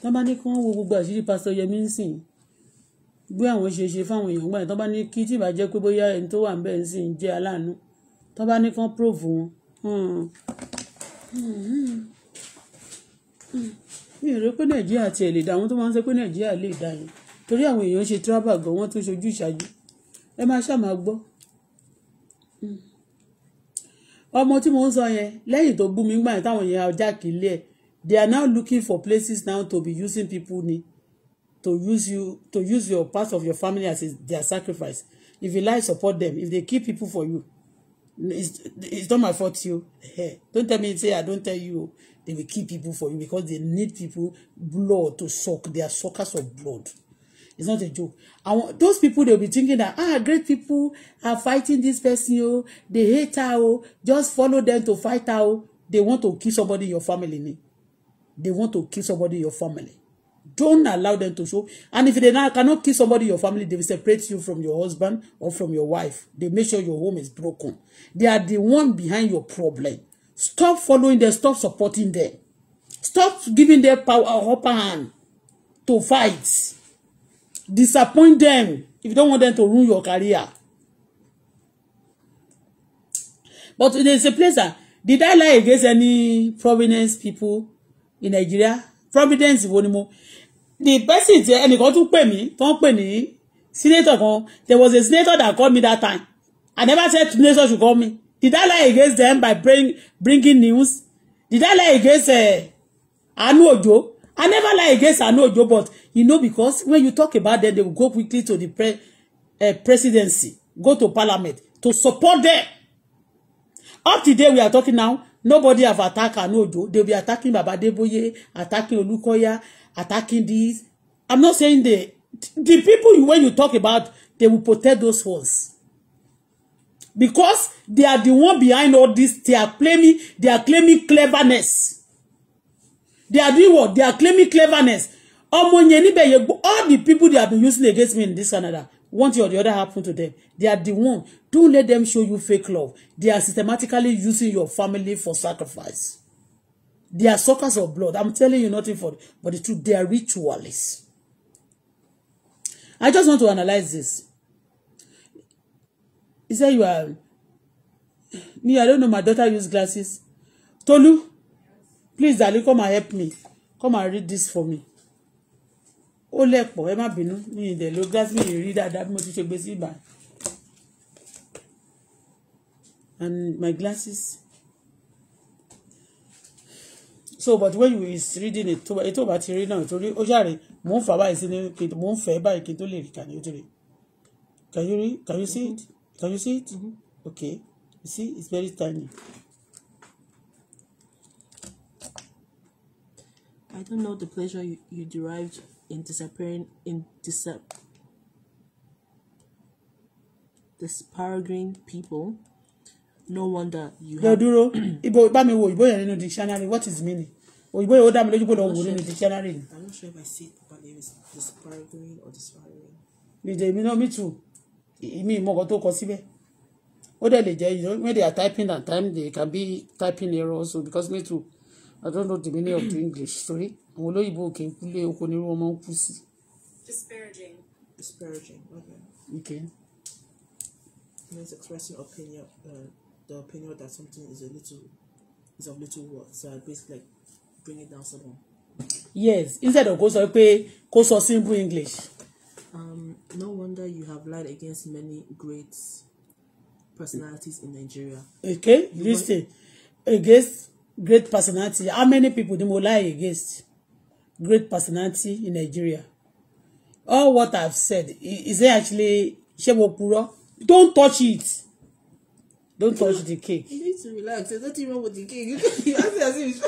tó bá ní kí wọ́n wo gbogbo àṣírí pásítọ̀ Yẹmí ń sìn bí àwọn ṣe ṣe fáwọn èèyàn gbà tó bá ní kí tí ìbá jẹ́ pé bóyá ẹni tó wà ń bẹ̀ ń sìn jẹ́ aláàánú tó bá ní kán prove wọn. mi ò rò pé Nàìjíríà tiẹ̀ lè dá àwọn tó máa ń sọ pé Nàìjíríà lè dá yẹn torí àwọn èèyàn ṣe travel gan wọ́n tún ṣojú ìṣáájú ẹ máa ṣàmà gbọ́. ọmọ tí mo ń sọ yẹn lẹ́yìn tó bú mi gbà yẹn táwọn èèyàn ọjà kìí lé ẹ̀ they are now looking for places now to be using people ni to use you to use your part of your family as a, their sacrifice if you like support them if they kill people for you it's it's not my fault you hey, eh, don't tell me say i don't tell you oh. they will kill people for you because they need people blood to suck they are suckers of blood it's not a joke àwọn those people they be thinking that ah great people are fighting this person o oh. they hate her oh. just follow them to fight her they want to kill somebody in your family ni they want to kill somebody in your family don't allow them to show and if they now cannot kill somebody in your family they will separate you from your husband or from your wife they make sure your home is broken they are the one behind your problem stop following them stop supporting them stop giving them power upper hand to fight disappoint them if you don't want them to ruin your career but there is a place that did I lie against any prominent people in Nigeria providence wo ni mo the person tí ẹnìkan tún pè mí tó ń pè ní senator kan there was a senator that called me that time I never said senator should call me did I lie against them by bring, bringing news did I lie against uh, Anu Ojo I never lie against Anu Ojo but you know because when you talk about them they will go quickly to the pre uh, presidency go to parliament to support them up to the we are talking now nobody have attacked Anojo they will be attacking Babadeboye, attacking Olukoya attacking this I'm not saying the the people when you talk about they will protect those ones because they are the one behind all this they are claiming they are claiming cleverness they are doing what they are claiming cleverness all the people they have been using against me in this Canada one thing or the other happened to them they are the one Don't let them show you fake love. They are systematically using your family for sacrifice. They are suckers of blood. I'm telling you nothing for but the truth. They are ritualists. I just want to analyze this. He said you are me, I don't know, my daughter use glasses. Tolu, please, darling, come and help me. Come and read this for me. Ó lẹ́pọ̀, ẹ má bínú, mi ìdẹ̀ ló glasses mi rí dáadáa bí mo ti and my glasses so but when you is reading it it's ètò bá ti rí náà torí ó ṣàrè mò ń fà báyìí sí ní mò ń fẹ́ báyìí kí n tó can you read can you see it can you see it mm -hmm. okay you see it's very tiny. I don't know the pleasure you, you derived in disappearing in disap disparaging people no wonder you have. lọ dúró ibo bá mi wo òyìnbó yẹn nínú dictionary what is meaning òyìnbó yẹn ó dá mi lójú pé lọ wò nínú dictionary i'm not sure if i see it properly it's disparaging or disparaging. ìdè mi náà mi tù ìmí ìmọ̀kàn tó kọ síbẹ̀ ó dẹ̀ lè jẹ́ you know when they are typing at time they can be typing error also because me too i don't know the meaning of the english sorry àwọn olóyìnbó kì í kúlé oko ní irú ọmọ ń kú sí. disparaging. disparaging okay. okay. means expressing opinion. Uh, the opinion that something is a little is of little worth so I basically like bring it down somehow. yes instead of kó sọ pé kó sọ simple English. Um, no wonder you have lied against many great personalities in Nigeria. okay you listen want... against great personality how many people do you lie against great personality in Nigeria all what I've said is it actually ṣé mo purọ́ don't touch it. Don't touch the cake. You need to relax. There's nothing wrong with the cake. You can't. you ask as if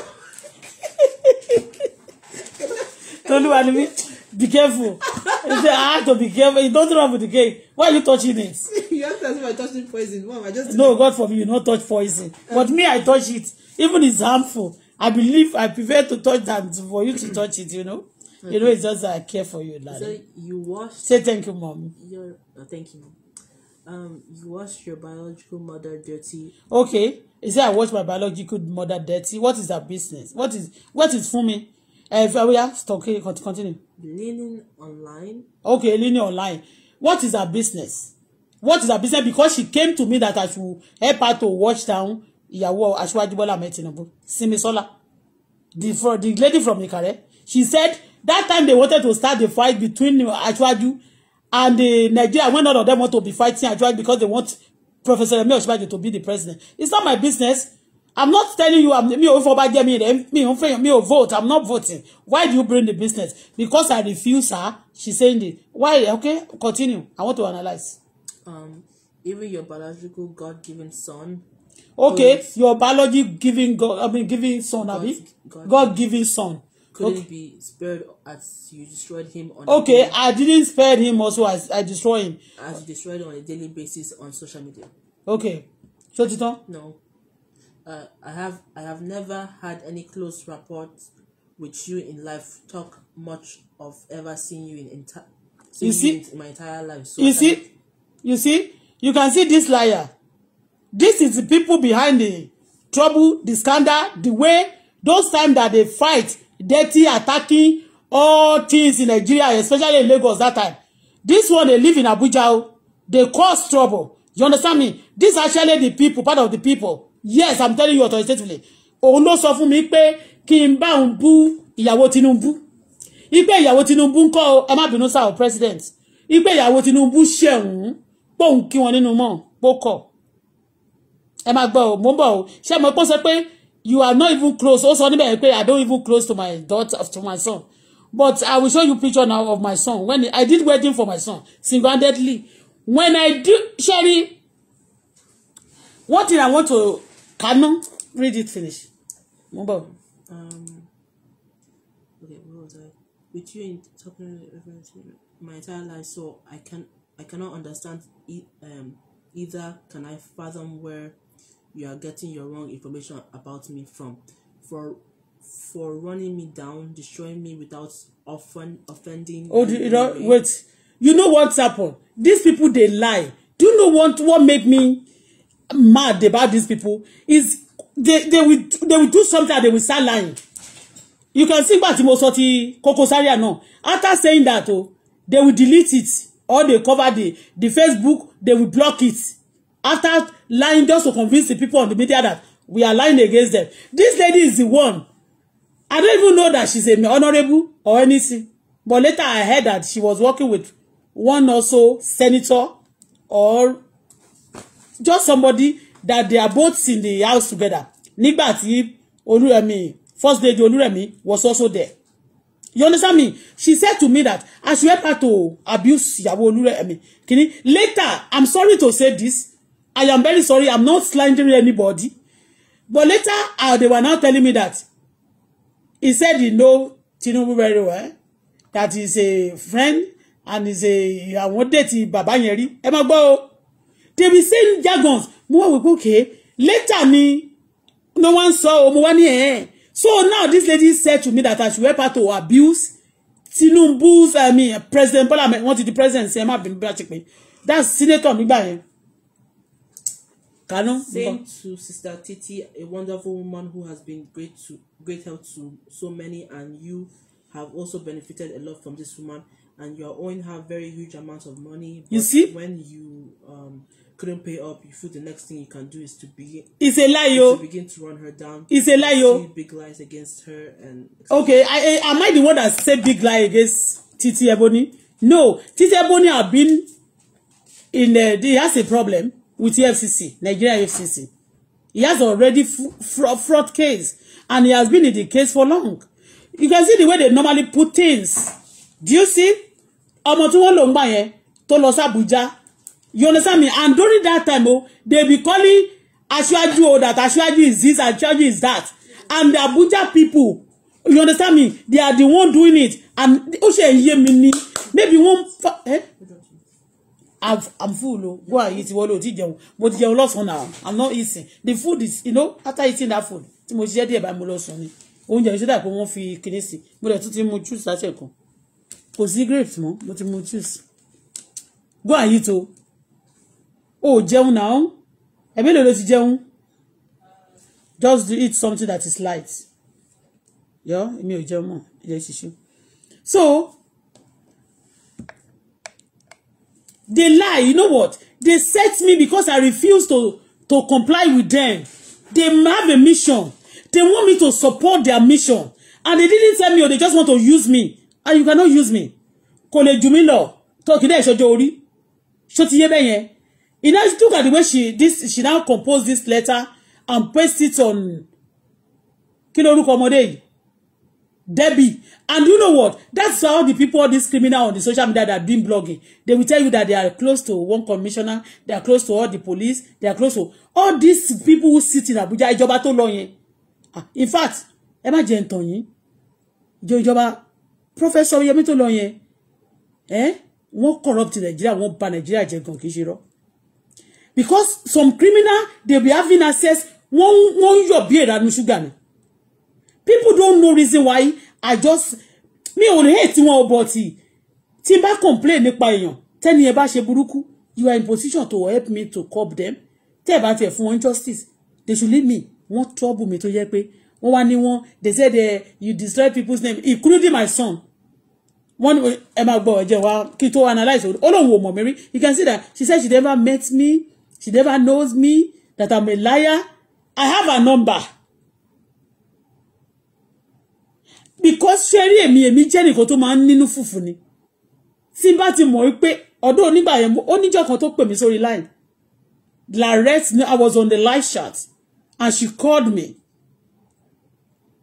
Don't do ni be careful. You say I have to be careful. You don't wrong with the cake. Why are you touching it? you ask as if I'm touching poison. Mom, I just No, God forbid you not touch poison. But me, I touch it. Even it's harmful. I believe I prefer to touch than for you to touch it, you know. Okay. You know, it's just that I care for you, darling. So you wash. Say thank you, mommy. You're, oh, thank you. Mom um, you wash your biological mother dirty. Okay. He said, I wash my biological mother dirty. What is that business? What is what is Fumi? Uh, we have to okay, continue. Leaning online. Okay, leaning online. What is her business? What is her business? Because she came to me that I should help her to wash down ìyàwó Aṣíwájú Bọ́lá Ahmed Tinubu, Simisola. The, the lady from Ikare, she said that time they wanted to start the fight between Aṣíwájú And the Nigeria, when none of them want to be fighting Ajua because they want Professor Yemi Osinbajo to be the president. It's not my business. I'm not telling you, I'm me over by me, me me vote. I'm not voting. Why do you bring the business? Because I refuse her. She's saying it. Why? Okay, continue. I want to analyze. Um, even your biological God-given son. Okay, your biology giving God, I mean, giving son, Abi. God-given God God son couldn't okay. be spared as you destroyed him on okay daily, i didn't spare him also as i destroy him as you destroyed on a daily basis on social media okay so titan no uh, i have i have never had any close rapport with you in life talk much of ever seeing you in entire you see in my entire life so you see I, you see you can see this liar this is the people behind the trouble the scandal the way those times that they fight dirty, attacking all things in Nigeria, especially in Lagos that time. This one, they live in Abuja. Oh. They cause trouble. You understand me? This actually the people, part of the people. Yes, I'm telling you authoritatively. Oh no, sọ fún mi pé kí n bá òun bú ìyàwó Tinubu. Ipe ìyàwó Tinubu ń kọ́ ẹ má bínú sáà o president. Ipe ìyàwó Tinubu ṣẹ̀hún pòun kí wọn nínú mọ̀ pókọ̀. Ẹ máa gbọ́ ò mò ń bọ̀ ò ṣé mo pọ́ you are not even close ó sọ níbẹ̀ pé i don't even close to my daughter to my son but i will show you picture now of my son when i did wedding for my son single-handedly when i do sherry one thing i want to kanu read it finish mumbo. Um, okay, what was I? With you in talking my entire life, so I can I cannot understand. E um, either can I fathom where you are getting your wrong information about me from for for running me down destroying me without often offending oh do you know wait you know what's happened these people dey lie do you know what what make me mad about these people is they they will they will do something and they will start lying you can see gbàtí mo sọ ti Koko after saying that o oh, they will delete it or they cover the the Facebook they will block it after lying just to convince the people on the media that we are lying against them. This lady is the one. I don't even know that she's a honorable or anything. But later I heard that she was working with one also senator or just somebody that they are both in the house together. Nibati tí first lady Olúrẹ̀mí was also there. You understand me? She said to me that I should help her to abuse Ìyàwó Olúrẹ̀mí. later, I'm sorry to say this, I am very sorry. I'm not slandering anybody. But later, uh, they were now telling me that he said he know Tinubu very well, that he's a friend and he's a àwọn déètì bàbá yẹn Emma, Ẹ They be saying jargons. Mo wá wò okay. Later me no one saw o. Mo wá So now this lady said to me that I should help her to abuse Tinubu's I mean, President Bola wọ́n ti di president say? é má bínú bí wọ́n ti That's senator nígbà Kanu. Same to Sister Titi, a wonderful woman who has been great to great help to so many, and you have also benefited a lot from this woman, and you are owing her very huge amounts of money. But you see, when you um couldn't pay up, you feel the next thing you can do is to begin. It's a lie, yo. To oh. begin to run her down. It's a lie, yo. Oh. Big lies against her and. Okay, I, I eh, am I the one that said big lie against Titi Ebony? No, Titi Ebony have been in. the. Eh, he has a problem with the FCC, Nigeria FCC, He has already fraud case and he has been in the case for long. You can see the way they normally put things. Do you see? Ọmọ tí wọ́n lò ń gbà yẹn tó lọ Abuja. You understand me? And during that time, oh, they be calling Asiwaju oh that Asiwaju is this, and Asiwaju is that. And the Abuja people, you understand me? They are the one doing it. And ó ṣe Maybe one. Eh? I'm full o oh. go and eat wọ́n ló ti jẹun mo ti jẹun lọ́sàn now I'm not eating the food is you know after eating that food tí mo ṣiṣẹ́ díẹ̀ bá mo lọ sùn ni oúnjẹ eat pé wọ́n fi kinní for mo dẹ̀ tún ti mu juice láṣẹ kan kò sí grapes mọ́ mo ti mu juice go and eat o Oh, jam now ẹ̀mí lè lo ti jẹun just do eat something that is light yọ èmi ò jẹun mọ́ ilé ṣíṣú so they lie you know what they set me because i refuse to to comply with them they have a mission they want me to support their mission and they didn't tell me or oh, they just want to use me and you cannot use me kò lè jù mí lọ tó kì í dẹ́ ìṣọjọ́ orí ṣó ti yé bẹ́ẹ̀ yẹn you know look at the way she this she now compose this letter and paste it on kí lorúkọ ọmọdé yìí Debbie. And you know what? That's how the people, all these criminal on the social media that are doing blogging, they will tell you that they are close to one commissioner, they are close to all the police, they are close to all these people who sit in Abuja, ìjọba ah, In fact, ẹ má jẹ́ n Professor Yemi tó eh? wọ́n corrupt Nigeria, wọ́n bà Nigeria jẹ́ gan kìí ṣe Because some criminal, they be having access, wọ́n wọ́n yọ̀ bí ìranu ṣúgà ni people don't know reason why i just me ò lè hate wọn but tí n bá complain nípa èèyàn tẹ́ni ẹ bá ṣe burúkú you are in position to help me to curb them tẹ́ ẹ bá tiẹ̀ fún wọn they should leave me wọ́n trouble me tó yẹ pé wọ́n wá ní wọ́n they said uh, you destroy people's name including my son One ẹ máa gbọ́ ọ̀jẹ̀ wa kí n analyze ó lóun ò mọ̀ you can see that she said she never met me she never knows me that i'm a liar i have her number. because ṣe rí èmi èmi jẹ́ to tó ninu ń nínú fùfù ni tí n bá ti mọ̀ wípé ọ̀dọ́ onígbà yẹn ó níjọ́ kan tó pè mí sórí line Larette I was on the live chat and she called me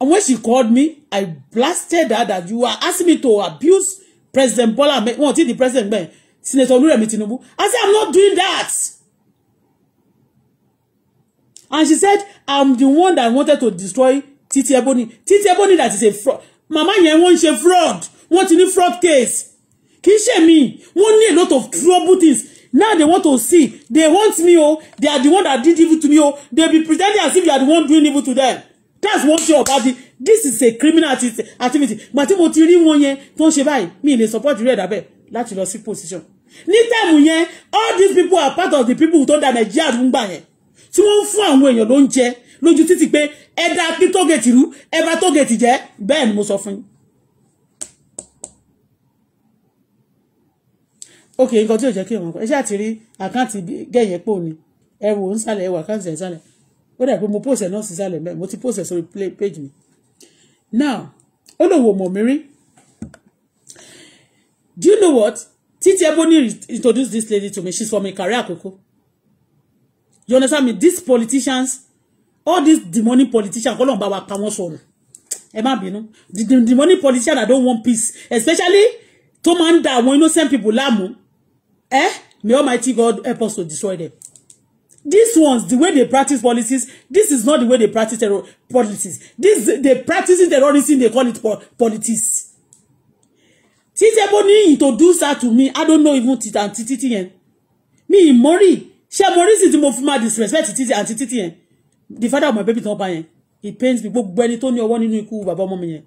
and when she called me I blasted her that you are asking me to abuse President Bola wọn ti di president gbẹ Senator Olúrẹ̀mí Tinubu I said I'm not doing that and she said I'm the one that wanted to destroy Titi Ebony Titi Ebony that is a fraud Mama yẹn wọ́n ń fraud wọ́n ti ní fraud case kì í ṣe mi wọ́n ní a lot of trouble things now they want to see they want me oh, they are the one that did evil to me oh, they be pretending as if they are the one doing evil to them that's what you about it this is a criminal activity gbàtí mo ti rí wọn yẹn tó ń ṣe báyìí mi lè support you dábẹ́ láti lọ sí position ní táìmù yẹn all these people are part of the people who da that Nigeria ń gbà yẹn So wọ́n ń when you don't ló lójú títì pé ẹ dá pí tógètì rú ẹ bá tógètì jẹ́ bẹ́ẹ̀ ni mo sọ fún yín. ok nǹkan tí ò jẹ́ kí ìwọ̀n ẹ ṣáà ti rí àkáǹtì gẹ̀yẹ́ pò ní ẹ wò ń sàlẹ̀ ẹ àkáǹtì ẹ̀ sàlẹ̀ ó dà pé mo post ẹ̀ náà sí sàlẹ̀ mẹ́rin mo ti post ẹ̀ sórí page mi now ó lò wò mọ̀ mí do you know what Titi Ebony introduce this lady to me she's from Ikare Akoko you understand me these politicians all these demonic politicians call bá Baba pa wọ́n no. ẹ má bínú the demonic politicians that don't want peace especially tó máa ń da àwọn innocent people lamu, eh may almighty God help us to destroy them these ones the way they practice policies this is not the way they practice terror politics this they practicing terrorism they call it politics Since ní introduced that to me i don't know even títí àǹtí títí yẹn mi ì mọ́rí ṣé mo rí sí disrespect títí àǹtí títí the father of my baby tó ń pa yẹn it pains me gbogbo ẹni tó ní ọwọ́ nínú ikú bàbá ọmọ mi yẹn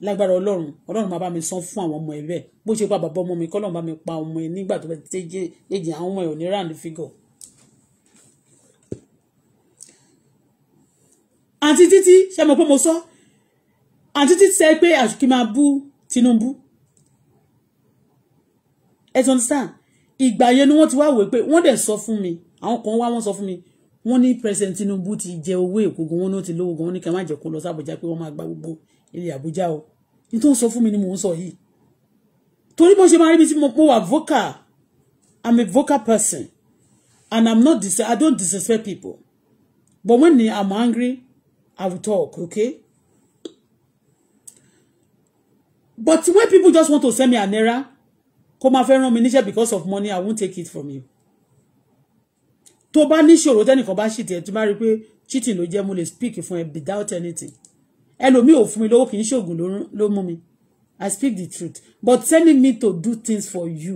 lágbára ọlọ́run ọlọ́run máa bá mi san fún àwọn ọmọ ẹ bẹ́ẹ̀ bó ṣe pa bàbá ọmọ mi kọ́lọ́run bá mi pa ọmọ ẹ nígbà tó bẹ tẹ́jẹ́ èjì àwọn ọmọ ẹ ò ní round figure. àǹtí títí ṣe mọ̀ pé mo sọ àǹtí títí sẹ́ pé àṣùkí máa bú Tinubu ẹ ti understand ìgbà yẹn ni wọ́n ti wá wò pé wọ́n dẹ̀ sọ fún mi àwọn kan wá wọ́n sọ fún mi wọ́n ní president Tinubu ti jẹ owó èkó gan wọ́n náà ti lówó gan wọ́n ní kí n má jẹ́ kó lọ sí Àbújá pé wọ́n máa gba gbogbo ilé Àbújá o ní tó ń sọ fún mi ni mò ń sọ yìí torí bó ṣe máa rí mi tí mo pọ̀ wà vocal I'm a vocal person and I'm not dis I don't disrespect people but when I'm angry I will talk okay but when people just want to send me an error kó máa fẹ́ rán mi níṣẹ́ because of money I won't take it from you tó bá níṣòro tẹ́nìkan bá ṣì tiẹ̀ tí má rí i pé cheating ló jẹ́ mo lè speak fún ẹ without anything ẹlòmíì ò fún mi lówó kì í ṣoògùn ló mú mi I speak the truth but telling me to do things for you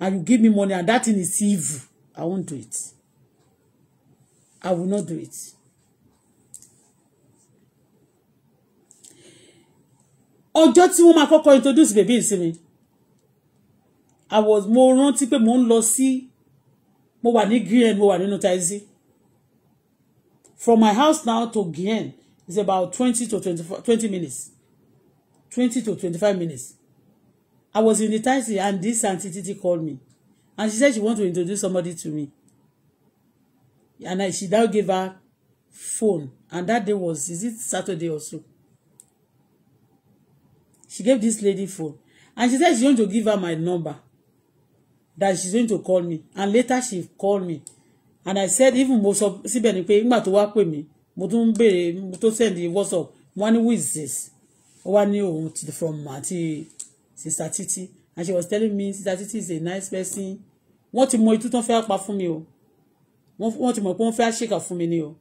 and you give me money and that thing is evil I won't do it I will not do it. ọjọ́ tí wọ́n máa kọ́kọ́ introduce bèbí ìsinmi I was mo rántí pé mo ń lọ sí. Si mo wà ní gien mo wà nínú taxi from my house now to gien is about twenty to twenty minutes twenty to twenty-five minutes I was in the taxi and this auntie Titi called me and she said she want to introduce somebody to me and I, she now gave her phone and that day was is it Saturday or so she gave this lady phone and she said she want to give her my number that she's going to call me and later she called me and I said even mo sọ síbẹ̀ ni pé nígbà tó wá pè mí mo tún béèrè mo tó send WhatsApp wọ́n ní who is this ó wá ní òun from àti sister Titi and she was telling me sister Titi is a nice person wọ́n ti mọ itú tán fẹ́ pa fún mi o wọ́n ti mọ̀ pé wọ́n fẹ́ ṣèkà fún mi ni o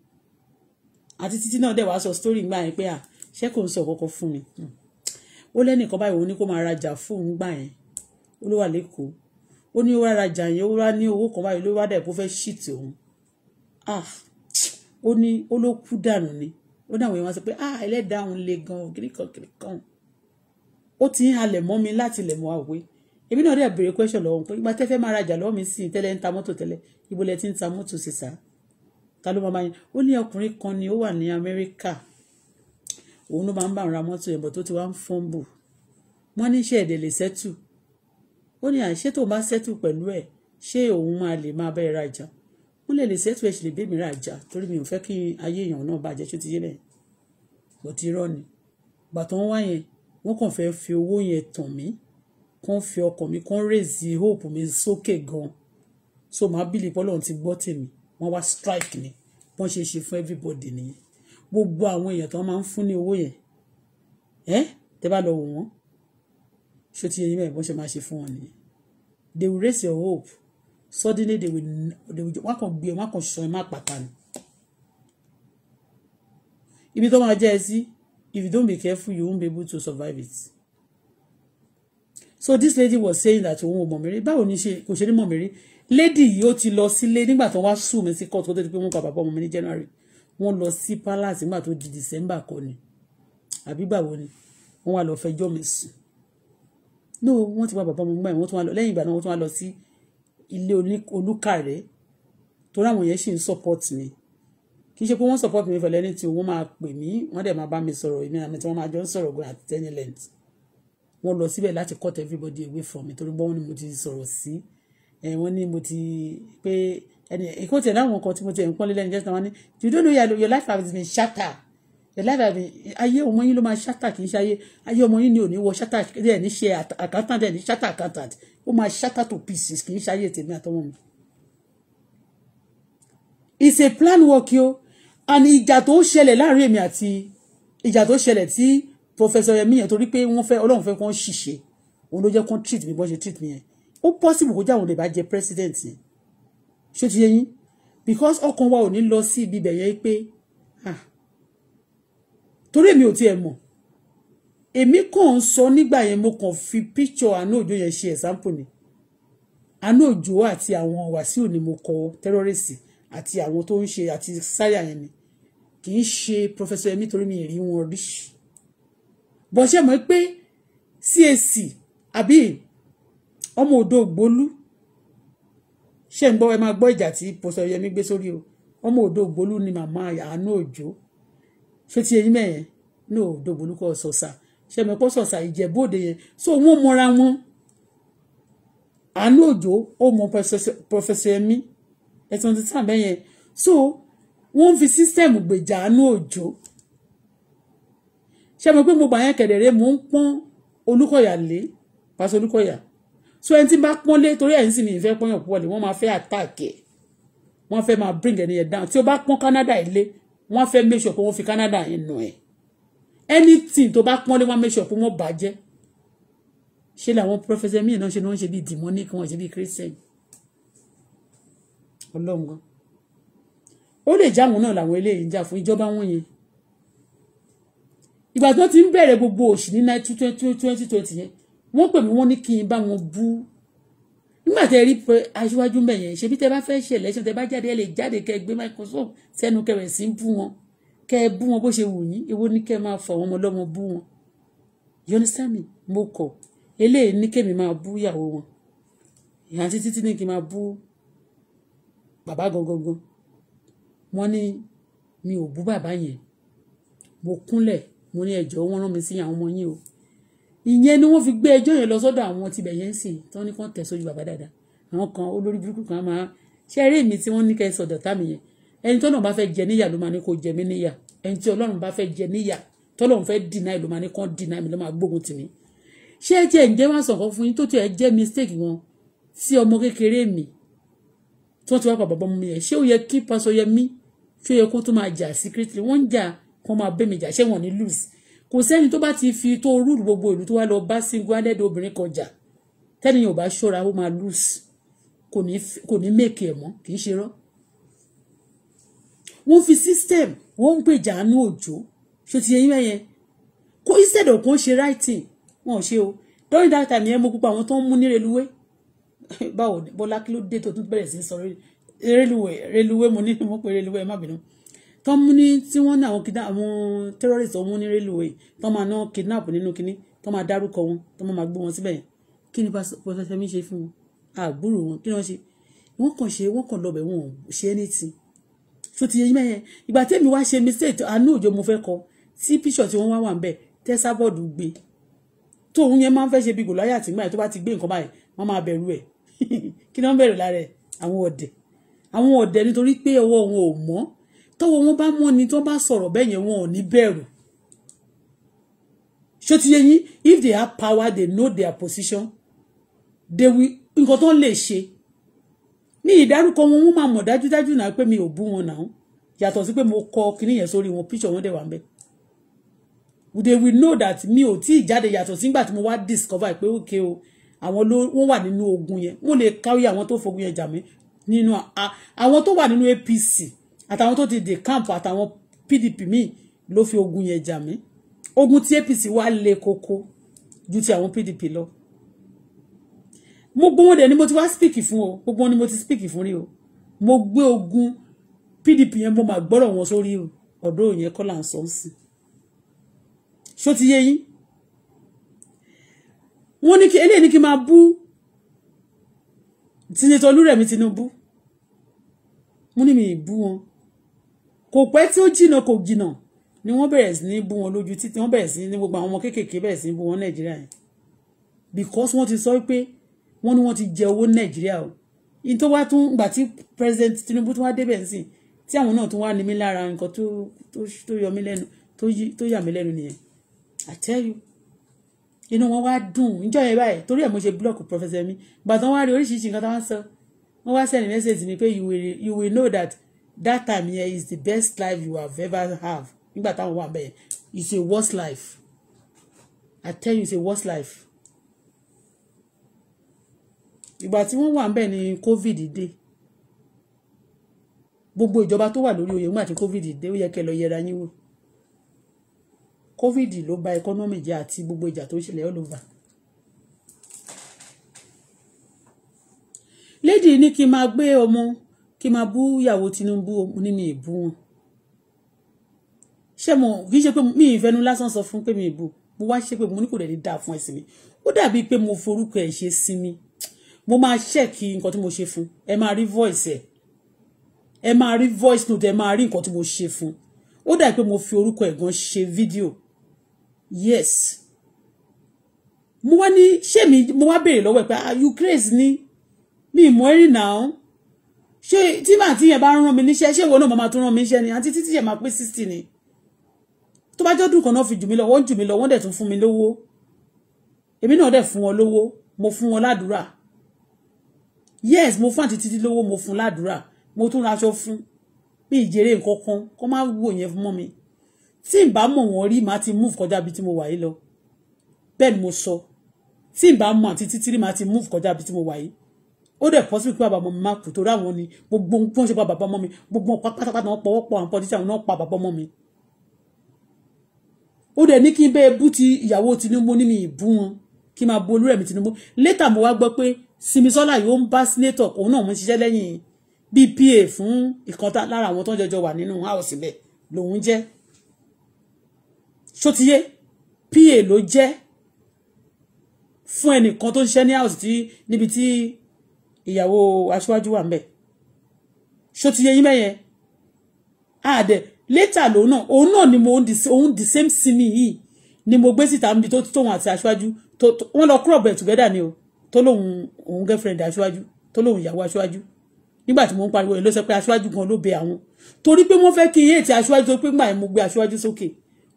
àti Titi náà dẹ̀ wá sọ story gbà yẹn pé à ṣé kò ń sọ kọ́kọ́ fún mi hmm. ó lẹ́nìkan báyìí òun ní kó máa rajà fóun gbà yẹn ó lẹ́kọ̀ọ́ ó ní wàá rajà yẹn ó wá ní owó kan báyìí ló wá dẹ̀ bó fẹ́ ṣìtì òun ah, ó ní ó ló kú dànù ni ó dáwọn èèyàn wá sọ pé ah ẹlẹ́dàá òun le gan kìrìkan kìrìkan ó ti ń halẹ̀ mọ́ mi láti lẹ̀ mọ́ àwòwé èmi náà dẹ̀ béèrè question lọ́wọ́ pé ìgbà tẹ́fẹ́ máa rajà lọ́wọ́ mi sí tẹ́lẹ̀ ń ta mọ́tò tẹ́lẹ̀ ibo lẹ ti ń ta mọ́tò sí sá ta ló máa yẹn ó ní ọkùnrin kan ni ó wà ní Amẹ́ríkà òun ló máa ń bá ra mọ́tò yẹn bọ̀ tó ti wá ń fọ́nbù wọ́n ní iṣẹ́ ẹ̀dẹ̀ lè sẹ́tù ó ní àṣé tó bá sẹ́tù pẹ̀lú ẹ̀ ṣé òun máa lè máa bẹ́ẹ̀ rajà wọ́n lè lè sẹ́tù ẹ̀ sì lè bẹ́ẹ̀ mi rajà torí mi ò fẹ́ kí ayé èèyàn náà bàjẹ́ tó ti yé bẹ́ẹ̀ bọ̀ ti rọ́ ni bàtà wọn wá yẹn wọ́n kàn fẹ́ fi owó yẹn tàn mí kàn fi ọkàn mi kàn rèézi hope mi sókè gan so màá bìlì pọ́lọ́run ti gbọ́ tèmi wọ́n wá strike ni wọ́n ṣe ṣe fún everybody nìyẹn gbogbo àwọn èèyàn tó máa ń fún ní owó yẹn ẹ́ tẹ́ bá lọ wò wọ́n ṣó ti yẹ yín ṣe máa ṣe fún wọn nìyẹn they will raise your hope suddenly they will they will wọn kàn gbé wọn kàn sọ ẹ má pàpà ni ibi tó máa jẹ ẹ sí if you don't be careful you won't be able to survive it so this lady was saying that òun ò mọ̀ mẹ́rin báwo ni ṣe kò ṣe ní mọ̀ mẹ́rin lady yìí ó ti lọ sílé nígbà tó wá sùn mí sí court kó tó di pé wọ́n pa bàbá ọmọ mi ní January wọ́n lọ sí palace nígbà tó di December kọ́ ni àbí gbàwo ni wọ́n wá lọ fẹjọ́ mi sùn no wọ́n ti wá bàbá ọmọ gbà wọ́n tún wá lọ lẹ́yìn ìgbà náà wọ́n tún wá lọ sí ilé olúkàrẹ́ torí àwọn yẹn sì ń support mi kì í ṣe pé wọ́n support mi for anything wọ́n máa pè mí wọ́n dẹ̀ máa bá mi sọ̀rọ̀ èmi àmì tí wọ́n máa jọ ń sọ̀rọ̀ gan àti ten length lọ síbẹ̀ láti cut everybody away from me torí bọ́wọ́n ni mo ti sọ̀rọ̀ sí wọ́n ní mo ti pé ẹni ìkó tiẹ̀ láwọn kan tí mo tiẹ̀ ń pọ́nlé lẹ́nu jẹ́ sọ wọn ni you don't know your life has been shattered the life i been ayé ọmọ yín ló máa ṣátà kì í ṣe ayé ayé ọmọ yín ni ò ní wọ ṣátà dẹ̀ ní ṣe accountant dẹ̀ ní ṣátà accountant ó máa ṣátà to pieces kì í ṣe ayé tèmi àtọmọ mi. it's a plan work yo and ìjà tó ṣẹlẹ̀ láàrin èmi àti ìjà tó ṣẹlẹ̀ tí professor yẹmi yẹn torí pé wọ́n fẹ́ ọlọ́run fẹ́ kán ṣìṣe òun ló jẹ́ kán treat mi bọ́n ṣe treat mi yẹn ó possible kó jáwọn lè bá jẹ president ṣé ti yẹ yín because ọkàn wa ò ní lọ sí ibi bẹ̀yẹn pé ah torí èmi ò tiẹ̀ mọ̀ èmi kàn ń sọ nígbà yẹn mo kàn fi picture àánú òjò yẹn ṣe example ni àánú òjò àti àwọn wàsíù ni mo kọ tẹ́rọ́rìsì àti àwọn tó ń ṣe àti sáyà yẹn ni kì í ṣe pọfẹsọ yẹn nítorí mi rí wọn rí bọ́ ṣe mọ̀ pé CAC àbí ọmọ òdo ògbólú ṣe ń gbọ́ ẹ máa gbọ́ ìjà tí pọfẹsọ yẹn mi gbé sórí o ọmọ òdo ògbólú ni màmá àánú òjò ṣé ti eyín mẹ́yẹn no dògbò olúkọ sọ̀sà ṣẹ̀mẹ̀pọ̀ sọ̀sà ìjẹ̀bú òde yẹn so wọ́n mọra wọn àánú òjò ó mọ pọfẹsọ ẹmí ẹtàn títà bẹ́yẹn so wọ́n fi sísẹ́ẹ̀mù gbèjà àánú òjò ṣẹ́mi pé gbogbo àyẹn kẹ̀dẹ̀rẹ́ mò ń pọ́n olúkọ̀yà lé pàṣẹ olúkọ̀yà so ẹni tí bá pọ́n lé torí ẹ̀yìn sì ni ìfẹ́ pọ́n yàn púpọ̀ lé wọ́n máa fẹ́ àtàkì wọ́n fẹ́ máa bring ẹni yẹn down tí o bá pọ́n Canada ilé wọ́n fẹ́ make sure pé wọ́n fi Canada yẹn nù ẹ̀ anything tó bá pọ́nlé wọ́n make sure pé wọ́n bàjẹ́ ṣé làwọn prọfẹsẹ míì náà ṣe ni wọ́n ṣe bíi demonic wọ́n ṣe bíi christian ọlọ́run gan ó lè jáwọn náà làwọn eléyìí ń jà fún ìjọba wọn yẹn ìgbà tó ti ń bẹ̀rẹ̀ gbogbo òṣì ní twenty twenty yẹn wọ́n pè mí wọ́n ní kí n bá wọn bú nígbà tẹ rí aṣíwájú mbẹ yẹn ṣebí tẹ bá fẹ́ ṣe election tẹ bá jáde ẹ lè jáde kẹ gbé microphone sẹ́nu kẹrẹ̀ sí bú wọn kẹ bú wọn bó ṣe wù yín èwo ni kẹ máa fọ àwọn ọmọ ọlọ́mọ bú wọn you understand me mo kọ̀ eléyìí ní kémi máa bú ìyàwó wọn ìyá títí tí ní kí n máa bú bàbá gangan wọn ní mi ò bú bàbá yẹn mo kúnlẹ̀ mo ní ẹ̀jọ̀ wọn rán mi sí àwọn ọmọ yín o ìyẹn ni wọ́n fi gbé ẹjọ́ yẹn lọ sọ́dọ̀ àwọn tibẹ̀ yẹn sìn tán ní kàn tẹ̀ sójú bàbá dáadáa àwọn kan olórí burúkú kan máa ṣe eré mi tí wọ́n ní kẹ́ sọ̀dọ̀ tá mi yẹn ẹni tọ́nà bá fẹ́ jẹ níyà ló máa ní kó jẹ mí níyà ẹni tí ọlọ́run bá fẹ́ jẹ níyà tọ́lọ́run fẹ́ dìnnà ló máa ní kàn dìnnà mi ló máa gbógun tì mí ṣé ẹ jẹ́ ǹjẹ́ máa sọ̀kan fún yín tó tiẹ̀ jẹ́ mistake wọn sí ọmọ kékeré mi tí wọ́n ti wá pa bàbá mi yẹn ṣé ó yẹ kí secretly wọ́n ń jà kó máa bẹ́ mi jà ṣé kò sẹ́ni tó bá ti fi tó rúùlù gbogbo ìlú tó wá lọ bá single handed obìnrin kan jà tẹ́niyàn ò bá ṣọ́ra ó máa lose kò ní mèkì ẹ̀ mọ́ kì í ṣe rọ́ wọ́n fi system wọ́n ń pè jàánú òjò ṣó ti yẹn yẹn kó instead of kó ṣe writing wọn ò ṣe o during that time yẹn mo gbogbo àwọn tó ń mú ní reluwé báwo bọ́lá kí ló dé tó tún bẹ̀rẹ̀ sí sọ reluwé reluwé mo ní mo pe reluwé má bínú tó ń mú ní tí wọ́n ní àwọn kidnap àwọn terrorist ọ̀hún ní railway tó máa ná kidnap nínú kinní tó máa dárúkọ wọn tó máa gbé wọn síbẹ̀ kí ni pásítọ̀ Fẹ́mi ṣe fún wọn àgbúrò wọn kí ni wọ́n ṣe wọ́n kàn ṣe wọ́n kàn lọ́bẹ̀ wọn ò ṣe anything tó ti yẹ yín mẹ́yẹn ìgbà tẹ́mi wá ṣe mistake àánú òjò mo fẹ́ kọ tí píṣọ̀ tí wọ́n wá wà ń bẹ̀ tẹ́sábọ́ọ̀dù gbé tóun yẹn máa ń fẹ́ ṣe bí gòláyà tí gbà yẹn tó bá ti gbé nǹkan báyìí wọ́n máa bẹ̀rù ẹ̀ kí ni wọ́n bẹ̀rù lára ẹ̀ àwọn ọ̀dẹ̀ àwọn ọ̀dẹ̀ nítorí pé ọwọ́ wọn ò mọ́ tọ́wọ́ wọn bá mọ́ ni tí wọ́n bá sọ̀rọ̀ bẹ́ẹ̀ yẹn wọn ò ní bẹ̀rù ṣé ti yé yín if they have power they know their position they will nǹkan tó ń lè ṣe ní ìdárúkọ wọn wọn máa mọ̀ dájúdájú náà pé mi ò bú wọn náà yàtọ̀ sí pé mo kọ kinní yẹn sórí wọn picture wọn dẹ̀ wà ń bẹ̀ they will know that mi ò tí ì jáde yàtọ̀ sígbà tí mo wá discover pé ókè o àwọn ló wọ́n wà nínú ogun yẹn wọ́n lè káwé àwọn tó fogun yẹn jà mí nínú àwọn tó wà nínú APC àtàwọn tó ti dè camp àtàwọn PDP míì ló fi ogun yẹn jà mí ogun tí APC wá le koko ju ti àwọn PDP lọ mo gbọ́ wọn ni mo ti wá speak fún o gbogbo ni mo ti speak fún rí o mo gbé ogun PDP yẹn mo máa gbọ́rọ̀ wọn sórí o ọ̀dọ́ yẹn kọ́ là ń sọ sí ṣó ti yé yín wọ́n ní kí eléyìí ní kí n máa bú Senator Olúrẹ̀mí Tinubu mo ní mi bú wọn kò pẹ́ tí ó jìnnà kò jìnnà ni wọ́n bẹ̀rẹ̀ sí ní bú wọn lójú títí wọ́n bẹ̀rẹ̀ sí ní gbogbo àwọn ọmọ kéékèèké bẹ̀rẹ̀ sí ní bú wọn nàìjíríà yẹn because wọ́n ti sọ pé wọ́n ní wọ́n ti jẹ owó nàìjíríà o in tó wá tún gbà tí president tinubu tún wá débẹ̀ ń tí àwọn náà tún wá ní mí lára nǹkan tó yọ mí lẹ́nu tó yà mí lẹ́nu nìyẹn I tell you inú wọn wá dùn níjọ́ yẹn báyìí torí ẹ̀ mo ṣe block professor mi gbàtàn wá rí oríṣiríṣi nǹkan tó wá sọ wọ́n wá sẹ́ni mẹ́sẹ̀jì mi pé you will you will know that that time here is the best life you have ever have nígbà táwọn wà bẹ́ẹ̀ it's a worst life I tell you it's a worst life ìgbà tí wọ́n wà bẹ́ẹ̀ ni covid dé gbogbo ìjọba tó wà lórí oyè nígbà tí covid dé ó yẹ kẹ́ lọ yẹra yín wò covid ló ba economy jẹ́ àti gbogbo ìjà tó ṣẹlẹ̀ all over. lady ní kí n máa gbé ọmọ kí n máa bú ìyàwó Tinubu mo ní mi ì bú wọn ṣé mo kì í ṣe pé mi ì fẹnu lásán sọ fún pé mi ì bú mo wá ṣe pé mo ní kò dẹ̀ dáa fún ẹ̀sìn mi ó dàbí pé mo forúkọ ẹ̀ ṣe sí mi mo máa ṣẹ́ẹ̀kì nǹkan tí mo ṣe fún ẹ máa rí voice ẹ̀ ẹ máa rí voice note ẹ máa rí nǹkan tí mo ṣe fún ó dàbí pé mo fi orúkọ ẹ̀ gan ṣe fídíò yes mo wá ní ṣé mi mo wá béèrè lọ́wọ́ ẹ̀ pé you ah, craze ni mi ì mọ náà ṣé tí màá tí yẹn bá rán mi níṣẹ́ ṣé ìwọ náà máa tún rán mi níṣẹ́ ni àti títí yẹn máa pé sixty ni tó bá jọ́dún kan náà fi jù mí lọ wọ́n jù mí lọ wọ́n dẹ̀ tún fún mi lówó èmi náà dẹ̀ fún wọn lówó mo fún wọn ládùúrà yes mo fún àti títí lówó mo fún ládùúrà mo tún raṣọ fún mi ìjèrè nǹkan kan kó má wò yẹn mọ́ mi tí n bá mọ̀ wọ́n rí màá ti move kọjá bí tí mo wà yìí lọ bẹ́ẹ̀ ni mo sọ tí n bá mọ̀ àti títí rí màá ti move kọjá bí tí mo wà yìí ó dẹ̀ pọ́ sí pé bàbá ọmọ mi máa kú torí àwọn ni gbogbo ohun tí wọ́n ṣe pa bàbá ọmọ mi gbogbo pátápátá wọn pọ̀wọ́pọ̀ àwọn pọ́tíṣà wọn náà pa bàbá ọmọ mi. ó dẹ̀ ní kí n bẹ́ẹ̀ bú ti ìyàwó Tinubu ní mi ìbú wọn kí n máa bu olúrẹ̀mí Tinubu létà mo wá gbọ́ pé Simisola yóò ń bá sínétọ̀ òun náà mo ń ṣiṣẹ́ lẹ́yìn BPA fún ìkan lára àwọn tó ń jọjọ wà nínú house bẹ́ẹ̀ lòun ìyàwó aṣíwájú wà ń bẹ̀ ṣó ti yẹ yín mẹ́yẹn àdẹ ah, létà lòun náà òun náà ni mo òun the same sinmi yìí ni mo gbé síta níbi tó tóun àti aṣíwájú wọ́n lọ crop ẹ̀ together ni o tó lóun òun girlfriend aṣíwájú tó lóun ìyàwó aṣíwájú nígbà tí mo ń pariwo yìí ló sọ pé aṣíwájú gan ló bẹ àwọn torí pé wọ́n fẹ́ kí iye ètò aṣíwájú tó pé gbà mo gbé aṣíwájú sókè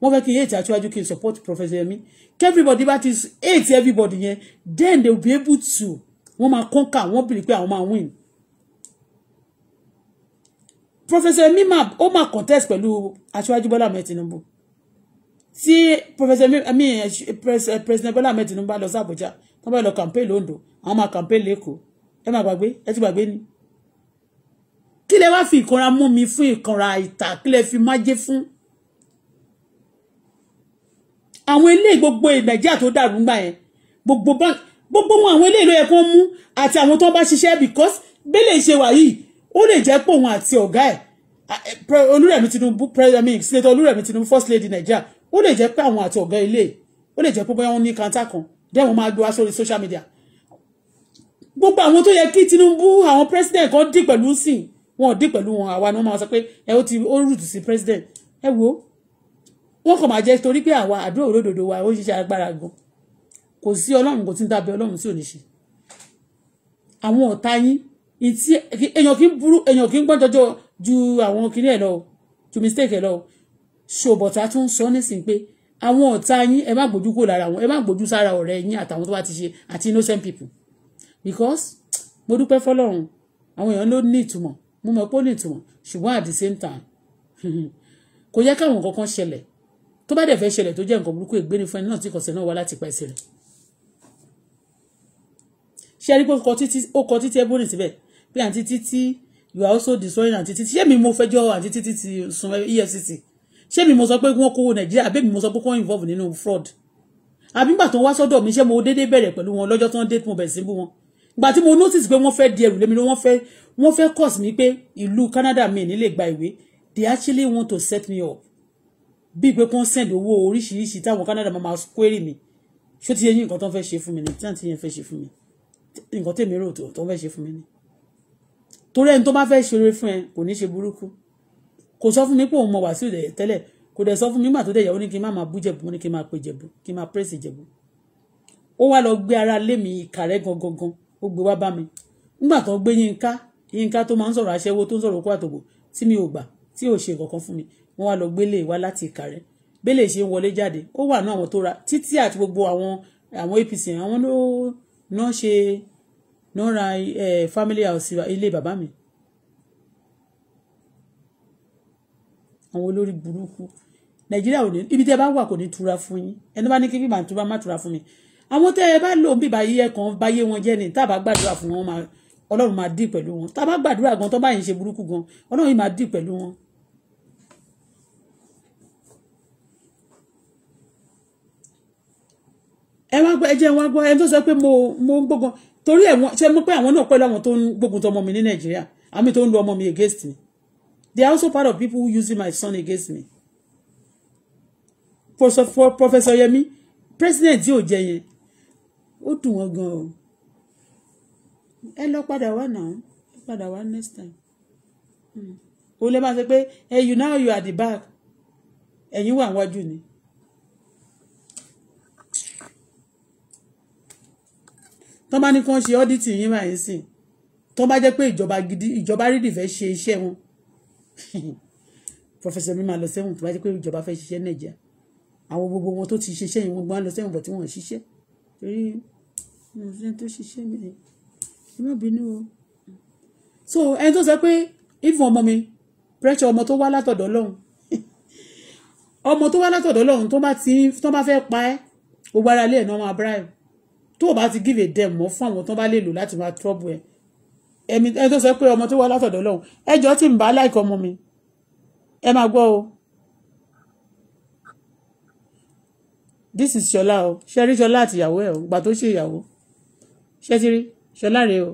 wọ́n fẹ́ kí iye ètò aṣíwájú kí n support professor Yemi kí everybody bá ti hate everybody yẹn then they will be able to wọ́n máa kọ́ńkà wọ́n bìrì pé àwọn máa win. Professor Emima ó máa contest pẹ̀lú aṣíwájú Bọ́lá Ahmed Tinubu tí Professor Emi President Bọ́lá Ahmed Tinubu bá lọ sí Àbújá wọ́n bá lọ campaign londo àwọn máa campaign lẹ́kọ̀ọ́ ẹ máa gbàgbé ẹ ti gbàgbé ni. kí lẹ wá fi ìkanra mú mi fún ìkanra ìta kí lẹ fi májé fún àwọn ilé gbogbo nàìjíríà tó dàrú ńgbà yẹn gbogbo báńkì gbogbo wọn àwọn eléyìí ló yẹ kó mú àti àwọn tó ń bá ṣiṣẹ́ because bẹ́lẹ̀ ṣe wà yìí ó lè jẹ́ pé òun àti ọ̀gá ẹ̀ olúrẹ̀mí tinubu president mi senator olúrẹ̀mí tinubu first lady nàìjíríà ó lè jẹ́ pé àwọn àti ọ̀gá ilé ó lè jẹ́ pé bóyá wọ́n ní kanta kan dẹ́n wọ́n máa gbé wá sórí social media gbogbo àwọn tó yẹ kí tinubu àwọn president kan dì pẹ̀lú sìn wọn ò dì pẹ̀lú wọn àwa ni wọ́n máa sọ pé ẹ ó ti ó rùtù sí president ẹ wo wọ́n kàn máa jẹ́ torí pé àwa àdúrà olódodo wa ó ṣiṣẹ́ agbára gan-an kò sí ọlọ́run kò tí ń dábẹ́ ọlọ́run tí ò ní ṣe àwọn ọ̀tá yín ìtí èèyàn kì í burú èèyàn kì í gbọ́n jọjọ ju àwọn kinní ẹ̀ lọ ju mistake ẹ̀ lọ ṣòbọ̀tà tó ń sọ nísìnyí pé àwọn ọ̀tá yín ẹ má gbójú kó lára wọn ẹ má gbójú sára ọ̀rẹ́ yín àtàwọn tó bá ti ṣe àti innocent people because mo dúpẹ́ fọlọ́run àwọn èèyàn ló ní ìtumọ̀ mo mọ̀ pé ó ní ìtumọ̀ ṣùgbọ́n at the same time kò yẹ káwọn kankan ṣẹlẹ̀ tó bá dẹ̀ fẹ́ ṣẹlẹ̀ tó jẹ́ nǹkan burúkú ìgbéni fún ẹni náà tí kọ̀ọ̀sẹ̀ náà wá láti pa ẹsẹ̀ rẹ̀ ṣé ẹ rí pé ó kọ títí ebony síbẹ̀ pé àǹtí títí you are also destroying àǹtí títí ṣé mi mo fẹjọ́ àǹtí títí ti sun EFCC ṣé mi mo sọ pé wọ́n kówó Nàìjíríà àbí mi mo sọ pé wọ́n involve nínú fraud àbí nígbà tó wá sọ́dọ̀ mi ṣé mo déédéé bẹ̀rẹ̀ pẹ̀lú wọn lọ́jọ́ tó ń dé mo bẹ̀rẹ̀ sí bú wọn gbà tí mo notice pé wọ́n fẹ́ di ẹrù lémi wọ́n fẹ́ wọ́n fẹ́ cause mi pé ìlú Canada mi ní lè gba ìwé they actually want to set me up bí pé kó ń send owó oríṣiríṣi táwọn Canada máa ma query mi ṣó ti yẹ yín nǹkan tó ń fẹ́ ṣe fún mi ní tí àǹtí yẹn fẹ́ ṣe fún mi nǹkan tèmi rò tó fẹ́ ṣe fún mi ni torí ẹni tó bá fẹ́ ṣeré fún ẹ kò ní ṣe burúkú kò sọ fún mi pé òun mọ Wàsíù dẹ̀ tẹ́lẹ̀ kò dẹ̀ sọ fún mi nígbà tó dẹ̀ yẹ ó ní kí n má máa bú Jẹ̀bú ó ní kí n máa pe Jẹ̀bú kí n máa pírèsì Jẹ̀bú ó wá lọ gbé ara lé mi ìkà rẹ̀ gangan ó gbé wá bá mi nígbà tó gbé Yínká Yínká tó máa ń sọ̀rọ̀ aṣẹ́wó tó ń sọ̀rọ̀ okó àtòkò tí mi ò gbà tí ò ṣe kankan fún mi wọ́n wá lọ gbélé wá láti ìkà rẹ̀ bélè ṣe ń wọlé jáde ó wà náà àwọn tó ra títí àti gbogbo àwọn àwọn APC àwọn ló náà ṣe náà ra family house ilé bàbá mi àwọn olórí burúkú nàìjíríà ò ní ibi tẹ́ bá wà kò ní tura fún yín ẹni bá ní kí bíbá tura má tura fún mi àwọn tẹ́ ẹ bá lò ń bíbá yíyẹ kan báyé wọn jẹ́ ni tá a bá gbàdúrà fún wọn ọlọ́run máa dì pẹ̀lú wọn tá a bá gbàdúrà gan tó bá yẹn ṣe burúkú gan ọlọ́run yìí máa dì pẹ̀lú wọn ẹ wá gbọ́ ẹ wá gbọ́ ẹni tó sọ pé mo mo ń gbógun torí ẹ̀wọ̀n ṣe mọ̀ pé àwọn náà pẹ̀lú àwọn tó ń gbógun tọmọ mi ní nàìjíríà àmì tó ń lu ọmọ mi against me they are also part of people who using my son against me. professor yemi president yóò jẹ yẹn ó dùn wọn gan o ẹ lọ padà wá náà ẹ padà wá next time o hmm. lè máa ṣe pé hey you now you are the back ẹ̀yin wà wájú ni. tó bá ní kí wọ́n ṣe ọ́dítì yín báyìí sìn tó bá jẹ́ pé ìjọba gidi ìjọba rídì fẹ́ ṣe iṣẹ́ wọn professor mi máa lọ sẹ́wọ̀n tó bá jẹ́ pé ìjọba fẹ́ ṣiṣẹ́ nàìjíríà àwọn gbogbo wọn tó ti ṣiṣẹ́ yìí wọ́n gbọ́n lọ sẹ́wọ̀n bọ̀ tí wọ́n ṣiṣẹ́ torí ẹni tó ṣiṣẹ́ mi ẹ má bínú o so ẹni tó sọ pé ìfún ọmọ mi pressure ọmọ tó wá látọ̀dọ̀ lọ́hùn ọmọ tó wá látọ̀dọ̀ lọ́hùn tó bá fẹ́ pa ẹ́ gbogbo ara ilé ẹ̀ náà máa bribe tó o bá ti give a dem mọ́ fún àwọn tó bá lè lò láti máa trouble ẹ ẹ̀mí ẹ tó sọ pé ọmọ tó wá látọ̀dọ̀ lọ́hùn ẹjọ́ tí ń bá láìkọ́ ọmọ mi ẹ máa gbọ́ o this is ṣọlá o ṣe rí ṣọlá àtìyàwó ẹ o gbà tó ṣe ìyàwó ṣe ti rí ṣọlá rèé o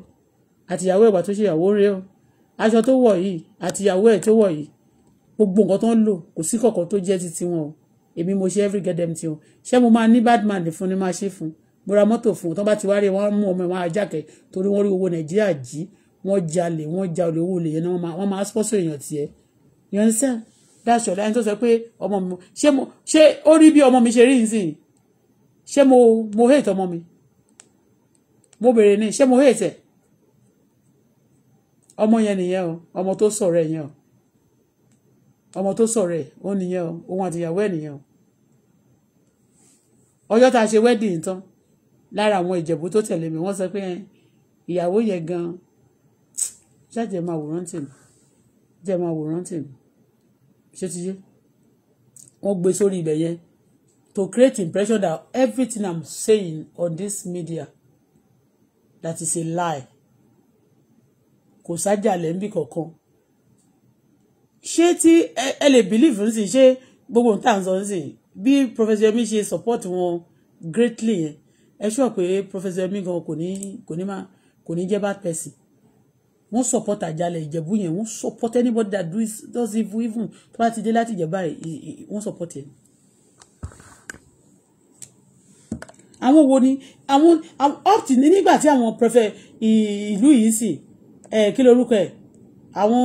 àtìyàwó ẹ gbà tó ṣe ìyàwó rèé o aṣọ tó wọ̀ yìí àtìyàwó ẹ tó wọ̀ yìí gbogbo nǹkan tó ń lò kò sí kọ̀ọ̀kan tó jẹ́ ti tiwọn o èmi mo ṣe every get them ti o ṣé mo máa ní bad man fún ni máa ṣe fún un mo ra mọ́tò fún un tán bá ti wá rí wọn mú ọmọ ìwọn ajákẹ́ torí wọ́n rí owó nàìjíríà jí wọ́n jalè wọ́n ja olè owó olè yẹn náà wọ́n máa sponsor èèyàn tiẹ̀ yẹn ń sẹ́n dáṣọ láyé tó sọ pé ọmọ mi ṣé mo ṣé ó rí bí ọmọ mi ṣe rí nsìn ṣé mo mo hate ọmọ mi mo bèrè ní ṣé mo hate ẹ̀ ọmọ yẹn nìyẹn o ọmọ tó sọ̀rọ̀ ẹ̀ yẹn o ọmọ tó sọ̀rọ̀ ẹ̀ ó nìyẹn o òun àtìyàwó ẹ̀ nìyẹn o ọjọ́ tá ṣe wedding tán lára àwọn ìjẹ̀bú tó tẹ̀lé mi wọ́n sọ pé ìyàwó yẹn gan ṣáàjẹ́ máa wòrán tèmi jẹ́ máa wòrán tèmi ṣé ti yé wọ́n gbé sórí ibẹ̀ yẹn to create impression that everything I'm saying on this media that is a lie kò sájà lẹ́ńbì kankan ṣé tí ẹ lè believe nísìnyí ṣé gbogbo nǹkan tá à ń sọ nísìnyí bí professor yemi ṣe support wọn greatly yẹn ẹ ṣọ́ pé professor mi gan kò ní kò ní máa kò ní jẹ́ bad person wọ́n support àjálẹ̀ ìjẹ̀bú yẹn wọ́n support anybody that does, does evil even tó bá ti dé láti ìjẹ̀bá rẹ̀ wọ́n support yẹn. àwọn wo ni àwọn up to nígbà tí àwọn prefẹ́ ìlú yìí sì ẹ̀ kí lorúkọ ẹ̀ àwọn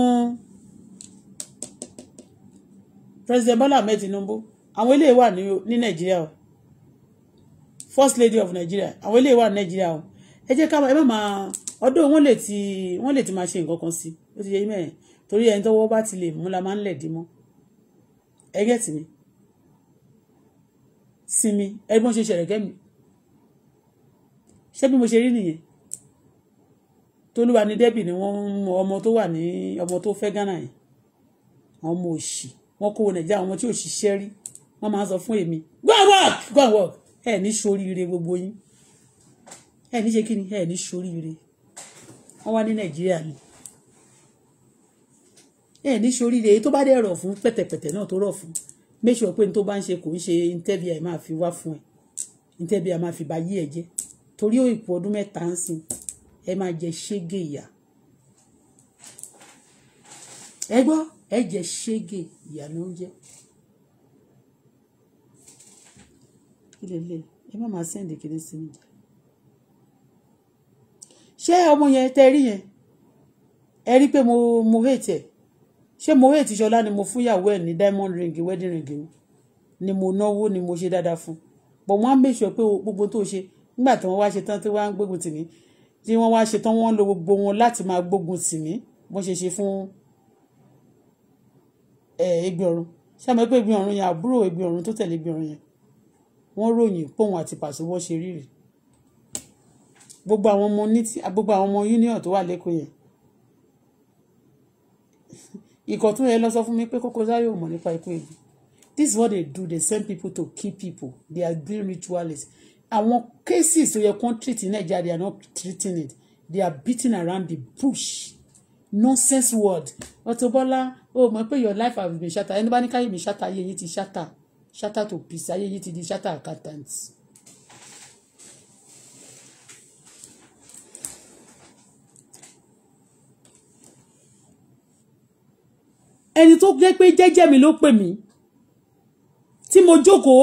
president Bọ́lá Ahmed Tinubu àwọn eléyìí wà ní Nàìjíríà o first lady of Nigeria àwọn ilé wa Nigeria o ẹ jẹ́ ká ẹ má máa ọdún wọn lè ti wọn lè ti máa ṣe nǹkan kan sí ó ti yẹ yín mẹ́rin torí ẹni tọ́wọ́ bá ti lè mú la máa ń lẹ̀ dí mọ́ ẹ gẹ́tì mi sinmi ẹgbọ́n ṣe ṣẹ̀rẹ̀kẹ́ mi ṣé bí mo ṣe rí nìyẹn tolúwa ní débì ni wọ́n ń mú ọmọ tó wà ní ọmọ tó fẹ́ Ghana yẹn àwọn ọmọ òṣì wọ́n kó wọn nàìjíríà àwọn ọmọ tí òṣìṣẹ́ rí wọ́n máa ń sọ fún èmi go and work go and work ẹ ní ṣoríire gbogbo yín ẹ ní ṣe kí ni ẹ ní ṣoríire wọ́n wá ní nàìjíríà ni ẹ ní ṣoríire èyí tó bá dẹ̀ rọ̀ fún pẹ̀tẹ̀pẹ̀tẹ̀ náà tó rọ̀ fún make sure pé n tó bá ń ṣe kò ń ṣe ẹ̀ fi wá fún ẹ̀ fi bá yí ẹ̀ jẹ́ torí ọdún mẹ́ta ń sìn máa jẹ kí lè lè ẹ má máa sẹ́ǹdì kiri sí mi. ṣé ọmọ yẹn tẹ rí yẹn ẹ rí pé mo mo hate ẹ ṣé mo hate ṣọlá ni mo fún ìyàwó ẹ ní diamond ring wedding ring o ni mo náwó ni mo ṣe dáadáa fún but wọ́n á make sure pé gbogbo tó ṣe nígbà tí wọ́n wá ṣe tán tí wọ́n á gbógun tì mí tí wọ́n wá ṣe tán wọ́n lo gbogbo wọn láti máa gbógun tì mí bó ṣe ṣe fún ẹ̀ẹ́gbẹ̀rún ṣé àmọ́ pé ẹ̀gbẹ̀rún yẹn àbúrò ẹ̀gbẹ̀rún tó tẹ̀lé ẹ̀gbẹ̀rún yẹn wọ́n ròyìn póun àti pàṣẹ wọ́n ṣe rírì gbogbo àwọn ọmọ ní gbogbo àwọn ọmọ union tó wà lẹ́kọ̀ọ́ yẹn ìkọ̀tún yẹn lọ sọ fún mi pé Koko Zaria ò mọ̀ nípa ikú èyí this is what they do they send people to kill people they are green ritualists àwọn cases tó yẹ kó ń treat in Nigeria they are not treating it they are beating around the bush nonsense word Auto Bola o mọ̀ pé your life has been shatter ẹni bá ní káyé mi shatter ayé yín ti shatter shatter to pieces ayé yìí ti di shatter accountant. ẹni tó jẹ́ pé jẹ́jẹ́ mi ló pè mí tí mo jókòó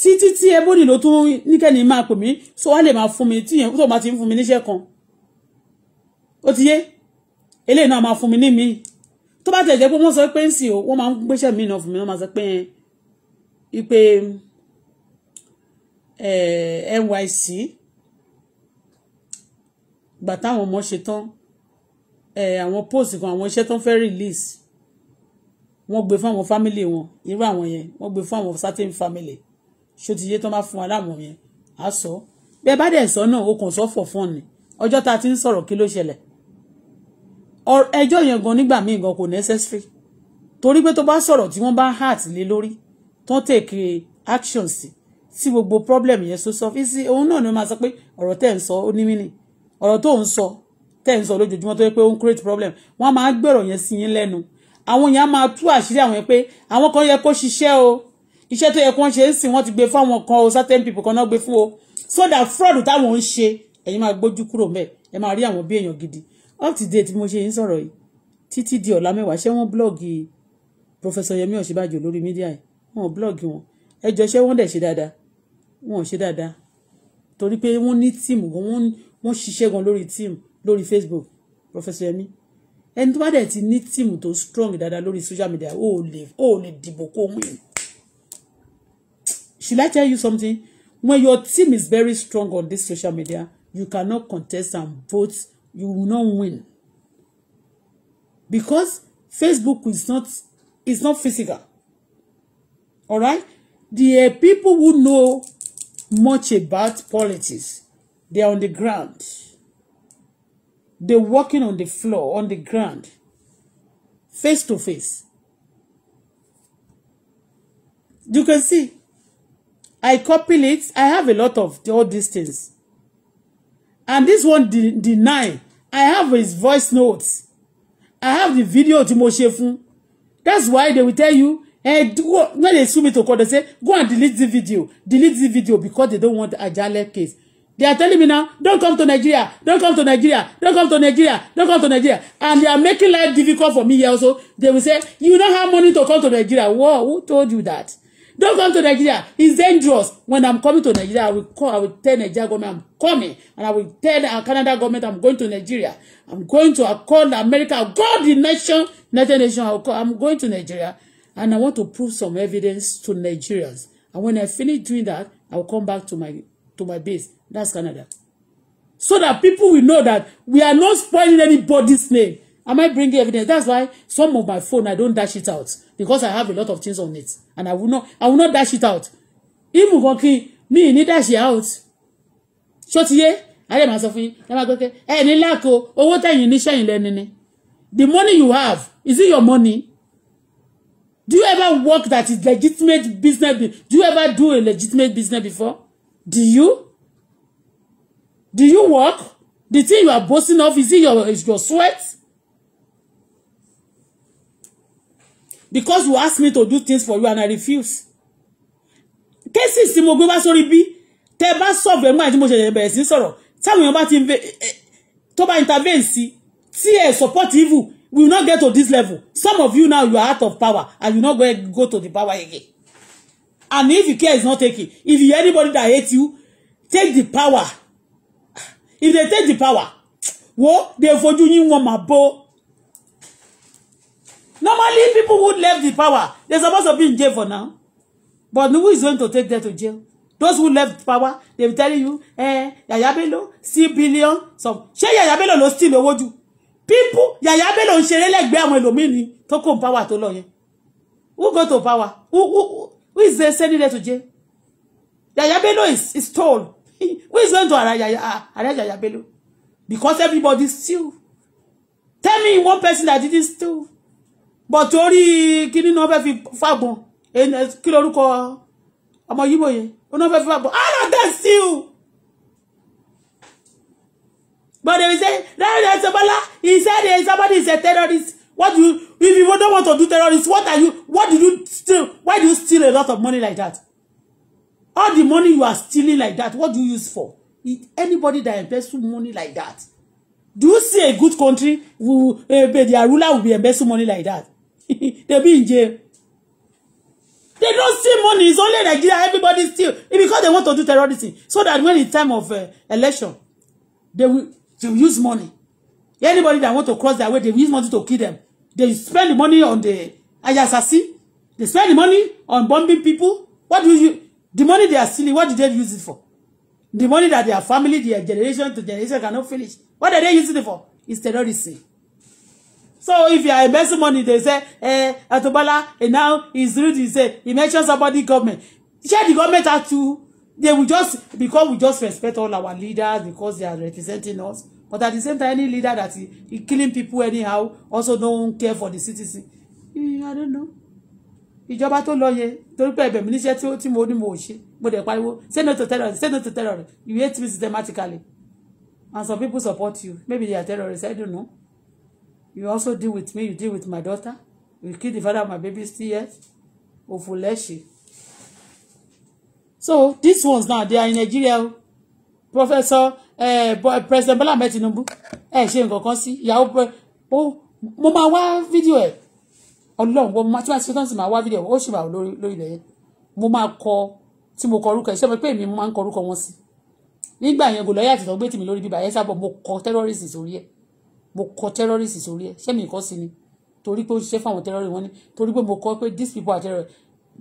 títí tí ebóni ló tún níkẹ́ni máa pè mí so wá lè máa fún mi tíyẹn tó bá ti ń fún mi níṣẹ́ kan ó ti yé eléyìí náà máa fún mi ní mi tó bá tẹ̀ jẹ́ pé wọ́n sọ pé ń sìn o wọ́n máa ń gbéṣẹ́ mí náà fún mi wọ́n máa sọ pé ipe NYC gbà táwọn ọmọ ṣe tán àwọn post kan àwọn iṣẹ́ tán fẹ́ release wọ́n gbé fún àwọn family wọn irú àwọn yẹn wọ́n gbé fún àwọn certain family ṣòtìyé tán bá fún wa láwọn yẹn á sọ bẹ́ẹ̀ bá dẹ̀ sọ náà o kàn sọ for fun ni ọjọ́ tá a ti ń sọ̀rọ̀ kí ló ṣẹlẹ̀ ẹjọ́ yẹn gan nígbà míì gan kò necessary torí pé tó bá sọ̀rọ̀ tí wọ́n bá heart lé lórí tán take action sí tí gbogbo problem yẹn so sọ fisi òun náà ni wọ́n máa sọ pé ọ̀rọ̀ tẹ̀ ń sọ ó ní mínì ọ̀rọ̀ tó ń sọ tẹ̀ ń sọ lójoojúmọ́ tó yẹ pé ó ń create problem wọ́n á máa gbèrò yẹn sí yín lẹ́nu àwọn yẹn á máa tú àṣírí àwọn yẹn pé àwọn kan yẹ kó ṣiṣẹ́ o iṣẹ́ tó yẹ kó ṣe ń sìn wọ́n ti gbé fún àwọn kan o certain people kan náà gbé fún o so that fraud táwọn ń ṣe ẹ̀yin máa gbójú kúrò mẹ́ẹ̀ ẹ máa rí àwọn bí èèyàn gidi up to date mo ṣe ń sọ̀rọ̀ yìí títí di ọ̀la mẹ́wàá ṣé wọ́n blọ́ọ̀gì professor Yẹmí Ọ̀ṣínbàjò lórí mídíà yìí wọ́n blọ́ọ̀gì wọn ẹjọ́ ṣé wọ́n dẹ̀ ṣe dáadáa wọ́n ṣe dáadáa torí pé wọ́n ní tíìmù gan wọ́n wọ́n ṣiṣẹ́ gan lórí tíìmù lórí Facebook professor Yẹmí ẹni tó bá dẹ̀ ti ní tíìmù tó strong dáadáa lórí social media ó lè ó lè dìbò kó win should I tell you something when your team is very strong on this social media you cannot contest and vote you will not win because Facebook is not is not physical all right the uh, people who know much about politics they are on the ground they're working on the floor on the ground face to face you can see I copy it I have a lot of all these things and this one de deny I have his voice notes. I have the video tí mo ṣe That's why they will tell you, hey, do, when they sue me to court, they say, go and delete the video. Delete the video because they don't want a Ajale case. They are telling me now, don't come to Nigeria, don't come to Nigeria, don't come to Nigeria, don't come to Nigeria. And they are making life difficult for me here also. They will say, you don't have money to come to Nigeria. Whoa, who told you that? Don't come to Nigeria. It's dangerous. When I'm coming to Nigeria, I will call, I will tell Nigeria government I'm coming. And I will tell our Canada government I'm going to Nigeria. I'm going to I'll call America. God, the nation, United Nations. I'm going to Nigeria. And I want to prove some evidence to Nigerians. And when I finish doing that, I will come back to my to my base. That's Canada. So that people will know that we are not spoiling anybody's name am I bringing evidence that's why some of my phone I don't dash it out because I have a lot of things on it and I will not I will not dash it out even kankan mi need dash it out ṣó ti yé ayé màá sọ fún yín ẹ máa gbẹ́kẹ́ ẹ ní láàkó owó tẹ̀yìn ní sẹ́yìn lẹ́ni ni the money you have is it your money do you ever work that is legitimate business do you ever do a legitimate business before do you do you work the thing you are boasting of is it your is your sweat because you ask me to do things for you and I refuse cases tí mo gbé wá sórí bí tẹ́ bá sọ̀bẹ̀ nígbà tí mo ṣẹ̀ṣẹ̀ bẹ̀rẹ̀ sí sọ̀rọ̀ táwọn èèyàn bá ti eh, tó bá intervene si. tí ẹ support evil we will not get to this level some of you now you are out of power and you not go go to the power again and if you care is not taking if you anybody that hate you take the power if they take the power wo dey fojú yín wọn máa bó Normally, people who left the power, they're supposed to be in jail for now. But who is going to take them to jail? Those who left power, they're telling you, eh, Yaya Bello, six billion, some. ṣé Yaya Bello ló steal owó jù? People, Yaya Bello ń ṣeré lẹ́gbẹ̀ẹ́ àwọn ẹlòmíì ni power tó lọ Who got to power? Who, who, who is there sending them to jail? Yaya is, is told. who is going to arrest Yaya, uh, Because everybody steal. Tell me one person that didn't steal but torí kíní náà fẹ́ fi fàgbọ́n kí lorúkọ ọmọ yíbò yẹn ó náà fẹ́ fi fàgbọ́n all ah, of them still but they will say that is Sabala he said "There is somebody is a terrorist what you if you don't want to do terrorist what are you what do you steal why do you steal a lot of money like that all the money you are stealing like that what do you use for it, anybody that embezzle money like that do you see a good country Who uh, their ruler will be investing money like that they be in jail. They don't steal money. It's only Nigeria. Everybody steal. It's because they want to do terrorism. So that when in time of uh, election, they will, they will use money. Anybody that want to cross their way, they will use money to kill them. They spend the money on the Ayasasi. They spend the money on bombing people. What do you... The money they are stealing, what did they use it for? The money that their family, their generation to generation cannot finish. What are they using it for? It's terrorism. So if you are investing money, they say, eh, atobala, and now he's rude, he say, he mentions about the government. Share the government are too. They will just, because we just respect all our leaders because they are representing us. But at the same time, any leader that is killing people anyhow also don't care for the citizen. Eh, I don't know. ìjọba tó lọ yẹn torí pé ẹ̀bẹ̀ mi níṣẹ́ tí ó tí mo ní mo ò ṣe mo dẹ̀ pariwo say no to terrorism, say no to terrorism. you hate me systematically and some people support you maybe they are terrorists I don't know. You also deal with me. You deal with my daughter. You kill the father of my baby still yet. Ofuleshi. So these ones now, they are in Nigeria. Professor, eh, uh, President Bola Ahmed Tinubu. Eh, she nǹkan kan sí. Ìyàwó oh, mama, máa video, fídíò ẹ̀. Ọlọ́run wo máa tí my ṣe tán sí máa wá fídíò ó sì wà lórí she ilẹ̀ yẹn. Mo máa kọ tí mo kọ orúkọ ẹ̀ ṣé mo pé èmi máa ń kọ orúkọ wọn sí. Nígbà yẹn gò mo kọ terrorism sórí mo kọ terrorist sórí ẹ ṣé mi kọ́ sí ni torí pé ó ṣiṣẹ́ fáwọn terrorist wọn ni torí pé mo kọ pé these people are terror.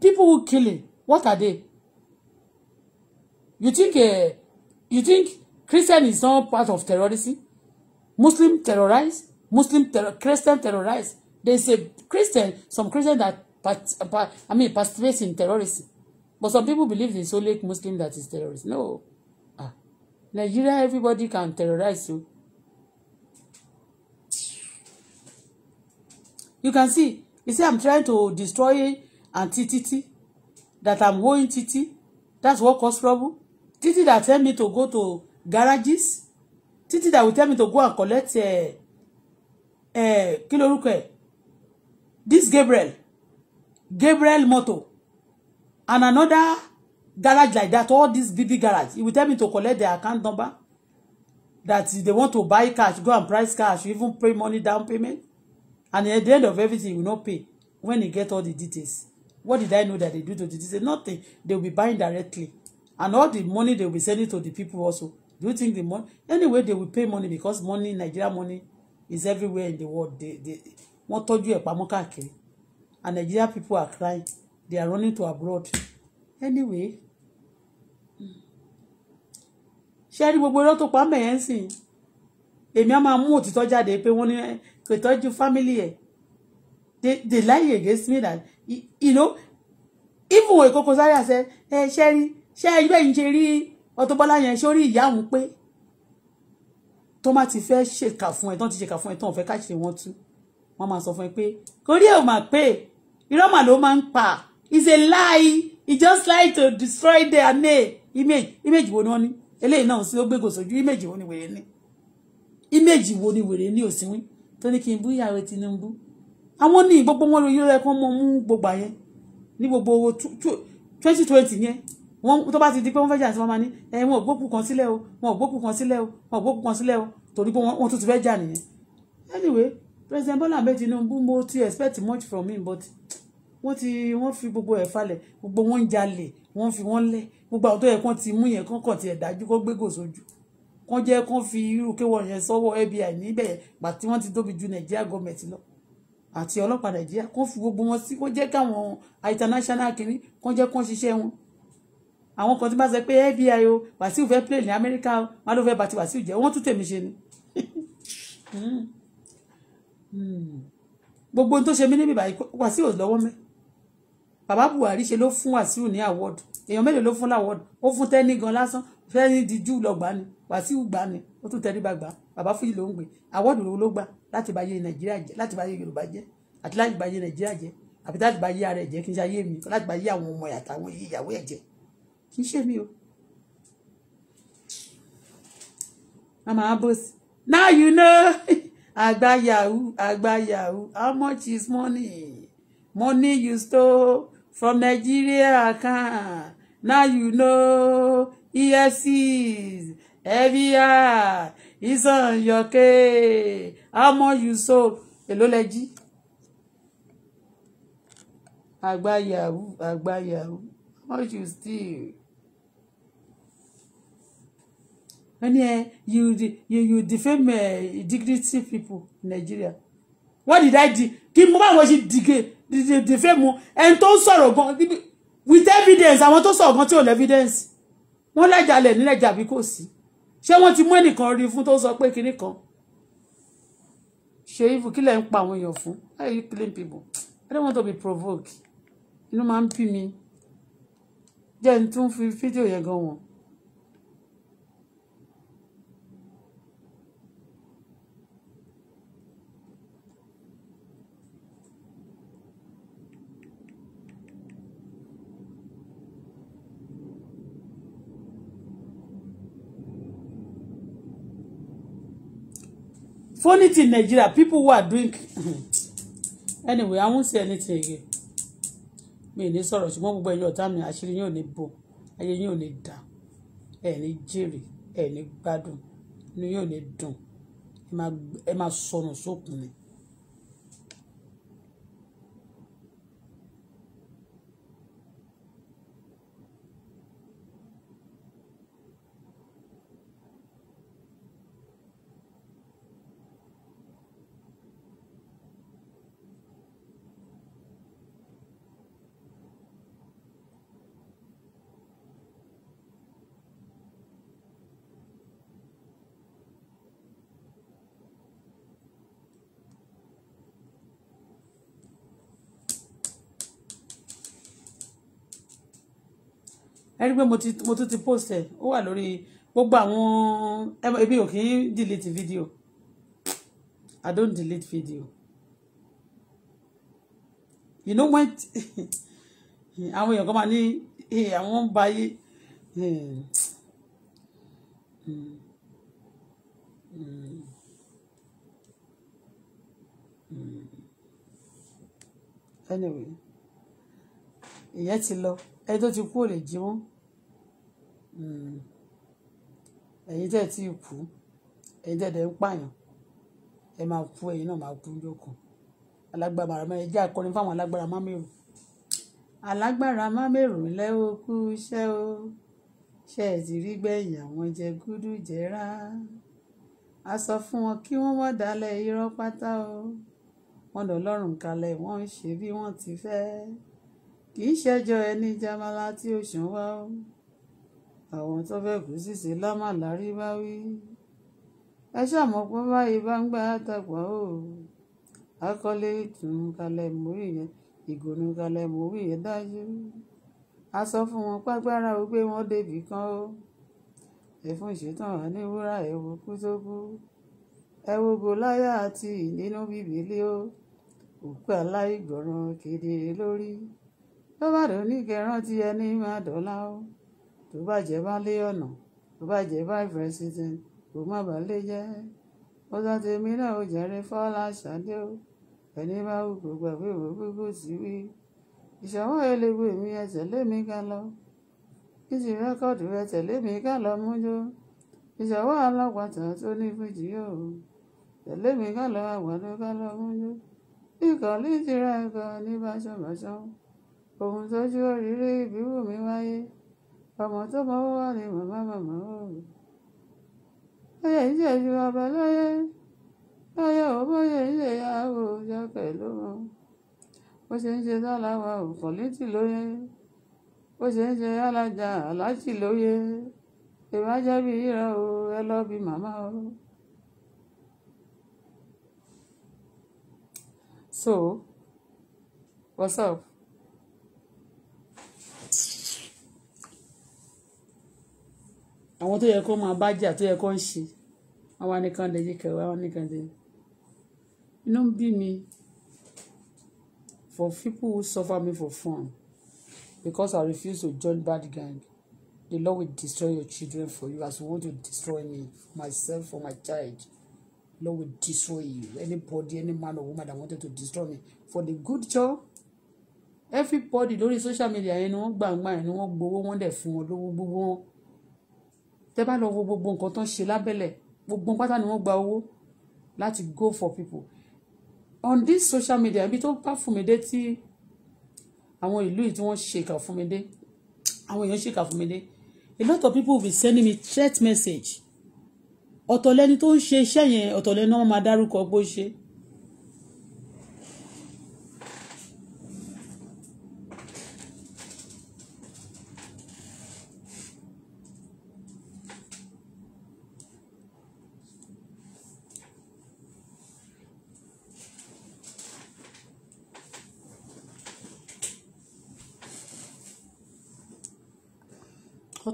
people who killing what are they you think uh, you think Christian is not part of terrorism Muslim terrorize Muslim terror. Christian terrorize They say Christian some Christian that part, part, I mean participate in terrorism but some people believe it's only Muslim that is terrorist no ah Nigeria everybody can terrorize you. So. You can see, you see, I'm trying to destroy Auntie Titi, that I'm going Titi. That's what caused trouble. Titi that tell me to go to garages. Titi that will tell me to go and collect uh, uh, kí this Gabriel Gabriel motor and another garage like that all these BB big garage he will tell me to collect their account number that they want to buy cash go and price cash even pay money down payment and at the end of everything you no pay when you get all the details what did i know that they do to the details nothing they will be buying directly and all the money they will be sending to the people also do you think the money anyway they will pay money because money nigeria money is everywhere in the world they they wọ́n tọ́jú ẹ̀ pamọ́ káàkiri and nigeria people are crying they are running to abroad anyway ṣé ẹ rí gbogbo irọ́ tó pa mẹ́yẹn sìn èmi á máa mú òtítọ́ jáde pé wọ́n ní kò tọ́jú family ẹ̀ they they lie against me that you know even when Koko Zaria eh, ṣe ẹ ṣe rí ṣe ẹ bẹ́ẹ̀ ń ṣe rí Auto Bola yẹn ṣe orí ìyá òun pé tó má ti fẹ́ ṣèkà fún ẹ tó ti ṣèkà fún ẹ tó ń fẹ́ káṣí wọn tú wọn máa sọ fún ẹ pé kórí ẹ ò máa pè irọ́ mà ló máa ń pa it's a lie he just lie to destroy their name image image wo ni wọn ní eléyìí náà sí ó gbégò sójú image wo ni wèrè ní image wo ni wèrè ní òsínwín tó ní kí n bú ìyàwó Tinubu àwọn ní gbogbo wọn lóyún ẹ̀kọ́ mọ́ mú gbogbo àyẹn ní gbogbo owó twenty twenty yẹn wọn tó bá ti di pé wọ́n fẹ́ jà sí wọn máa ní ẹ wọn ò gbókùn kan sílẹ̀ o wọn ò gbókùn kan sílẹ̀ o wọn ò gbókùn kan sílẹ̀ o torí pé wọ́n tún ti fẹ́ jà nìyẹn anyway President Bola Ahmed Tinubu mo ti expect much from him but wọ́n ti wọ́n fi gbogbo ẹ̀ falẹ̀ gbogbo wọn ń jalè wọ́n fi wọ́n lẹ̀ gbogbo àwọn tó yẹ kán ti mú yẹn kán kàn tiẹ̀ dájú kó gbégò sójú kán jẹ́ kán fi irú kéwọ́ yẹn sọ́wọ́ FBI níbẹ̀ gbà tí wọ́n ti tóbi ju nàìjíríà gọ́ọ̀mẹ̀ntì lọ àti ọlọ́pàá nàìjíríà kán fi gbogbo wọn sí kó jẹ́ káwọn international kìíní kán jẹ́ kán ṣiṣẹ́ wọn àwọn kan tí bá sọ pé FBI o wàsíù fẹ́ play ní amẹ́ríkà o má ló fẹ́ bá ti wàsíù jẹ́ wọ́n tún tèmi ṣe ni hmm. gbogbo ohun tó ṣe mí níbi báyìí wàsíù ò lọ́wọ́ mẹ́ bàbá buhari ṣe ló fún wàsíù ní award èèyàn mélòó ló fún láwọ́dù ó fún tẹ́ni gan lásán fẹ́ni díjú lọ́gbàá ni wàsíù gbà ni ó tún tẹríba gbà bàbá fújì ló ń gbé àwọ́dù ló gbà láti bá yé nàìjíríà jẹ láti bá yé yorùbá jẹ àti láti bá yé nàìjíríà jẹ àbí láti bá yé ara ẹ̀ jẹ kì í ṣe ayé mi láti bá yé àwọn ọmọ ẹ̀ àtàwọn ìyàwó ẹ̀ jẹ kì í ṣe mi o. mama abosi now you know àgbà yahoo àgbà yahoo how much is money money you stole from nigeria account now you know efcc heavy eye is on your how much you sold èló lẹ jí àgbà yahoo àgbà yahoo how much you steal wọ́n ní you you you defame uh, dignity people Nigeria what did I do kí mo bá wọn ṣe dìgé defame ẹni tó ń sọ̀rọ̀ gan with evidence àwọn tó sọ̀rọ̀ gan tí ò evidence. wọ́n lájàlẹ̀ nílẹ̀ jàbí kò sí ṣé wọ́n ti mú ẹnìkan rí fún tó sọ pé kinní kan ṣe ifu kílẹ̀ ń pa àwọn èèyàn fún why you killing people I don't want to be provoked inú máa ń bí mi jẹ́ n tún fi fídíò yẹn gan wọ̀n funny thing Nigeria people who are doing anyway I won't say anything again mi ò ní sọ̀rọ̀ ṣùgbọ́n gbogbo ẹ̀yin ọ̀tá mi àṣírí yín ò ní bò ayé yín ò ní dà ẹ̀ ní jèrè ẹ̀ ní gbádùn inú yín ò ní dùn ẹ máa sọnù sókun ni. ẹ rí pé mo tún ti post ẹ̀ ó wà lórí gbogbo àwọn ebi ò kì í delete video I don't delete video you know when àwọn èèyàn kan máa ní àwọn ń ba ayé anyway ìyẹn ti lọ ẹni tó ti kú lè jí wọn. Hmm. ẹ̀yin tẹ́ ti kú ẹ̀yin tẹ́ dẹ̀ ń pààyàn ẹ máa kú ẹ̀yin náà máa kú lóko alágbára màrà ẹ jẹ́ akọrin fáwọn alágbára má mèrò alágbára má mèrò ńlẹ́ o kú iṣẹ́ o ṣe ẹ̀ ti rí gbẹ̀yìn àwọn jẹ gúdú jẹ́ra a sọ fún wọn kí wọ́n mọ̀ dálẹ̀ irọ́ pátá o wọ́n lọ lọ́rùn kalẹ̀ wọ́n ń ṣe bí wọ́n ti fẹ́ kì í ṣẹjọ́ ẹni jamala tí ó ṣàn wá o àwọn tó fẹ́ kú síse lámà lárí bá wí ẹ ṣàmọ̀ pé báyìí bá ń gbà àtàgbà o akọ́lé ìtùnúkalẹ̀ mórí yẹn ìgònúkalẹ̀ mórí yẹn dájú a sọ fún wọn pàgbára o pé wọ́n débì kan o ẹ̀fún ìṣètàn wà ní wúrà ẹ̀wò kú tó kú ẹ̀wò gòláyà àti nínú bíbélì o òkú aláìgbọràn kedere lórí lọ́bàdàn oníkẹ́rántí ẹni máa dọ́là o tó bàjẹ́ bá lé ọ̀nà tó bàjẹ́ bá ìfẹsẹ̀tẹ̀ kó má bàa lè jẹ́ ó sọ tèmi náà ó jẹ́rìí fọ́lá ṣáde ó ẹni bá wù kó gbàgbé ìwé gbígbó sí wí ìṣọwọ́ elégbè mi ẹ tẹ̀lé mi ká lọ ìjì rẹ́kọ̀dù ẹ tẹ̀lé ká lọ mújó ìṣọwọ́ alápàtà tó ní fújì yóò tẹ̀lé mi ká lọ àgbàdo ká lọ mújó ìkànnì ìjìrà ẹ̀kọ́ ní báṣọ̀báṣọ̀ ohun tójú oríire ìbíwò mi wáyé ọmọ tó mọ owó wá o bóyá ilé ju ọba lóyè lóyè o bóyá ilé ya o jọkẹ ló mọ bó ṣe ń ṣe lọ́làwà o kọ̀lẹ́tì lóyè bó ṣe ń ṣe alájà aláàjì lóyè ìwájẹ́ bí ìrọ̀ o ẹ lọ́ bí màmá o. So, what's up? àwọn tó yẹ kó máa bá jà tó yẹ kó ń ṣe àwọn nìkan lè yíkẹ wá àwọn nìkan lè inú ń bí mi for people who suffer me for fun because I refuse to join bad gang the Lord will destroy your children for you as you want to destroy me myself for my child Lord will destroy you anybody any man or woman that wanted to destroy me for the good job everybody lórí social media yẹn ni wọ́n gbàngbà yẹn ni wọ́n gbowó wọ́n dẹ̀ fún wọn lówó gbogbo wọn tẹ́ bá lọ wo gbogbo nǹkan tó ń ṣe lábẹ́lẹ̀ gbogbo pátá ni wọ́n gba owó láti go for people on this social media ibi tó bá fún mi dé tí àwọn ìlú yìí tí wọ́n ṣèkà fún mi dé àwọn èèyàn ṣèkà fún mi dé a lot of people will be sending me threat message ọ̀tọ̀lẹ́ni tó ń ṣe iṣẹ́ yẹn ọ̀tọ̀lẹ́ni wọ́n máa dárúkọ gbó ṣe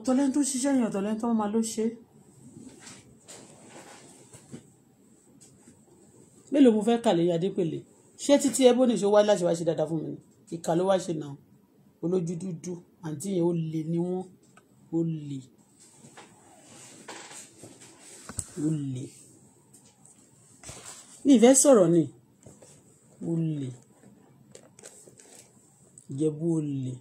ọ̀tọ̀lẹ́ni tó ṣiṣẹ́ yẹn ọ̀tọ̀lẹ́ni tó máa ló ṣe. mélòó mo fẹ́ kàlẹ́ adépèlé ṣé títí ẹbọ nìṣó wá láti wá ṣe dáadáa fún mi ni ìkà ló wá ṣe náà olójú dúdú àǹtí yẹn ó lè ní wọn ó lè ó lè ní ìfẹ́ sọ̀rọ̀ ni ó lè ìjẹ̀bú ó lè.